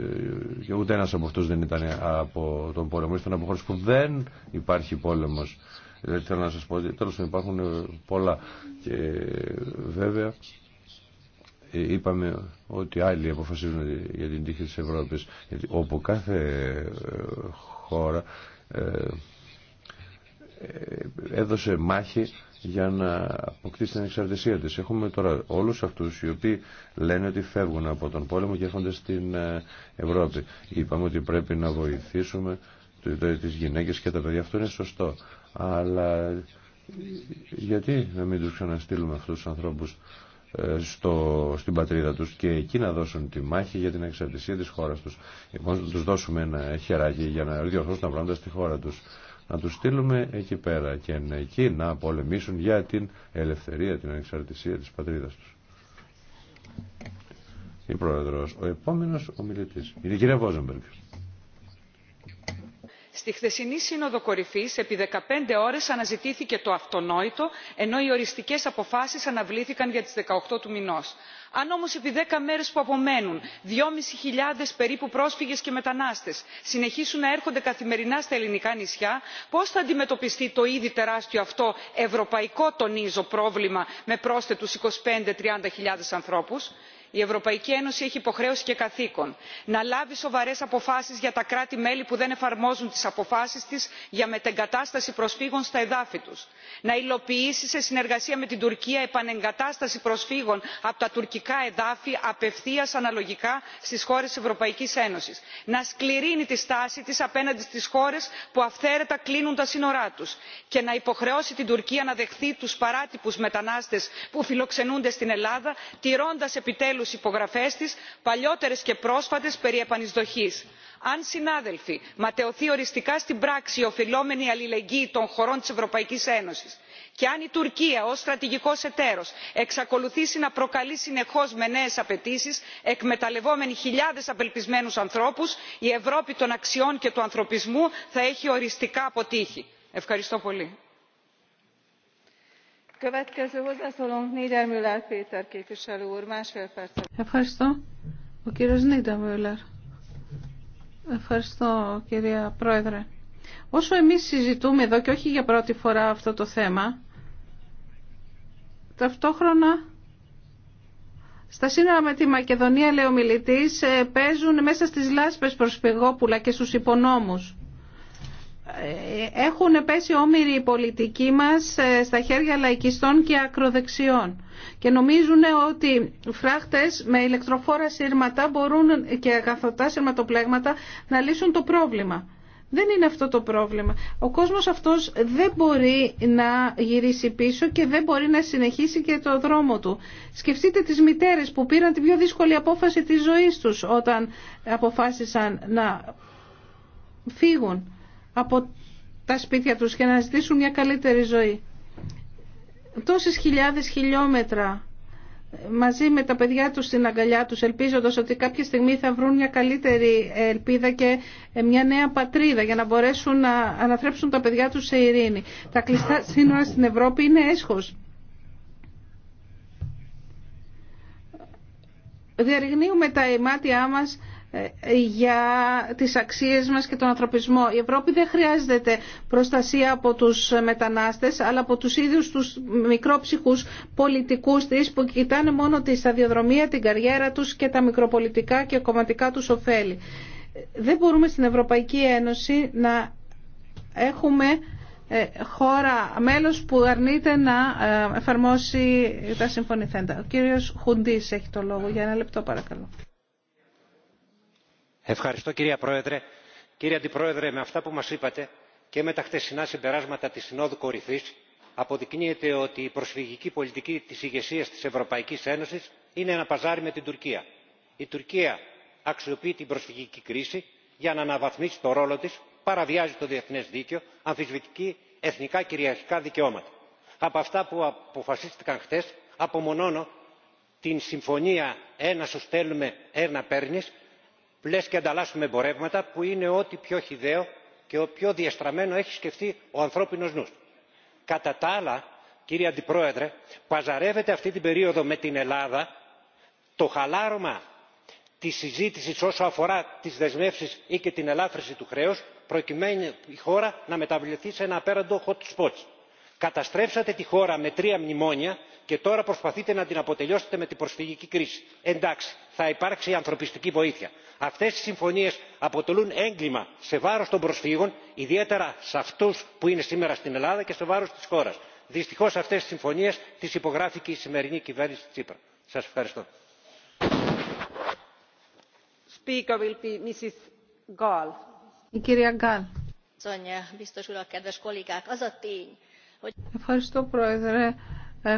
και ούτε ένας από αυτούς δεν ήταν από τον πόλεμο. Ήταν από χώρες που δεν υπάρχει πόλεμος. Ε, θέλω να σας πω ότι τέλος υπάρχουν ε, πολλά και βέβαια είπαμε ότι άλλοι αποφασίζουν για την τύχη της Ευρώπης όπου κάθε χώρα ε, ε, έδωσε μάχη για να αποκτήσει την εξαρτησία της. Έχουμε τώρα όλους αυτούς οι οποίοι λένε ότι φεύγουν από τον πόλεμο και έρχονται στην ε, Ευρώπη. Είπαμε ότι πρέπει να βοηθήσουμε τις γυναίκες και τα παιδιά. Αυτό είναι σωστό. Αλλά γιατί να μην τους ξαναστείλουμε αυτούς τους ανθρώπους ε, στο, στην πατρίδα τους και εκεί να δώσουν τη μάχη για την εξαρτησία της χώρας τους. Λοιπόν, να τους δώσουμε ένα χεράκι για να διορθώσουν τα πράγματα στη χώρα τους. Να τους στείλουμε εκεί πέρα και εκεί να πολεμήσουν για την ελευθερία, την ανεξαρτησία της πατρίδας τους. Η Πρόεδρος, ο επόμενος ομιλητής, είναι η κυρία Βόζεμπεργκ
στη χθεσινή σύνοδο κορυφής επί δεκαπέντε ώρες αναζητήθηκε το αυτονόητο ενώ οι οριστικές αποφάσεις αναβλήθηκαν για τις δεκαοκτώ του μηνός. αν όμως επί δέκα μέρες που απομένουν δυόμισι χιλιάδε περίπου πρόσφυγες και μετανάστες συνεχίσουν να έρχονται καθημερινά στα ελληνικά νησιά πώς θα αντιμετωπιστεί το ήδη τεράστιο αυτό ευρωπαϊκό τονίζω πρόβλημα με πρόσθετους είκοσι πέντε τριάντα χιλιάδες ανθρώπους; η ευρωπαϊκή ένωση έχει υποχρέωση και καθήκον να λάβει σοβαρέ αποφάσει για τα κράτη μέλη που δεν εφαρμόζουν τι αποφάσει τη για μετεγκατάσταση προσφύγων στα εδάφη του να υλοποιήσει σε συνεργασία με την τουρκία επανεγκατάσταση προσφύγων από τα τουρκικά εδάφη απευθεία αναλογικά στι χώρε τη ευρωπαϊκή ένωση να σκληρύνει τη στάση τη απέναντι στι χώρε που αυθαίρετα κλείνουν τα σύνορά του και να υποχρεώσει την τουρκία να δεχθεί του παράτυπου μετανάστε που φιλοξενούνται στην ελλάδα τηρώντα επιτέλου επιτέλους υπογραφές της παλιότερες και πρόσφατες περί επανεισδοχής. αν συνάδελφοι ματαιωθεί οριστικά στην πράξη η οφειλόμενη αλληλεγγύη των χωρών της ευρωπαϊκής ένωσης και αν η τουρκία ως στρατηγικός εταίρος εξακολουθήσει να προκαλεί συνεχώς με νέες απαιτήσει εκμεταλλευόμενη χιλιάδες απελπισμένους ανθρώπους η ευρώπη των αξιών και του ανθρωπισμού θα έχει οριστικά αποτύχει. ευχαριστώ πολύ.
Ευχαριστώ. Ο κυρία Πρόεδρε. Όσο εμείς συζητούμε εδώ και όχι για πρώτη φορά αυτό το θέμα, ταυτόχρονα στα σύνορα με τη Μακεδονία, λέει ο μιλητής, ε, παίζουν μέσα στις λάσπες προσφυγόπουλα και στους υπονόμους. Ε, έχουν πέσει όμοιροι οι πολιτικοί μας ε, στα χέρια λαϊκιστών και ακροδεξιών και νομίζουν ότι φράχτες με ηλεκτροφόρα σύρματα μπορούν και αγαθωτά σύρματοπλέγματα να λύσουν το πρόβλημα. Δεν είναι αυτό το πρόβλημα. Ο κόσμος αυτός δεν μπορεί να γυρίσει πίσω και δεν μπορεί να συνεχίσει και το δρόμο του. Σκεφτείτε τις μητέρες που πήραν τη πιο δύσκολη απόφαση της ζωής τους όταν αποφάσισαν να φύγουν από τα σπίτια τους και να ζητήσουν μια καλύτερη ζωή. Τόσες χιλιάδες χιλιόμετρα μαζί με τα παιδιά τους στην αγκαλιά τους ελπίζοντας ότι κάποια στιγμή θα βρουν μια καλύτερη ελπίδα και μια νέα πατρίδα για να μπορέσουν να αναθρέψουν τα παιδιά τους σε ειρήνη. Τα κλειστά σύνορα στην Ευρώπη είναι έσχος. Διαρριγνύουμε τα μάτια μας για τις αξίες μας και τον ανθρωπισμό. Η Ευρώπη δεν χρειάζεται προστασία από τους μετανάστες, αλλά από τους ίδιους τους μικρόψυχους πολιτικούς της που κοιτάνε μόνο τη σταδιοδρομία, την καριέρα τους και τα μικροπολιτικά και κομματικά τους ωφέλη. Δεν μπορούμε στην Ευρωπαϊκή Ένωση να έχουμε ε, χώρα μέλος που αρνείται να ε, εφαρμόσει τα συμφωνηθέντα. Ο κύριος Χουντής έχει το λόγο. Για ένα λεπτό παρακαλώ.
Ευχαριστώ κυρία Πρόεδρε. Κύριε Αντιπρόεδρε, με αυτά που μας είπατε και με τα χτεσινά συμπεράσματα της Συνόδου Κορυφής αποδεικνύεται ότι η προσφυγική πολιτική της ηγεσία της Ευρωπαϊκής Ένωσης είναι ένα παζάρι με την Τουρκία. Η Τουρκία αξιοποιεί την προσφυγική κρίση για να αναβαθμίσει το ρόλο της, παραβιάζει το διεθνές δίκαιο, αμφισβητεί εθνικά κυριαρχικά δικαιώματα. Από αυτά που αποφασίστηκαν χτες απομονώνω την συμφωνία ένα σου στέλνουμε ένα παίρνεις λες και ανταλλάσσουμε εμπορεύματα που είναι ό,τι πιο χυδαίο και ό,τι πιο διαστραμμένο έχει σκεφτεί ο ανθρώπινος νους. Κατά τα άλλα, κύριε Αντιπρόεδρε, παζαρεύεται αυτή την περίοδο με την Ελλάδα το χαλάρωμα της συζήτηση όσο αφορά τις δεσμεύσεις ή και την ελάφρυνση του χρέους προκειμένου η χώρα να μεταβληθεί σε ένα απέραντο hot spot καταστρέψατε τη χώρα με τρία μνημόνια και τώρα προσπαθείτε να την αποτελειώσετε με την προσφυγική κρίση. εντάξει θα υπάρξει ανθρωπιστική βοήθεια. αυτές οι συμφωνίες αποτελούν έγκλημα σε βάρος των προσφύγων ιδιαίτερα σε αυτούς που είναι σήμερα στην ελλάδα και σε βάρος της χώρας. δυστυχώς αυτές οι συμφωνίες τις υπογράφει και η σημερινή κυβέρνηση τσίπρα. σας ευχαριστώ.
Η κυρία Ευχαριστώ, Πρόεδρε. Ε,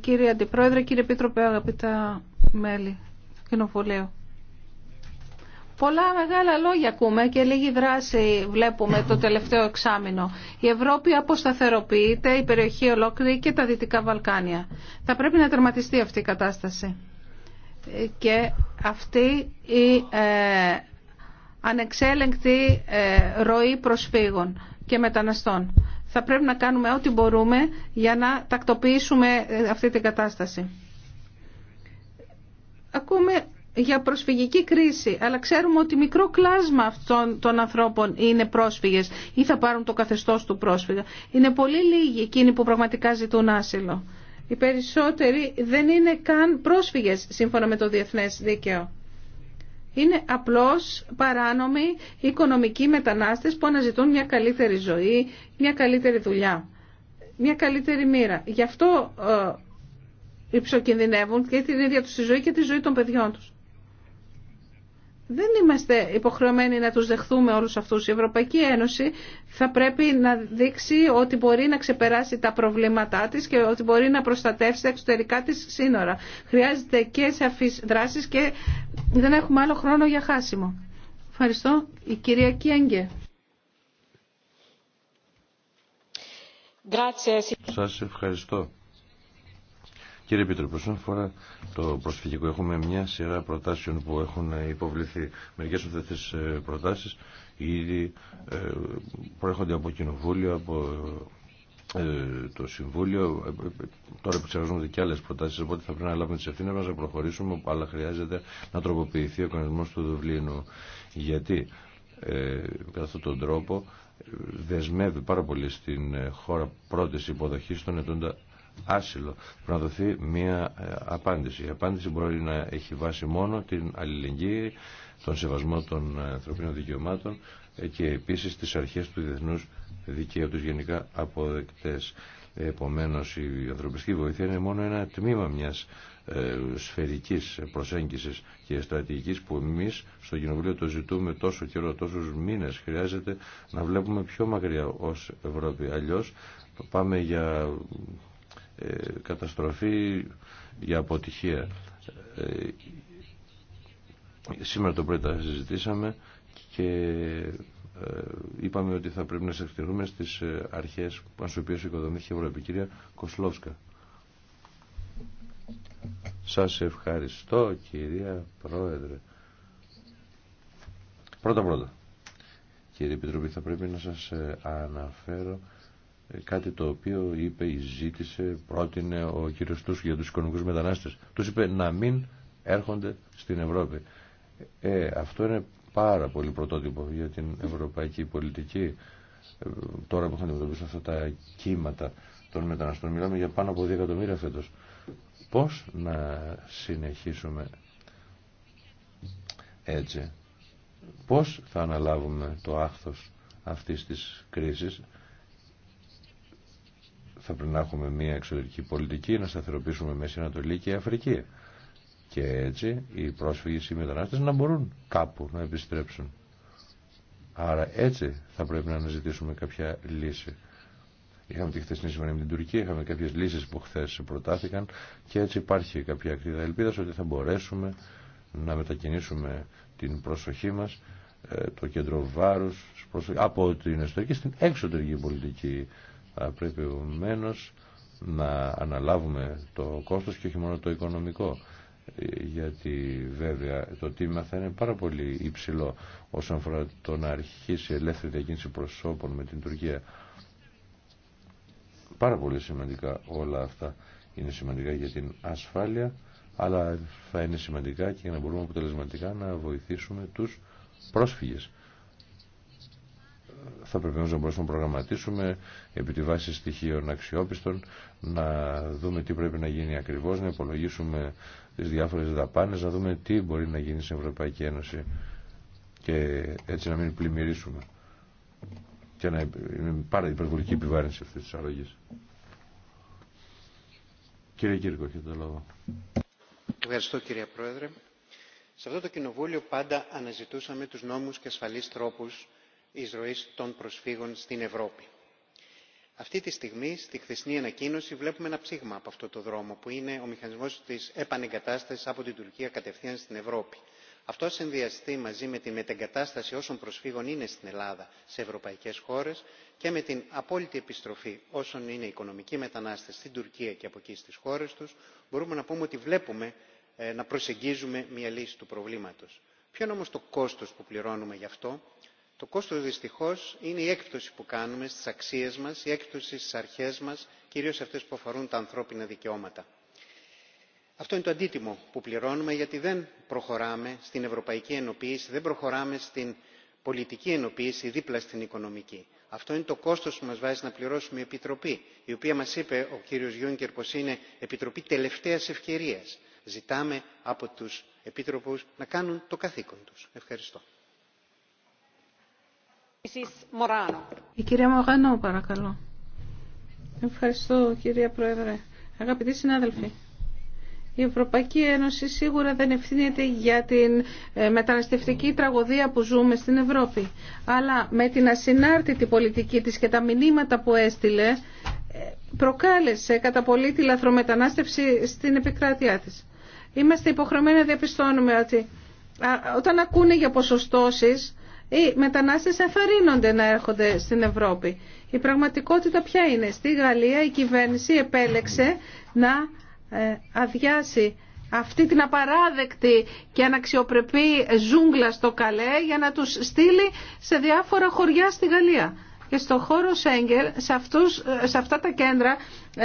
κύριε Αντιπρόεδρε, κύριε Επίτροπε, αγαπητά μέλη του Κοινοβουλίου. Πολλά μεγάλα λόγια ακούμε και λίγη δράση βλέπουμε το τελευταίο εξάμεινο. Η Ευρώπη αποσταθεροποιείται, η περιοχή ολόκληρη και τα Δυτικά Βαλκάνια. Θα πρέπει να τερματιστεί αυτή η κατάσταση. Και αυτή η ε, ανεξέλεγκτη ε, ροή προσφύγων και μεταναστών θα πρέπει να κάνουμε ό,τι μπορούμε για να τακτοποιήσουμε ε, αυτή την κατάσταση. Ακούμε για προσφυγική κρίση, αλλά ξέρουμε ότι μικρό κλάσμα αυτών των ανθρώπων είναι πρόσφυγες ή θα πάρουν το καθεστώς του πρόσφυγα. Είναι πολύ λίγοι εκείνοι που πραγματικά ζητούν άσυλο. Οι περισσότεροι δεν είναι καν πρόσφυγες σύμφωνα με το διεθνές δίκαιο είναι απλώς παράνομοι οικονομικοί μετανάστες που αναζητούν μια καλύτερη ζωή, μια καλύτερη δουλειά, μια καλύτερη μοίρα. Γι' αυτό ε, υψοκινδυνεύουν και την ίδια τους τη ζωή και τη ζωή των παιδιών τους δεν είμαστε υποχρεωμένοι να τους δεχθούμε όλους αυτούς. Η Ευρωπαϊκή Ένωση θα πρέπει να δείξει ότι μπορεί να ξεπεράσει τα προβλήματά της και ότι μπορεί να προστατεύσει τα εξωτερικά της σύνορα. Χρειάζεται και σαφείς δράσεις και δεν έχουμε άλλο χρόνο για χάσιμο. Ευχαριστώ. Η κυρία Κιέγγε.
Σας ευχαριστώ. Κύριε Επίτροπε, όσον αφορά το προσφυγικό, έχουμε μια σειρά προτάσεων που έχουν υποβληθεί. μερικέ από αυτέ τι ε, προτάσεις ήδη ε, προέρχονται από κοινοβούλιο, από ε, το Συμβούλιο. Τώρα επεξεργαζόμαστε και άλλε προτάσει, οπότε θα πρέπει να λάβουμε τι ευθύνε μα να προχωρήσουμε, αλλά χρειάζεται να τροποποιηθεί ο κανονισμό του Δουβλίνου. Γιατί ε, κατά αυτόν τον τρόπο δεσμεύει πάρα πολύ στην χώρα πρώτη υποδοχή των ετών άσυλο. Πρέπει να δοθεί μια ε, απάντηση. Η απάντηση μπορεί να έχει βάση μόνο την αλληλεγγύη, τον σεβασμό των ε, ανθρωπίνων δικαιωμάτων ε, και επίσης τις αρχές του διεθνούς δικαίου τους γενικά αποδεκτές. Επομένως η ανθρωπιστική βοήθεια είναι μόνο ένα τμήμα μιας σφαιρικής προσέγγισης και στρατηγικής που εμείς στο Κοινοβουλίο το ζητούμε τόσο καιρό, τόσου μήνες χρειάζεται να βλέπουμε πιο μακριά ως Ευρώπη. αλλιώ. πάμε για ε, καταστροφή, για αποτυχία. Ε, σήμερα το πρωί τα συζητήσαμε και ε, είπαμε ότι θα πρέπει να σε στις αρχές πάνω σα οποίες οικοδομήθηκε η Ευρωπαϊκή Κοσλόφσκα. Σας ευχαριστώ κυρία Πρόεδρε. Πρώτα πρώτα. Κύριε Επιτροπή θα πρέπει να σας αναφέρω ε, κάτι το οποίο είπε, ζήτησε, πρότεινε ο κύριος Τούσκ για τους οικονομικούς μετανάστες. Τους είπε να μην έρχονται στην Ευρώπη. Ε, αυτό είναι πάρα πολύ πρωτότυπο για την ευρωπαϊκή πολιτική. Ε, τώρα που θα αντιμετωπίσει αυτά τα κύματα των μεταναστών, μιλάμε για πάνω από 2 εκατομμύρια φέτος. Πώς να συνεχίσουμε έτσι. Πώς θα αναλάβουμε το άχθος αυτής της κρίσης θα πρέπει να έχουμε μια εξωτερική πολιτική, να σταθεροποιήσουμε Μέση Ανατολή και Αφρική. Και έτσι οι πρόσφυγες ή οι μετανάστες να μπορούν κάπου να επιστρέψουν. Άρα έτσι θα πρέπει να αναζητήσουμε κάποια λύση. Είχαμε τη χθεσινή συμφωνία με την Τουρκία, είχαμε κάποιες λύσεις που χθε προτάθηκαν και έτσι υπάρχει κάποια ακτίδα ελπίδας ότι θα μπορέσουμε να μετακινήσουμε την προσοχή μας, ε, το κέντρο βάρους από την εσωτερική στην εξωτερική πολιτική πρέπει ομένω να αναλάβουμε το κόστος και όχι μόνο το οικονομικό γιατί βέβαια το τίμημα θα είναι πάρα πολύ υψηλό όσον αφορά το να αρχίσει η ελεύθερη διακίνηση προσώπων με την Τουρκία. Πάρα πολύ σημαντικά όλα αυτά είναι σημαντικά για την ασφάλεια αλλά θα είναι σημαντικά και για να μπορούμε αποτελεσματικά να βοηθήσουμε τους πρόσφυγες θα πρέπει να μπορέσουμε να προγραμματίσουμε επί τη βάση στοιχείων αξιόπιστων, να δούμε τι πρέπει να γίνει ακριβώς, να υπολογίσουμε τις διάφορες δαπάνες, να δούμε τι μπορεί να γίνει στην Ευρωπαϊκή Ένωση και έτσι να μην πλημμυρίσουμε και να είναι πάρα υπερβολική επιβάρυνση αυτής της αρρωγής. Κύριε Κύρκο, έχετε το λόγο.
Ευχαριστώ κύριε Πρόεδρε. Σε αυτό το κοινοβούλιο πάντα αναζητούσαμε τους νόμους και ασφαλείς τρόπους εισρωής των προσφύγων στην Ευρώπη. Αυτή τη στιγμή, στη χθεσινή ανακοίνωση, βλέπουμε ένα ψήγμα από αυτό το δρόμο, που είναι ο μηχανισμό τη επανεγκατάσταση από την Τουρκία κατευθείαν στην Ευρώπη. Αυτό συνδυαστεί μαζί με τη μετεγκατάσταση όσων προσφύγων είναι στην Ελλάδα σε ευρωπαϊκέ χώρε και με την απόλυτη επιστροφή όσων είναι οικονομικοί μετανάστε στην Τουρκία και από εκεί στι χώρε του, μπορούμε να πούμε ότι βλέπουμε ε, να προσεγγίζουμε μια λύση του προβλήματο. Ποιο είναι όμω το κόστο που πληρώνουμε γι' αυτό το κόστος δυστυχώς είναι η έκπτωση που κάνουμε στις αξίες μας, η έκπτωση στις αρχές μας, κυρίως αυτές που αφορούν τα ανθρώπινα δικαιώματα. Αυτό είναι το αντίτιμο που πληρώνουμε γιατί δεν προχωράμε στην ευρωπαϊκή ενοποίηση, δεν προχωράμε στην πολιτική ενοποίηση δίπλα στην οικονομική. Αυτό είναι το κόστος που μας βάζει να πληρώσουμε η Επιτροπή, η οποία μας είπε ο κύριος Γιούνκερ πως είναι Επιτροπή τελευταίας ευκαιρίας. Ζητάμε από τους Επίτροπους να κάνουν το καθήκον τους. Ευχαριστώ.
Η κυρία Μογανό, παρακαλώ. Ευχαριστώ, κυρία Πρόεδρε. Αγαπητοί συνάδελφοι, η Ευρωπαϊκή Ένωση σίγουρα δεν ευθύνεται για την ε, μεταναστευτική τραγωδία που ζούμε στην Ευρώπη. Αλλά με την ασυνάρτητη πολιτική της και τα μηνύματα που έστειλε, ε, προκάλεσε κατά πολύ τη λαθρομετανάστευση στην επικράτειά της. Είμαστε υποχρεωμένοι να διαπιστώνουμε ότι όταν ακούνε για ποσοστώσεις, οι μετανάστες ενθαρρύνονται να έρχονται στην Ευρώπη. Η πραγματικότητα ποια είναι. Στη Γαλλία η κυβέρνηση επέλεξε να ε, αδειάσει αυτή την απαράδεκτη και αναξιοπρεπή ζούγκλα στο Καλέ για να τους στείλει σε διάφορα χωριά στη Γαλλία. Και στο χώρο Σέγγελ, σε ε, αυτά τα κέντρα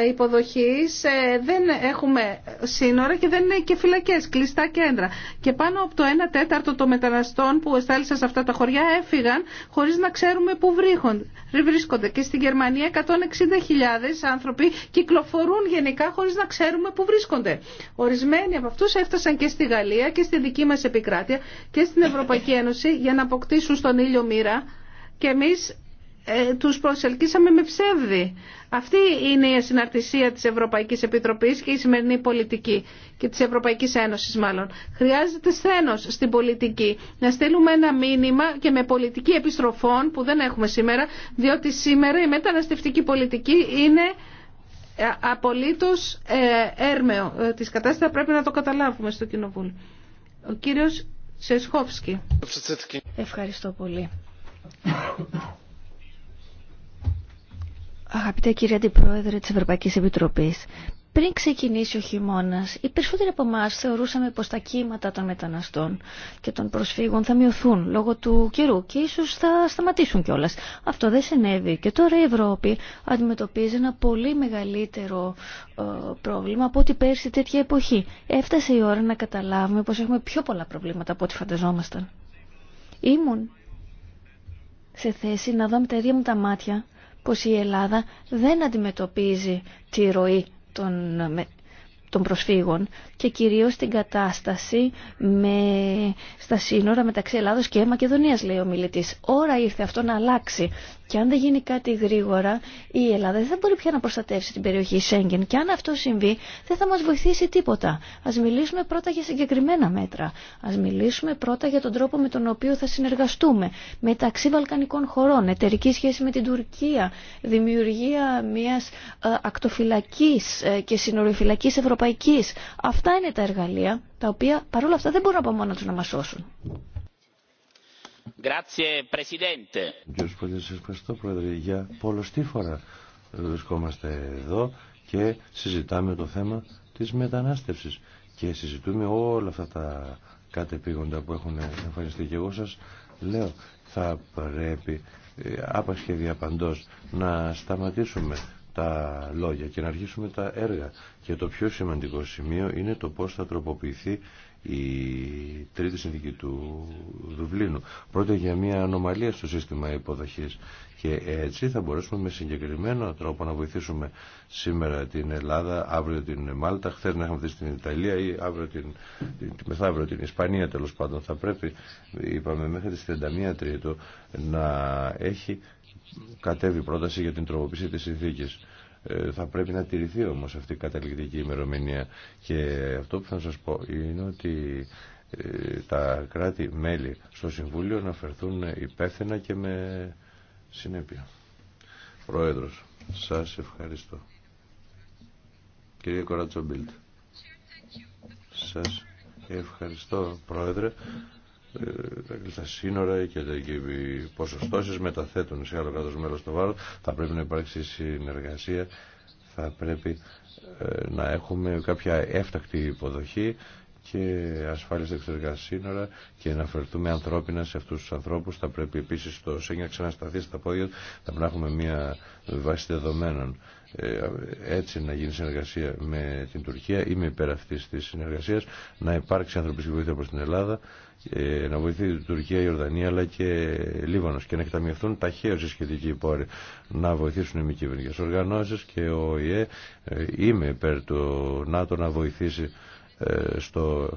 υποδοχής ε, δεν έχουμε σύνορα και δεν είναι και φυλακέ κλειστά κέντρα. Και πάνω από το 1 τέταρτο των μεταναστών που εστάλησαν σε αυτά τα χωριά έφυγαν χωρίς να ξέρουμε πού βρίσκονται. Και στην Γερμανία 160.000 άνθρωποι κυκλοφορούν γενικά χωρίς να ξέρουμε πού βρίσκονται. Ορισμένοι από αυτούς έφτασαν και στη Γαλλία και στη δική μα επικράτεια και στην Ευρωπαϊκή Ένωση για να αποκτήσουν στον ήλιο μοίρα. Και εμείς ε, τους προσελκύσαμε με ψεύδι. Αυτή είναι η συναρτησία της Ευρωπαϊκής Επιτροπής και η σημερινή πολιτική και της Ευρωπαϊκής Ένωσης μάλλον. Χρειάζεται σθένος στην πολιτική. Να στείλουμε ένα μήνυμα και με πολιτική επιστροφών που δεν έχουμε σήμερα, διότι σήμερα η μεταναστευτική πολιτική είναι ε, απολύτως ε, έρμεο της κατάστασης. Πρέπει να το καταλάβουμε στο Κοινοβούλιο. Ο κύριος Σεσχόφσκι.
Ευχαριστώ πολύ. Αγαπητέ κύριε Αντιπρόεδρε της Ευρωπαϊκής Επιτροπής, πριν ξεκινήσει ο χειμώνα, οι περισσότεροι από εμά θεωρούσαμε πω τα κύματα των μεταναστών και των προσφύγων θα μειωθούν λόγω του καιρού και ίσω θα σταματήσουν κιόλα. Αυτό δεν συνέβη. Και τώρα η Ευρώπη αντιμετωπίζει ένα πολύ μεγαλύτερο ε, πρόβλημα από ό,τι πέρσι τέτοια εποχή. Έφτασε η ώρα να καταλάβουμε πω έχουμε πιο πολλά προβλήματα από ό,τι φανταζόμασταν. Ήμουν σε θέση να δω με τα ίδια μου τα μάτια πως η Ελλάδα δεν αντιμετωπίζει τη ροή των, προσφύγων και κυρίως την κατάσταση με στα σύνορα μεταξύ Ελλάδος και Μακεδονίας, λέει ο μιλητής. Ώρα ήρθε αυτό να αλλάξει. Και αν δεν γίνει κάτι γρήγορα, η Ελλάδα δεν θα μπορεί πια να προστατεύσει την περιοχή Σέγγεν. Και αν αυτό συμβεί, δεν θα μας βοηθήσει τίποτα. Ας μιλήσουμε πρώτα για συγκεκριμένα μέτρα. Ας μιλήσουμε πρώτα για τον τρόπο με τον οποίο θα συνεργαστούμε μεταξύ Βαλκανικών χωρών, εταιρική σχέση με την Τουρκία, δημιουργία μιας ε, ακτοφυλακής ε, και συνοριοφυλακής ευρωπαϊκής. Αυτά είναι τα εργαλεία τα οποία παρόλα αυτά δεν μπορούν από μόνα τους να μας σώσουν
εφαρμόσουν.
Κύριος ευχαριστώ Πρόεδρε. Για πολλωστή φορά βρισκόμαστε εδώ και συζητάμε το θέμα της μετανάστευσης και συζητούμε όλα αυτά τα κατεπήγοντα που έχουν εμφανιστεί και εγώ σας λέω θα πρέπει άπαξ ε, και διαπαντός να σταματήσουμε τα λόγια και να αρχίσουμε τα έργα και το πιο σημαντικό σημείο είναι το πώς θα τροποποιηθεί η τρίτη συνθήκη του Δουβλίνου. Πρώτα για μια ανομαλία στο σύστημα υποδοχής και έτσι θα μπορέσουμε με συγκεκριμένο τρόπο να βοηθήσουμε σήμερα την Ελλάδα, αύριο την Μάλτα, χθε να έχουμε δει στην Ιταλία ή αύριο την, μεθαύριο την Ισπανία τέλο πάντων. Θα πρέπει, είπαμε, μέχρι τις 31 Τρίτου να έχει κατέβει πρόταση για την τροποποίηση της συνθήκης. Ε, θα πρέπει να τηρηθεί όμως αυτή η καταληκτική ημερομηνία και αυτό που θα σας πω είναι ότι ε, τα κράτη-μέλη στο Συμβούλιο να φερθούν υπεύθυνα και με συνέπεια. Πρόεδρος, σας ευχαριστώ. Κύριε κορατσομπίλτ, σας ευχαριστώ Πρόεδρε. Ε, τα κλειστά σύνορα και οι ποσοστώσεις μεταθέτουν σε άλλο κράτο μέλος το βάρος. Θα πρέπει να υπάρξει συνεργασία, θα πρέπει ε, να έχουμε κάποια έφτακτη υποδοχή και ασφάλεια στα σύνορα και να φερθούμε ανθρώπινα σε αυτούς τους ανθρώπους. Θα πρέπει επίσης το ΣΕΝΙΑ ξανασταθεί στα πόδια θα πρέπει να έχουμε μια βάση δεδομένων. Ε, έτσι να γίνει συνεργασία με την Τουρκία. Είμαι υπέρ αυτής της συνεργασία, να υπάρξει ανθρωπιστική βοήθεια προς την Ελλάδα ε, να βοηθήσει η Τουρκία, η Ιορδανία αλλά και Λίβανο και να εκταμιευθούν ταχαίω οι σχετικοί πόροι να βοηθήσουν οι μη κυβερνητικέ οργανώσει και ο ΙΕ ε, είμαι υπέρ του ΝΑΤΟ να βοηθήσει ε, στο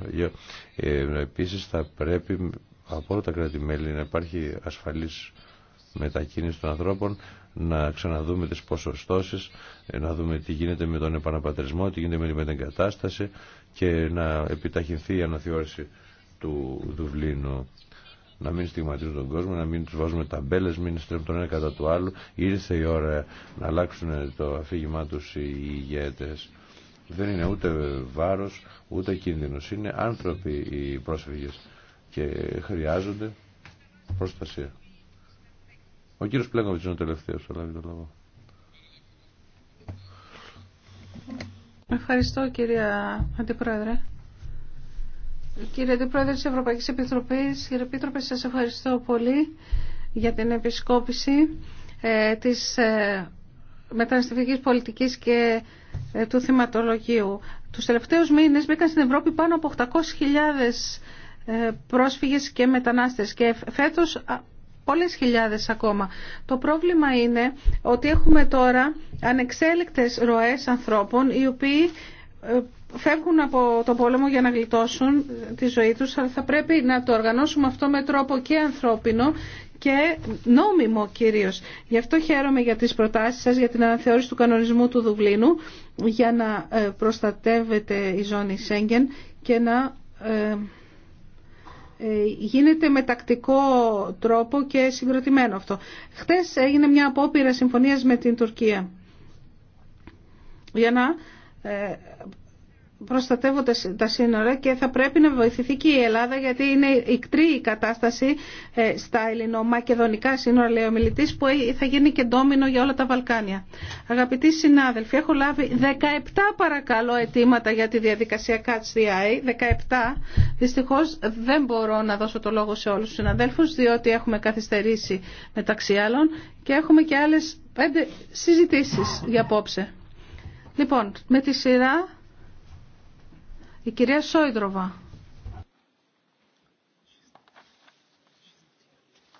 Επίση θα πρέπει από όλα τα κράτη-μέλη να υπάρχει ασφαλή μετακίνηση των ανθρώπων, να ξαναδούμε τις ποσοστώσεις, να δούμε τι γίνεται με τον επαναπατρισμό, τι γίνεται με την μετεγκατάσταση και να επιταχυνθεί η αναθεώρηση του Δουβλίνου να μην στιγματίζουν τον κόσμο, να μην τους βάζουμε ταμπέλες, μην στρέφουν τον ένα κατά του άλλου. Ήρθε η ώρα να αλλάξουν το αφήγημά τους οι ηγέτες. Δεν είναι ούτε βάρος, ούτε κίνδυνος. Είναι άνθρωποι οι πρόσφυγες και χρειάζονται προστασία. Ο κύριος Πλέγκοβιτς είναι ο τελευταίος, το
Ευχαριστώ κυρία Αντιπρόεδρε. Κύριε Αντιπρόεδρε της Ευρωπαϊκής Επιτροπής, κύριε Επίτροπε, σας ευχαριστώ πολύ για την επισκόπηση ε, της ε, μεταναστευτικής πολιτικής και ε, του θυματολογίου. Τους τελευταίους μήνες μπήκαν στην Ευρώπη πάνω από 800.000 πρόσφυγες και μετανάστες και φέτος πολλές χιλιάδες ακόμα. Το πρόβλημα είναι ότι έχουμε τώρα ανεξέλεκτες ροές ανθρώπων οι οποίοι φεύγουν από το πόλεμο για να γλιτώσουν τη ζωή τους, αλλά θα πρέπει να το οργανώσουμε αυτό με τρόπο και ανθρώπινο και νόμιμο κυρίως. Γι' αυτό χαίρομαι για τις προτάσεις σας για την αναθεώρηση του κανονισμού του Δουβλίνου για να ε, προστατεύεται η ζώνη Σέγγεν και να ε, ε, γίνεται με τακτικό τρόπο και συγκροτημένο αυτό. Χθες έγινε μια απόπειρα συμφωνίας με την Τουρκία για να προστατεύονται τα σύνορα και θα πρέπει να βοηθηθεί και η Ελλάδα γιατί είναι ικτρή η κατάσταση ε, στα ελληνομακεδονικά σύνορα, λέει ο μιλητής, που θα γίνει και ντόμινο για όλα τα Βαλκάνια. Αγαπητοί συνάδελφοι, έχω λάβει 17 παρακαλώ αιτήματα για τη διαδικασία Catch the Eye. 17. Δυστυχώς δεν μπορώ να δώσω το λόγο σε όλους τους συναδέλφους διότι έχουμε καθυστερήσει μεταξύ άλλων και έχουμε και άλλες πέντε συζητήσεις για απόψε. Λοιπόν, με τη σειρά η κυρία Σόιντροβα.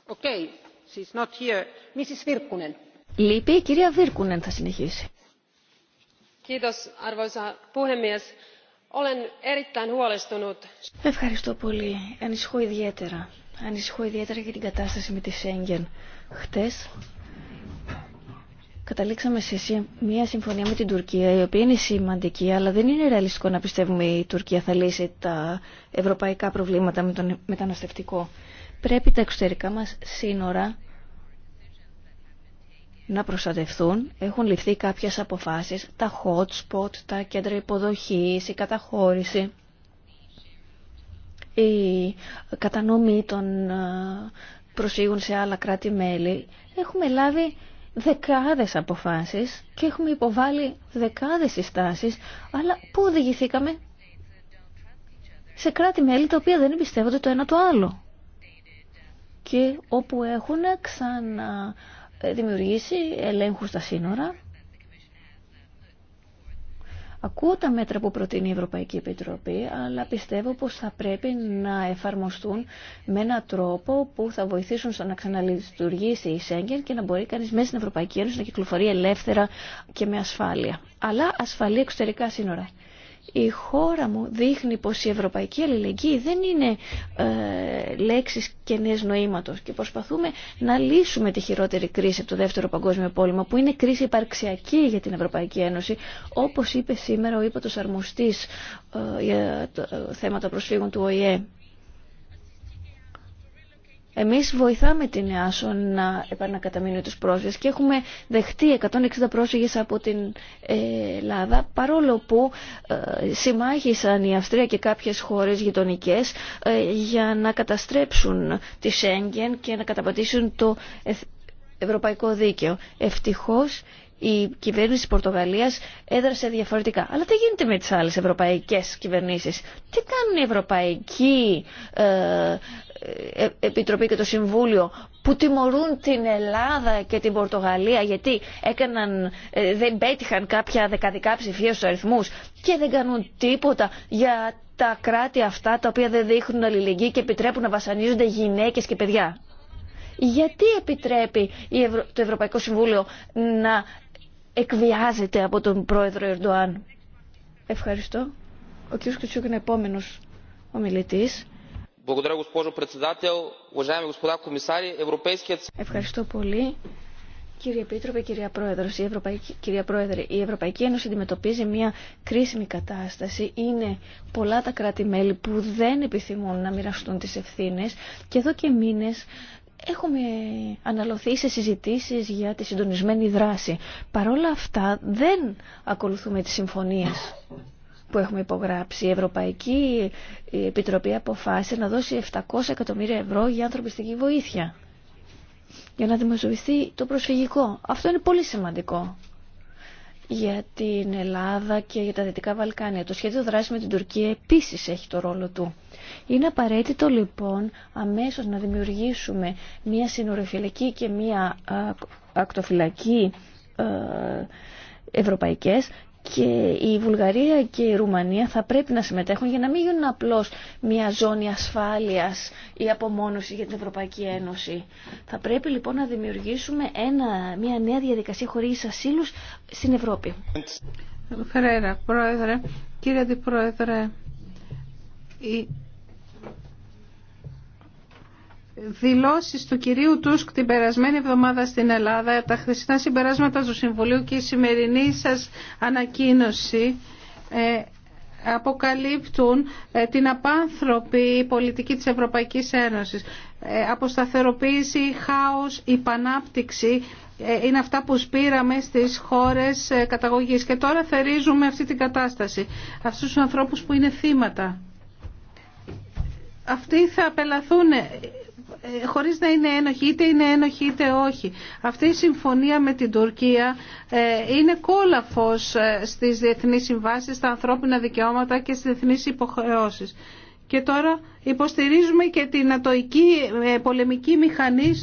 Okay. She's not here. Mrs. Virkunen.
Λείπει η κυρία Βίρκουνεν θα συνεχίσει. Ευχαριστώ πολύ. Ανησυχώ ιδιαίτερα. Ανησυχώ ιδιαίτερα για την κατάσταση με τη Σέγγεν. Χτες καταλήξαμε σε μια συμφωνία με την Τουρκία, η οποία είναι σημαντική, αλλά δεν είναι ρεαλιστικό να πιστεύουμε η Τουρκία θα λύσει τα ευρωπαϊκά προβλήματα με τον μεταναστευτικό. Πρέπει τα εξωτερικά μας σύνορα να προστατευθούν. Έχουν ληφθεί κάποιες αποφάσεις, τα hot spot, τα κέντρα υποδοχής, η καταχώρηση, η κατανομή των ε, προσφύγων σε άλλα κράτη-μέλη. Έχουμε λάβει δεκάδες αποφάσεις και έχουμε υποβάλει δεκάδες συστάσεις, αλλά πού οδηγηθήκαμε σε κράτη-μέλη τα οποία δεν εμπιστεύονται το ένα το άλλο και όπου έχουν ξαναδημιουργήσει ελέγχους στα σύνορα Ακούω τα μέτρα που προτείνει η Ευρωπαϊκή Επιτροπή, αλλά πιστεύω πως θα πρέπει να εφαρμοστούν με έναν τρόπο που θα βοηθήσουν στο να ξαναλειτουργήσει η Σέγγεν και να μπορεί κανείς μέσα στην Ευρωπαϊκή Ένωση να κυκλοφορεί ελεύθερα και με ασφάλεια. Αλλά ασφαλή εξωτερικά σύνορα η χώρα μου δείχνει πως η ευρωπαϊκή αλληλεγγύη δεν είναι ε, λέξεις κενές νοήματος και προσπαθούμε να λύσουμε τη χειρότερη κρίση από το Δεύτερο Παγκόσμιο Πόλεμο που είναι κρίση υπαρξιακή για την Ευρωπαϊκή Ένωση όπως είπε σήμερα ο ύπατος αρμοστής ε, για ε, θέματα προσφύγων του ΟΗΕ. Εμείς βοηθάμε την ΕΑΣΟ να επανακαταμείνει τους πρόσφυγες και έχουμε δεχτεί 160 πρόσφυγες από την ε, Ελλάδα παρόλο που ε, συμμάχησαν η Αυστρία και κάποιες χώρες γειτονικέ ε, για να καταστρέψουν τη Σέγγεν και να καταπατήσουν το ευρωπαϊκό δίκαιο. Ευτυχώς η κυβέρνηση της Πορτογαλίας έδρασε διαφορετικά. Αλλά τι γίνεται με τις άλλες ευρωπαϊκές κυβερνήσεις. Τι κάνουν η Ευρωπαϊκή ε, ε, Επιτροπή και το Συμβούλιο που τιμωρούν την Ελλάδα και την Πορτογαλία γιατί έκαναν, ε, δεν πέτυχαν κάποια δεκαδικά ψηφία στους αριθμούς και δεν κάνουν τίποτα για τα κράτη αυτά τα οποία δεν δείχνουν αλληλεγγύη και επιτρέπουν να βασανίζονται γυναίκες και παιδιά. Γιατί επιτρέπει το Ευρωπαϊκό Συμβούλιο να εκβιάζεται από τον πρόεδρο Ερντοάν. Ευχαριστώ. Ο κ. Κουτσούκ είναι επόμενος ομιλητή. Ευχαριστώ πολύ. Κύριε Επίτροπε, κυρία, Πρόεδρο, η Ευρωπαϊκή, κυρία η Ευρωπαϊκή Ένωση αντιμετωπίζει μια κρίσιμη κατάσταση. Είναι πολλά τα κράτη-μέλη που δεν επιθυμούν να μοιραστούν τι ευθύνε και εδώ και μήνε. Έχουμε αναλωθεί σε συζητήσεις για τη συντονισμένη δράση. Παρόλα αυτά δεν ακολουθούμε τις συμφωνίες που έχουμε υπογράψει. Η Ευρωπαϊκή Επιτροπή αποφάσισε να δώσει 700 εκατομμύρια ευρώ για ανθρωπιστική βοήθεια για να δημοσιοποιηθεί το προσφυγικό. Αυτό είναι πολύ σημαντικό για την Ελλάδα και για τα Δυτικά Βαλκάνια. Το σχέδιο δράση με την Τουρκία επίσης έχει το ρόλο του. Είναι απαραίτητο λοιπόν αμέσως να δημιουργήσουμε μια συνοριοφυλακή και μια ακτοφυλακή ε, ευρωπαϊκές και η Βουλγαρία και η Ρουμανία θα πρέπει να συμμετέχουν για να μην γίνουν απλώς μια ζώνη ασφάλειας ή απομόνωση για την Ευρωπαϊκή Ένωση. Θα πρέπει λοιπόν να δημιουργήσουμε μια νέα διαδικασία χωρίς ασύλους στην Ευρώπη. Πρόεδρε,
δηλώσεις του κυρίου Τούσκ την περασμένη εβδομάδα στην Ελλάδα, τα χρησινά συμπεράσματα του Συμβουλίου και η σημερινή σας ανακοίνωση ε, αποκαλύπτουν ε, την απάνθρωπη πολιτική της Ευρωπαϊκής Ένωσης. Ε, αποσταθεροποίηση, χάος, υπανάπτυξη είναι αυτά που σπήραμε στις χώρες καταγωγής και τώρα θερίζουμε αυτή την κατάσταση. Αυτούς τους ανθρώπους που είναι θύματα. Αυτοί θα απελαθούν ε, χωρίς να είναι ένοχοι, είτε είναι ένοχοι είτε όχι. Αυτή η συμφωνία με την Τουρκία ε, είναι κόλαφος ε, στις διεθνείς συμβάσεις, στα ανθρώπινα δικαιώματα και στις διεθνείς υποχρεώσεις. Και τώρα υποστηρίζουμε και την ατοική πολεμική μηχανή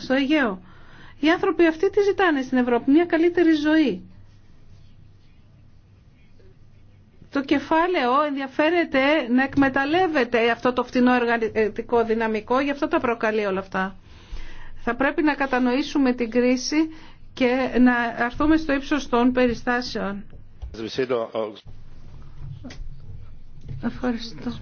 στο Αιγαίο. Οι άνθρωποι αυτοί τι ζητάνε στην Ευρώπη, μια καλύτερη ζωή. το κεφάλαιο ενδιαφέρεται να εκμεταλλεύεται αυτό το φτηνό εργατικό δυναμικό, γι' αυτό τα προκαλεί όλα αυτά. Θα πρέπει να κατανοήσουμε την κρίση και να αρθούμε στο ύψος των περιστάσεων. Ευχαριστώ.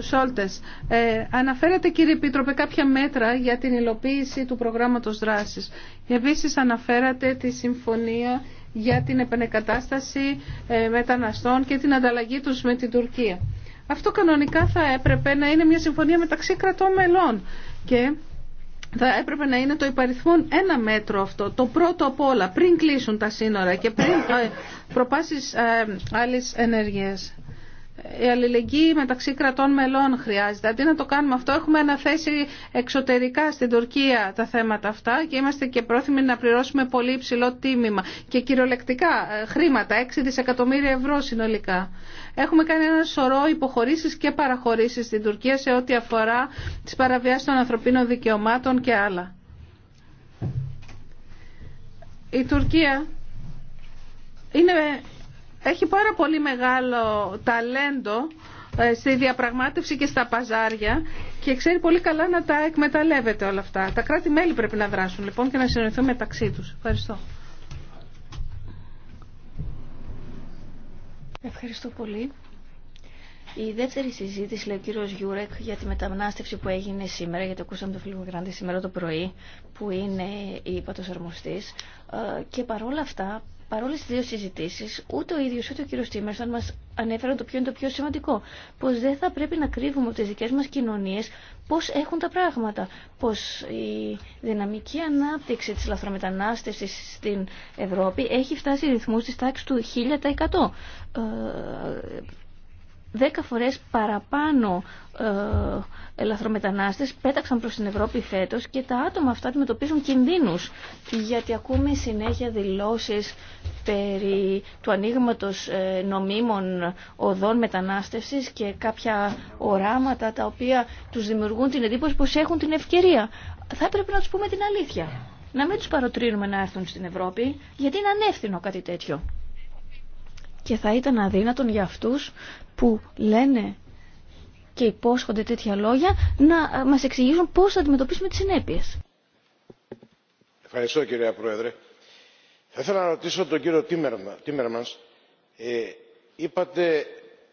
Σόλτες, ε, αναφέρατε κύριε Επίτροπε κάποια μέτρα για την υλοποίηση του προγράμματος δράσης. Επίσης αναφέρατε τη συμφωνία για την επανεκατάσταση ε, μεταναστών και την ανταλλαγή τους με την Τουρκία. Αυτό κανονικά θα έπρεπε να είναι μια συμφωνία μεταξύ κρατών μελών και θα έπρεπε να είναι το υπαριθμόν ένα μέτρο αυτό, το πρώτο απ' όλα, πριν κλείσουν τα σύνορα και πριν ε, προπάσεις ε, άλλες ενέργειες. Η αλληλεγγύη μεταξύ κρατών μελών χρειάζεται. Αντί να το κάνουμε αυτό, έχουμε αναθέσει εξωτερικά στην Τουρκία τα θέματα αυτά και είμαστε και πρόθυμοι να πληρώσουμε πολύ υψηλό τίμημα και κυριολεκτικά ε, χρήματα, 6 δισεκατομμύρια ευρώ συνολικά. Έχουμε κάνει ένα σωρό υποχωρήσει και παραχωρήσει στην Τουρκία σε ό,τι αφορά τι παραβιάσει των ανθρωπίνων δικαιωμάτων και άλλα. Η Τουρκία είναι έχει πάρα πολύ μεγάλο ταλέντο ε, στη διαπραγμάτευση και στα παζάρια και ξέρει πολύ καλά να τα εκμεταλλεύεται όλα αυτά. Τα κράτη-μέλη πρέπει να δράσουν λοιπόν και να συνοηθούν μεταξύ
τους. Ευχαριστώ. Ευχαριστώ πολύ. Η δεύτερη συζήτηση, λέει ο κύριο Γιούρεκ, για τη μεταμνάστευση που έγινε σήμερα, γιατί ακούσαμε τον φίλο Γκράντη σήμερα το πρωί, που είναι η πατοσαρμοστή. Ε, και παρόλα αυτά, παρόλε τι δύο συζητήσει, ούτε ο ίδιο ούτε ο κύριο Τίμερσον μα ανέφεραν το ποιο είναι το πιο σημαντικό. Πω δεν θα πρέπει να κρύβουμε από τι δικέ μα κοινωνίε πώ έχουν τα πράγματα. Πω η δυναμική ανάπτυξη τη λαθρομετανάστευση στην Ευρώπη έχει φτάσει ρυθμού τη τάξη του 1000% δέκα φορές παραπάνω ε, ελαφρομετανάστες πέταξαν προς την Ευρώπη φέτος και τα άτομα αυτά αντιμετωπίζουν κινδύνους γιατί ακούμε συνέχεια δηλώσεις περί του ανοίγματο ε, νομίμων οδών μετανάστευσης και κάποια οράματα τα οποία τους δημιουργούν την εντύπωση πως έχουν την ευκαιρία. Θα έπρεπε να τους πούμε την αλήθεια. Να μην τους παροτρύνουμε να έρθουν στην Ευρώπη γιατί είναι ανεύθυνο κάτι τέτοιο και θα ήταν αδύνατον για αυτούς που λένε και υπόσχονται τέτοια λόγια να ε, μας εξηγήσουν πώς θα αντιμετωπίσουμε τις συνέπειες.
Ευχαριστώ κυρία Πρόεδρε. Θα ήθελα να ρωτήσω τον κύριο Τίμερμανς. Ε, είπατε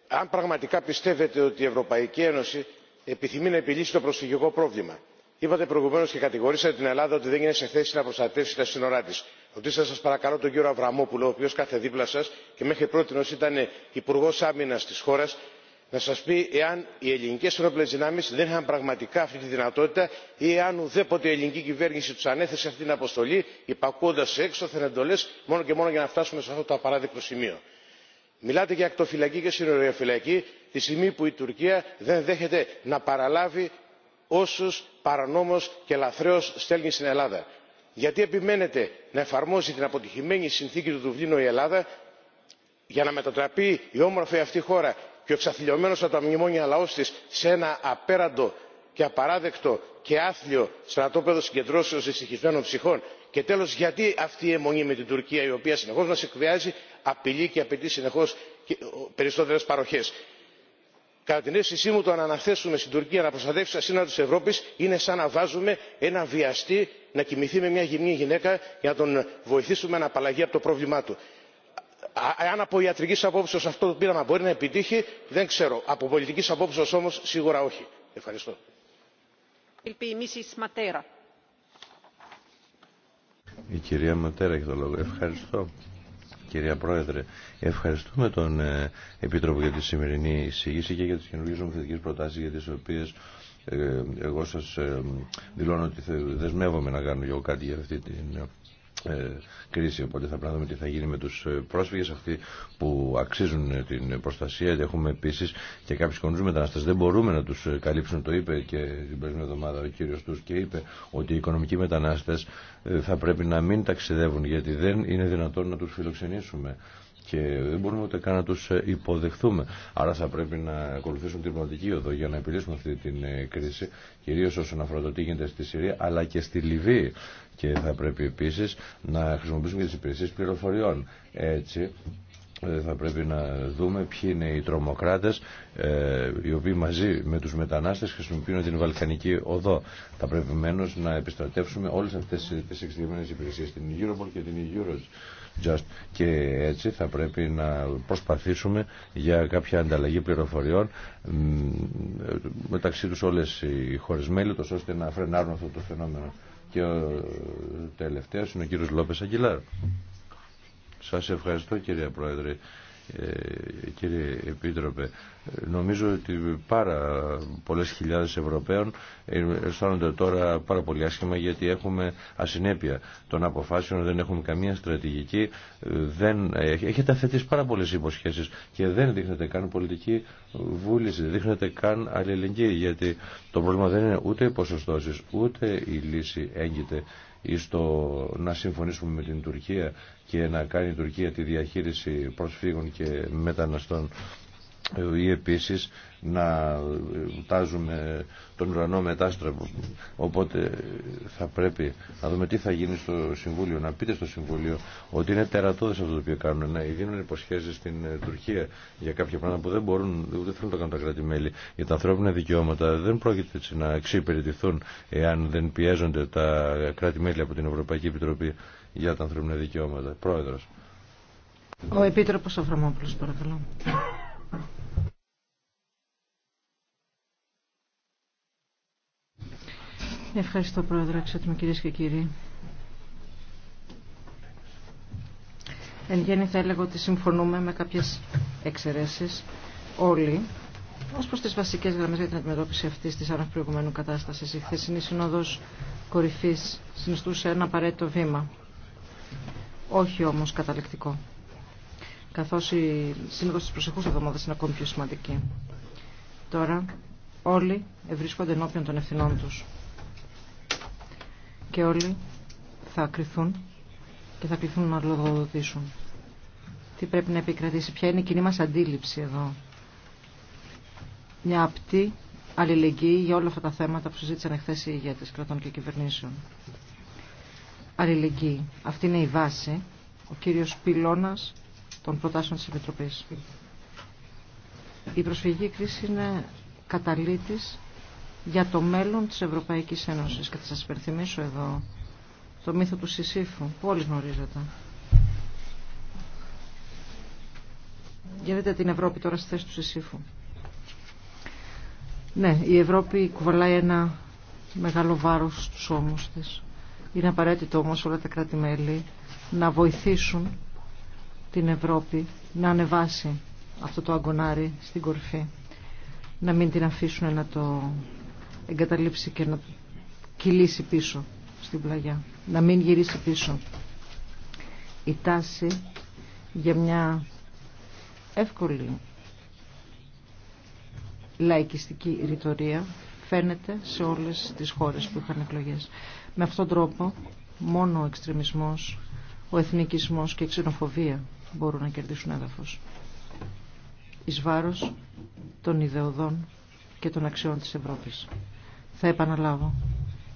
αν πραγματικά πιστεύετε ότι η Ευρωπαϊκή Ένωση επιθυμεί να επιλύσει το προσφυγικό πρόβλημα. Είπατε προηγουμένω και κατηγορήσατε την Ελλάδα ότι δεν είναι σε θέση να προστατεύσει τα σύνορά τη ρωτήστε σας παρακαλώ τον κύριο Αβραμόπουλο, ο οποίος κάθε δίπλα σας και μέχρι πρώτη ήταν υπουργό Άμυνα της χώρας, να σας πει εάν οι ελληνικές ενόπλες δυνάμεις δεν είχαν πραγματικά αυτή τη δυνατότητα ή εάν ουδέποτε η ελληνική κυβέρνηση τους ανέθεσε αυτή την αποστολή υπακούοντας σε έξωθεν εντολές μόνο και μόνο για να φτάσουμε σε αυτό το απαράδεκτο σημείο. Μιλάτε για ακτοφυλακή και συνοριοφυλακή τη στιγμή που η Τουρκία δεν δέχεται να παραλάβει όσους παρανόμως και λαθρέως στέλνει στην Ελλάδα γιατί επιμένετε να εφαρμόσει την αποτυχημένη συνθήκη του δουβλίνου η ελλάδα για να μετατραπεί η όμορφη αυτή χώρα και ο εξαθλιωμένο από τα μνημόνια λαός της σε ένα απέραντο και απαράδεκτο και άθλιο στρατόπεδο συγκεντρώσεως δυστυχισμένων ψυχών; και τέλος γιατί αυτή η αιμονή με την τουρκία η οποία συνεχώς μας εκβιάζει απειλεί και απαιτεί συνεχώς περισσότερες παροχές; κατά την αίσθησή μου το να αναθέσουμε στην τουρκία να προστατεύσει τα σύνορα της ευρώπης είναι σαν να βάζουμε ένα βιαστή να κοιμηθεί με μια γυμνή γυναίκα για να τον βοηθήσουμε να απαλλαγεί από το πρόβλημά του. αν από ιατρική απόψεω αυτό το πείραμα μπορεί να επιτύχει δεν ξέρω. από πολιτική απόψεω όμω σίγουρα όχι.
Η
κυρία Ευχαριστώ κυρία Πρόεδρε. Ευχαριστούμε τον ε, Επίτροπο για τη σημερινή εισήγηση και για τις καινούργιες νομοθετικές προτάσεις για τις οποίες ε, εγώ σας ε, δηλώνω ότι δεσμεύομαι να κάνω εγώ κάτι για αυτή την ε, κρίση. Οπότε θα πρέπει να τι θα γίνει με τους ε, πρόσφυγες αυτοί που αξίζουν ε, την προστασία. Και έχουμε επίσης και κάποιους κονούς μεταναστές. Δεν μπορούμε να τους καλύψουν, το είπε και την περσμένη εβδομάδα ο κύριος τους και είπε ότι οι οικονομικοί μετανάστες θα πρέπει να μην ταξιδεύουν γιατί δεν είναι δυνατόν να τους φιλοξενήσουμε και δεν μπορούμε ούτε καν να τους υποδεχθούμε. Άρα θα πρέπει να ακολουθήσουν την πραγματική οδό για να επιλύσουμε αυτή την κρίση, κυρίως όσον αφορά το τι γίνεται στη Συρία, αλλά και στη Λιβύη και θα πρέπει επίσης να χρησιμοποιήσουμε και τις υπηρεσίες πληροφοριών. Έτσι ε, θα πρέπει να δούμε ποιοι είναι οι τρομοκράτες ε, οι οποίοι μαζί με τους μετανάστες χρησιμοποιούν την Βαλκανική οδό. Θα πρέπει μένως να επιστρατεύσουμε όλες αυτές τις εξειδημένες υπηρεσίες, την Europol και την Eurojust. Και έτσι θα πρέπει να προσπαθήσουμε για κάποια ανταλλαγή πληροφοριών ε, μεταξύ τους όλες οι χώρες μέλη, ώστε να φρενάρουν αυτό το φαινόμενο. Και ο τελευταίος είναι ο κύριος Λόπες Αγγιλάρ. Σας ευχαριστώ κυρία Πρόεδρε. Ε, κύριε Επίτροπε. Νομίζω ότι πάρα πολλές χιλιάδες Ευρωπαίων αισθάνονται τώρα πάρα πολύ άσχημα γιατί έχουμε ασυνέπεια των αποφάσεων, δεν έχουμε καμία στρατηγική, ε, δεν, έχετε αθετήσει πάρα πολλές υποσχέσεις και δεν δείχνετε καν πολιτική βούληση, δεν δείχνετε καν αλληλεγγύη γιατί το πρόβλημα δεν είναι ούτε οι ποσοστώσεις, ούτε η λύση έγκυται ή στο να συμφωνήσουμε με την Τουρκία και να κάνει η Τουρκία τη διαχείριση προσφύγων και μεταναστών ή επίσης να τάζουμε τον ουρανό μετάστρο. Οπότε θα πρέπει να δούμε τι θα γίνει στο Συμβούλιο. Να πείτε στο Συμβούλιο ότι είναι τερατώδες αυτό το οποίο κάνουν. Να δίνουν υποσχέσεις στην ε, Τουρκία για κάποια πράγματα που δεν μπορούν, ούτε θέλουν να το κάνουν τα κράτη-μέλη. Για τα ανθρώπινα δικαιώματα δεν πρόκειται έτσι να εξυπηρετηθούν εάν δεν πιέζονται τα κράτη-μέλη από την Ευρωπαϊκή Επιτροπή για τα ανθρώπινα δικαιώματα. Πρόεδρος.
Ο Επίτροπος Αφραμόπουλος, παρακαλώ. Ευχαριστώ Πρόεδρε, εξωτούμε κυρίες και κύριοι. Εν γέννη θα έλεγα ότι συμφωνούμε με κάποιες εξαιρέσεις όλοι ως προς τις βασικές γραμμές για την αντιμετώπιση αυτής της άνευ προηγουμένου κατάστασης. Η χθεσινή συνόδος κορυφής συνιστούσε ένα απαραίτητο βήμα, όχι όμως καταληκτικό καθώς η σύνοδος της προσεχούς εβδομάδας είναι ακόμη πιο σημαντική. Τώρα όλοι ευρίσκονται ενώπιον των ευθυνών τους και όλοι θα κρυθούν και θα κληθούν να λογοδοτήσουν. Τι πρέπει να επικρατήσει, ποια είναι η κοινή μας αντίληψη εδώ. Μια απτή αλληλεγγύη για όλα αυτά τα θέματα που συζήτησαν εχθέ οι ηγέτε κρατών και κυβερνήσεων. Αλληλεγγύη. Αυτή είναι η βάση, ο κύριο πυλώνα των προτάσεων της Επιτροπής. Η προσφυγική κρίση είναι καταλήτης για το μέλλον της Ευρωπαϊκής Ένωσης και θα σας υπενθυμίσω εδώ το μύθο του Σισίφου, που όλοι γνωρίζετε. Γίνεται την Ευρώπη τώρα στη θέση του Σισίφου. Ναι, η Ευρώπη κουβαλάει ένα μεγάλο βάρος στους ώμους της. Είναι απαραίτητο όμως όλα τα κράτη-μέλη να βοηθήσουν την Ευρώπη να ανεβάσει αυτό το αγκονάρι στην κορφή. Να μην την αφήσουν να το εγκαταλείψει και να κυλήσει πίσω στην πλαγιά. Να μην γυρίσει πίσω. Η τάση για μια εύκολη λαϊκιστική ρητορία φαίνεται σε όλες τις χώρες που είχαν εκλογές. Με αυτόν τον τρόπο μόνο ο εξτρεμισμός, ο εθνικισμός και η ξενοφοβία μπορούν να κερδίσουν έδαφος εις βάρος των ιδεωδών και των αξιών της Ευρώπης. Θα επαναλάβω,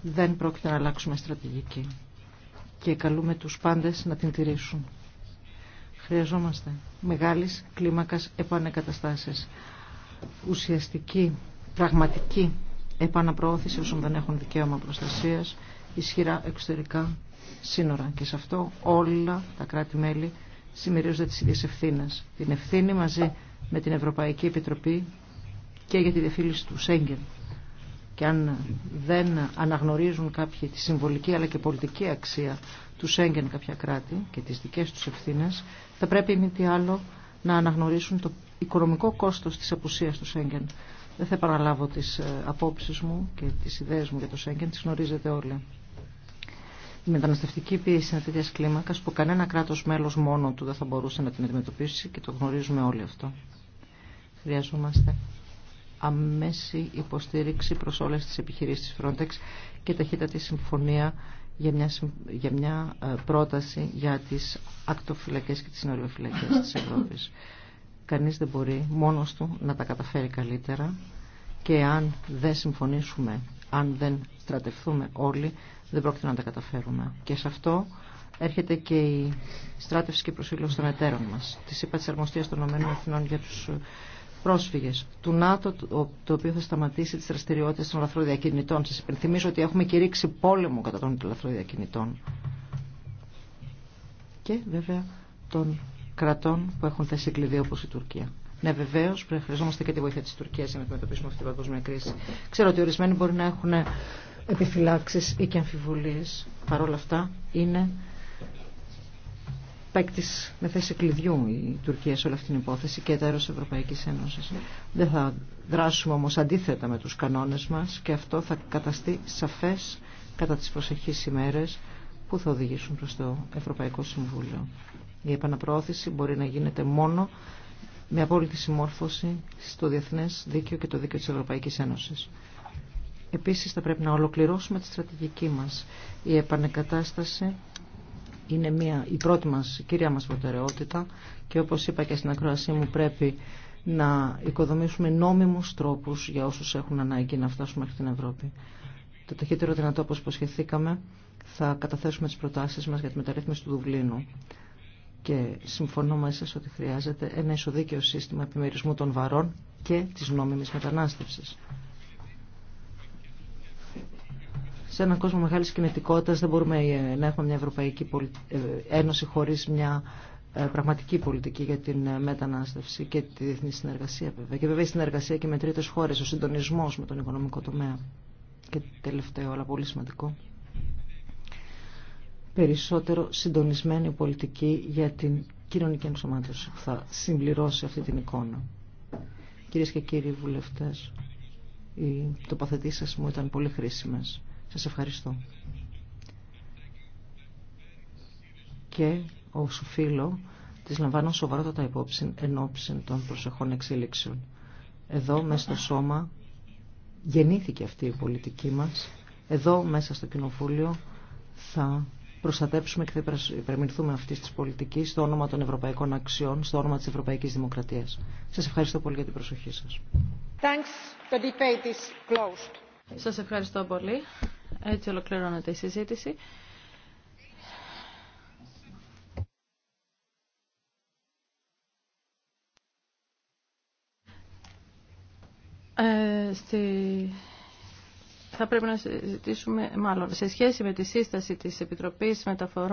δεν πρόκειται να αλλάξουμε στρατηγική και καλούμε τους πάντες να την τηρήσουν. Χρειαζόμαστε μεγάλης κλίμακας επανεκαταστάσεις, ουσιαστική, πραγματική επαναπροώθηση όσων δεν έχουν δικαίωμα προστασίας, ισχυρά εξωτερικά σύνορα και σε αυτό όλα τα κράτη-μέλη συμμερίζονται τις ίδιες ευθύνες. Την ευθύνη μαζί με την Ευρωπαϊκή Επιτροπή και για τη διαφύλιση του Σέγγεν. Και αν δεν αναγνωρίζουν κάποιοι τη συμβολική αλλά και πολιτική αξία του Σέγγεν κάποια κράτη και τις δικές τους ευθύνες, θα πρέπει μη τι άλλο να αναγνωρίσουν το οικονομικό κόστος της απουσίας του Σέγγεν. Δεν θα επαναλάβω τις ε, απόψεις μου και τις ιδέες μου για το Σέγγεν, τις γνωρίζετε όλοι η μεταναστευτική πίεση είναι τέτοια κλίμακα που κανένα κράτο μέλο μόνο του δεν θα μπορούσε να την αντιμετωπίσει και το γνωρίζουμε όλοι αυτό. Χρειαζόμαστε αμέση υποστήριξη προ όλε τι επιχειρήσει τη Frontex και ταχύτατη συμφωνία για μια, ε, πρόταση για τι ακτοφυλακέ και τι συνοριοφυλακέ τη Ευρώπη. Κανεί δεν μπορεί μόνο του να τα καταφέρει καλύτερα και αν δεν συμφωνήσουμε, αν δεν στρατευθούμε όλοι, δεν πρόκειται να τα καταφέρουμε. Και σε αυτό έρχεται και η στράτευση και προσήλωση των εταίρων μας. Τη είπα της Αρμοστίας των ΗΠΑ για τους ε, πρόσφυγες του ΝΑΤΟ, το οποίο θα σταματήσει τις δραστηριότητες των λαθροδιακινητών. Σας υπενθυμίζω ότι έχουμε κηρύξει πόλεμο κατά των λαθροδιακινητών. Και βέβαια των κρατών που έχουν θέσει κλειδί όπως η Τουρκία. Ναι, βεβαίω, χρειαζόμαστε και τη βοήθεια τη Τουρκία για να αντιμετωπίσουμε αυτή την παγκόσμια κρίση. Ξέρω ότι ορισμένοι μπορεί να έχουν ε, επιφυλάξεις ή και αμφιβολίες. Παρ' όλα αυτά είναι παίκτη με θέση κλειδιού η Τουρκία σε όλη αυτή την υπόθεση και αμφιβολιες παρολα αυτα ειναι παικτη με Ευρωπαϊκή Ένωση. Δεν θα δράσουμε όμω αντίθετα με του κανόνε μα και αυτό θα καταστεί σαφέ κατά τι προσεχεί ημέρε που θα οδηγήσουν προ το Ευρωπαϊκό Συμβούλιο. Η επαναπροώθηση μπορεί να γίνεται μόνο με απόλυτη συμμόρφωση στο διεθνέ δίκαιο και το δίκαιο τη Ευρωπαϊκή Ένωση. Επίσης θα πρέπει να ολοκληρώσουμε τη στρατηγική μας. Η επανεκατάσταση είναι μια, η πρώτη μας, η κυρία μας προτεραιότητα και όπως είπα και στην ακρόασή μου πρέπει να οικοδομήσουμε νόμιμους τρόπους για όσους έχουν ανάγκη να φτάσουμε μέχρι την Ευρώπη. Το ταχύτερο δυνατό όπως υποσχεθήκαμε θα καταθέσουμε τις προτάσεις μας για τη μεταρρύθμιση του Δουβλίνου και συμφωνώ μαζί σας ότι χρειάζεται ένα ισοδίκαιο σύστημα επιμερισμού των βαρών και τη νόμιμη μετανάστευση. σε έναν κόσμο μεγάλης κινητικότητας δεν μπορούμε ε, να έχουμε μια Ευρωπαϊκή ε, Ένωση χωρίς μια ε, πραγματική πολιτική για την μετανάστευση και τη διεθνή συνεργασία βέβαια. Και βέβαια η συνεργασία και με τρίτες χώρες, ο συντονισμός με τον οικονομικό τομέα. Και τελευταίο, αλλά πολύ σημαντικό περισσότερο συντονισμένη πολιτική για την κοινωνική ενσωμάτωση που θα συμπληρώσει αυτή την εικόνα. Κυρίες και κύριοι βουλευτές, οι τοποθετήσεις μου ήταν πολύ χρήσιμες. Σας ευχαριστώ. Και ως φίλο της λαμβάνω σοβαρότατα υπόψη εν των προσεχών εξέλιξεων. Εδώ μέσα στο σώμα γεννήθηκε αυτή η πολιτική μας. Εδώ μέσα στο κοινοβούλιο θα προστατέψουμε και θα υπερμηνθούμε αυτή τη πολιτική στο όνομα των ευρωπαϊκών αξιών, στο όνομα της ευρωπαϊκής δημοκρατίας. Σας ευχαριστώ πολύ για την προσοχή σα. Σας
ευχαριστώ πολύ. Έτσι ολοκληρώνεται η συζήτηση.
Ε, στη...
Θα πρέπει να συζητήσουμε, μάλλον, σε σχέση με τη σύσταση της Επιτροπής Μεταφορών